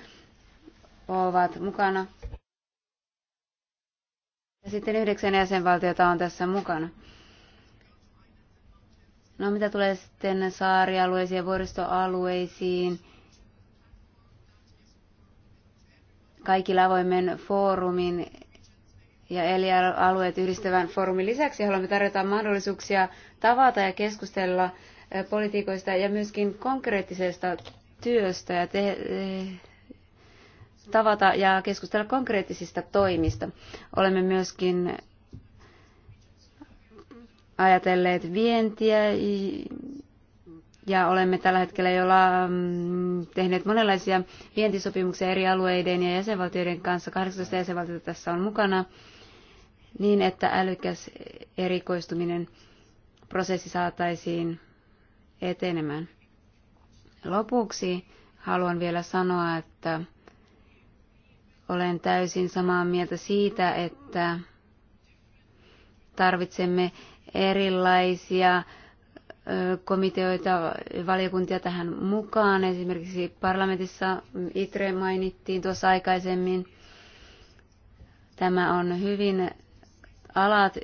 ovat mukana. Ja sitten yhdeksän jäsenvaltiota on tässä mukana. No mitä tulee sitten saarialueisiin ja vuoristoalueisiin, kaikilla avoimen foorumin ja eli alueet yhdistävän foorumin lisäksi haluamme tarjota mahdollisuuksia tavata ja keskustella politiikoista ja myöskin konkreettisesta työstä ja te, tavata ja keskustella konkreettisista toimista. Olemme myöskin ajatelleet vientiä ja olemme tällä hetkellä jo mm, tehneet monenlaisia vientisopimuksia eri alueiden ja jäsenvaltioiden kanssa, 18 jäsenvaltiota tässä on mukana, niin että älykäs erikoistuminen prosessi saataisiin etenemään. Lopuksi haluan vielä sanoa, että olen täysin samaa mieltä siitä, että tarvitsemme erilaisia komiteoita, valiokuntia tähän mukaan. Esimerkiksi parlamentissa ITRE mainittiin tuossa aikaisemmin. Tämä on hyvin alat,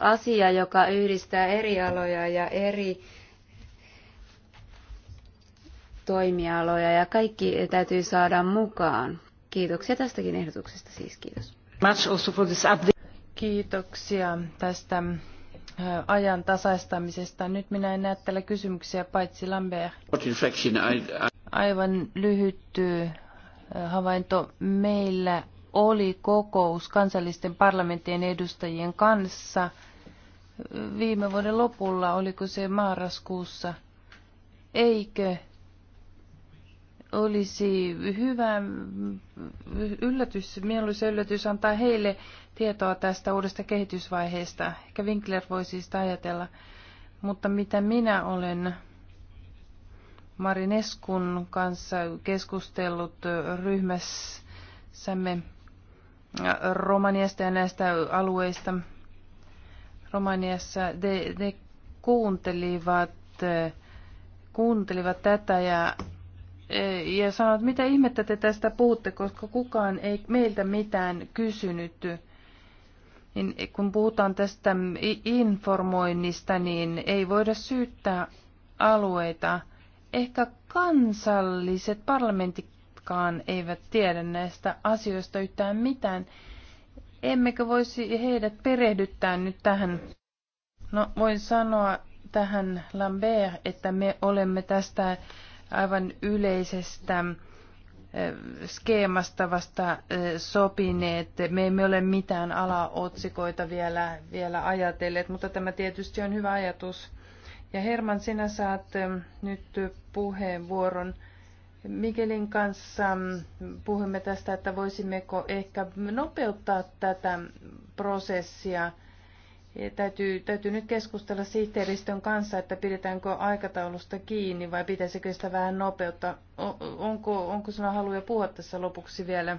asia, joka yhdistää eri aloja ja eri toimialoja ja kaikki täytyy saada mukaan. Kiitoksia tästäkin ehdotuksesta siis, kiitos. Kiitoksia tästä ajan tasaistamisesta. Nyt minä en näe tällä kysymyksiä, paitsi Lambert. Aivan lyhyt havainto. Meillä oli kokous kansallisten parlamenttien edustajien kanssa viime vuoden lopulla, oliko se marraskuussa. Eikö olisi hyvä yllätys, mieluisa yllätys antaa heille tietoa tästä uudesta kehitysvaiheesta. Ehkä Winkler voi siis ajatella. Mutta mitä minä olen Marineskun kanssa keskustellut ryhmässämme Romaniasta ja näistä alueista Romaniassa, ne, ne kuuntelivat, kuuntelivat tätä ja ja sanoi, että mitä ihmettä te tästä puhutte, koska kukaan ei meiltä mitään kysynyt. Niin e, kun puhutaan tästä informoinnista, niin ei voida syyttää alueita. Ehkä kansalliset parlamentitkaan eivät tiedä näistä asioista yhtään mitään. Emmekö voisi heidät perehdyttää nyt tähän? No, voin sanoa tähän Lambert, että me olemme tästä aivan yleisestä skeemasta vasta sopineet. Me emme ole mitään alaotsikoita vielä, vielä ajatelleet, mutta tämä tietysti on hyvä ajatus. Ja Herman, sinä saat nyt puheenvuoron. Mikelin kanssa puhumme tästä, että voisimmeko ehkä nopeuttaa tätä prosessia – Täytyy, täytyy nyt keskustella sihteeristön kanssa, että pidetäänkö aikataulusta kiinni vai pitäisikö sitä vähän nopeutta. Onko, onko sinulla haluja puhua tässä lopuksi vielä?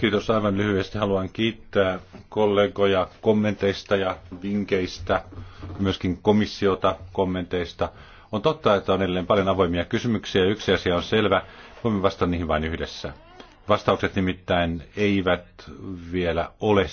Kiitos aivan lyhyesti. Haluan kiittää kollegoja kommenteista ja vinkeistä, myöskin komissiota kommenteista. On totta, että on edelleen paljon avoimia kysymyksiä. Yksi asia on selvä. Voimme vastata niihin vain yhdessä. Vastaukset nimittäin eivät vielä ole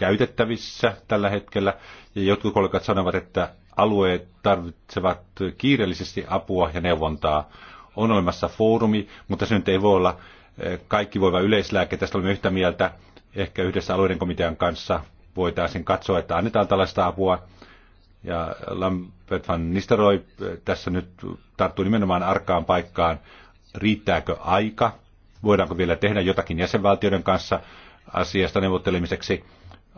käytettävissä tällä hetkellä. Ja jotkut kollegat sanovat, että alueet tarvitsevat kiireellisesti apua ja neuvontaa. On olemassa foorumi, mutta se nyt ei voi olla eh, kaikki voiva yleislääke. Tästä olemme yhtä mieltä. Ehkä yhdessä alueiden komitean kanssa voitaisiin katsoa, että annetaan tällaista apua. Ja Lambert van Nisteroi eh, tässä nyt tarttuu nimenomaan arkaan paikkaan. Riittääkö aika? Voidaanko vielä tehdä jotakin jäsenvaltioiden kanssa asiasta neuvottelemiseksi?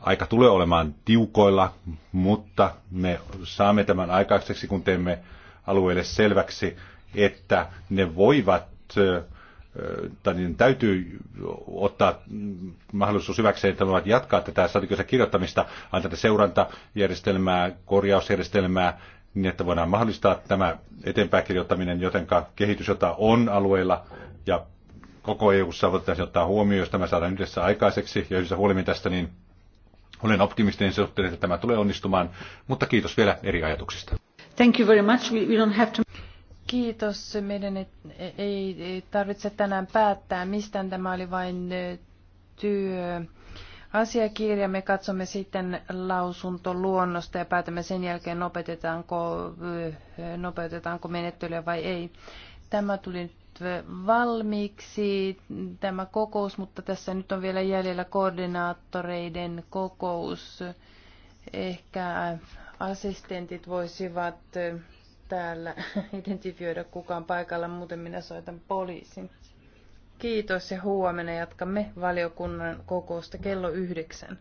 Aika tulee olemaan tiukoilla, mutta me saamme tämän aikaiseksi, kun teemme alueelle selväksi, että ne voivat tai niin täytyy ottaa mahdollisuus hyväkseen, että voivat jatkaa tätä strategioiden kirjoittamista, antaa seurantajärjestelmää, korjausjärjestelmää, niin että voidaan mahdollistaa tämä eteenpäin kirjoittaminen, jotenka kehitys, jota on alueella ja koko EU-ssa voitaisiin ottaa huomioon, jos tämä saadaan yhdessä aikaiseksi ja yhdessä huolimmin tästä, niin olen optimistinen suhteen, että tämä tulee onnistumaan, mutta kiitos vielä eri ajatuksista. Thank you very much. We, don't have to... Kiitos. Meidän ei, ei, ei tarvitse tänään päättää mistään. Tämä oli vain työ asiakirja. Me katsomme sitten lausuntoluonnosta ja päätämme sen jälkeen, nopeutetaanko, nopeutetaanko menettelyä vai ei. Tämä tuli nyt valmiiksi tämä kokous, mutta tässä nyt on vielä jäljellä koordinaattoreiden kokous. Ehkä assistentit voisivat täällä identifioida kukaan paikalla, muuten minä soitan poliisin. Kiitos ja huomenna jatkamme valiokunnan kokousta kello yhdeksän.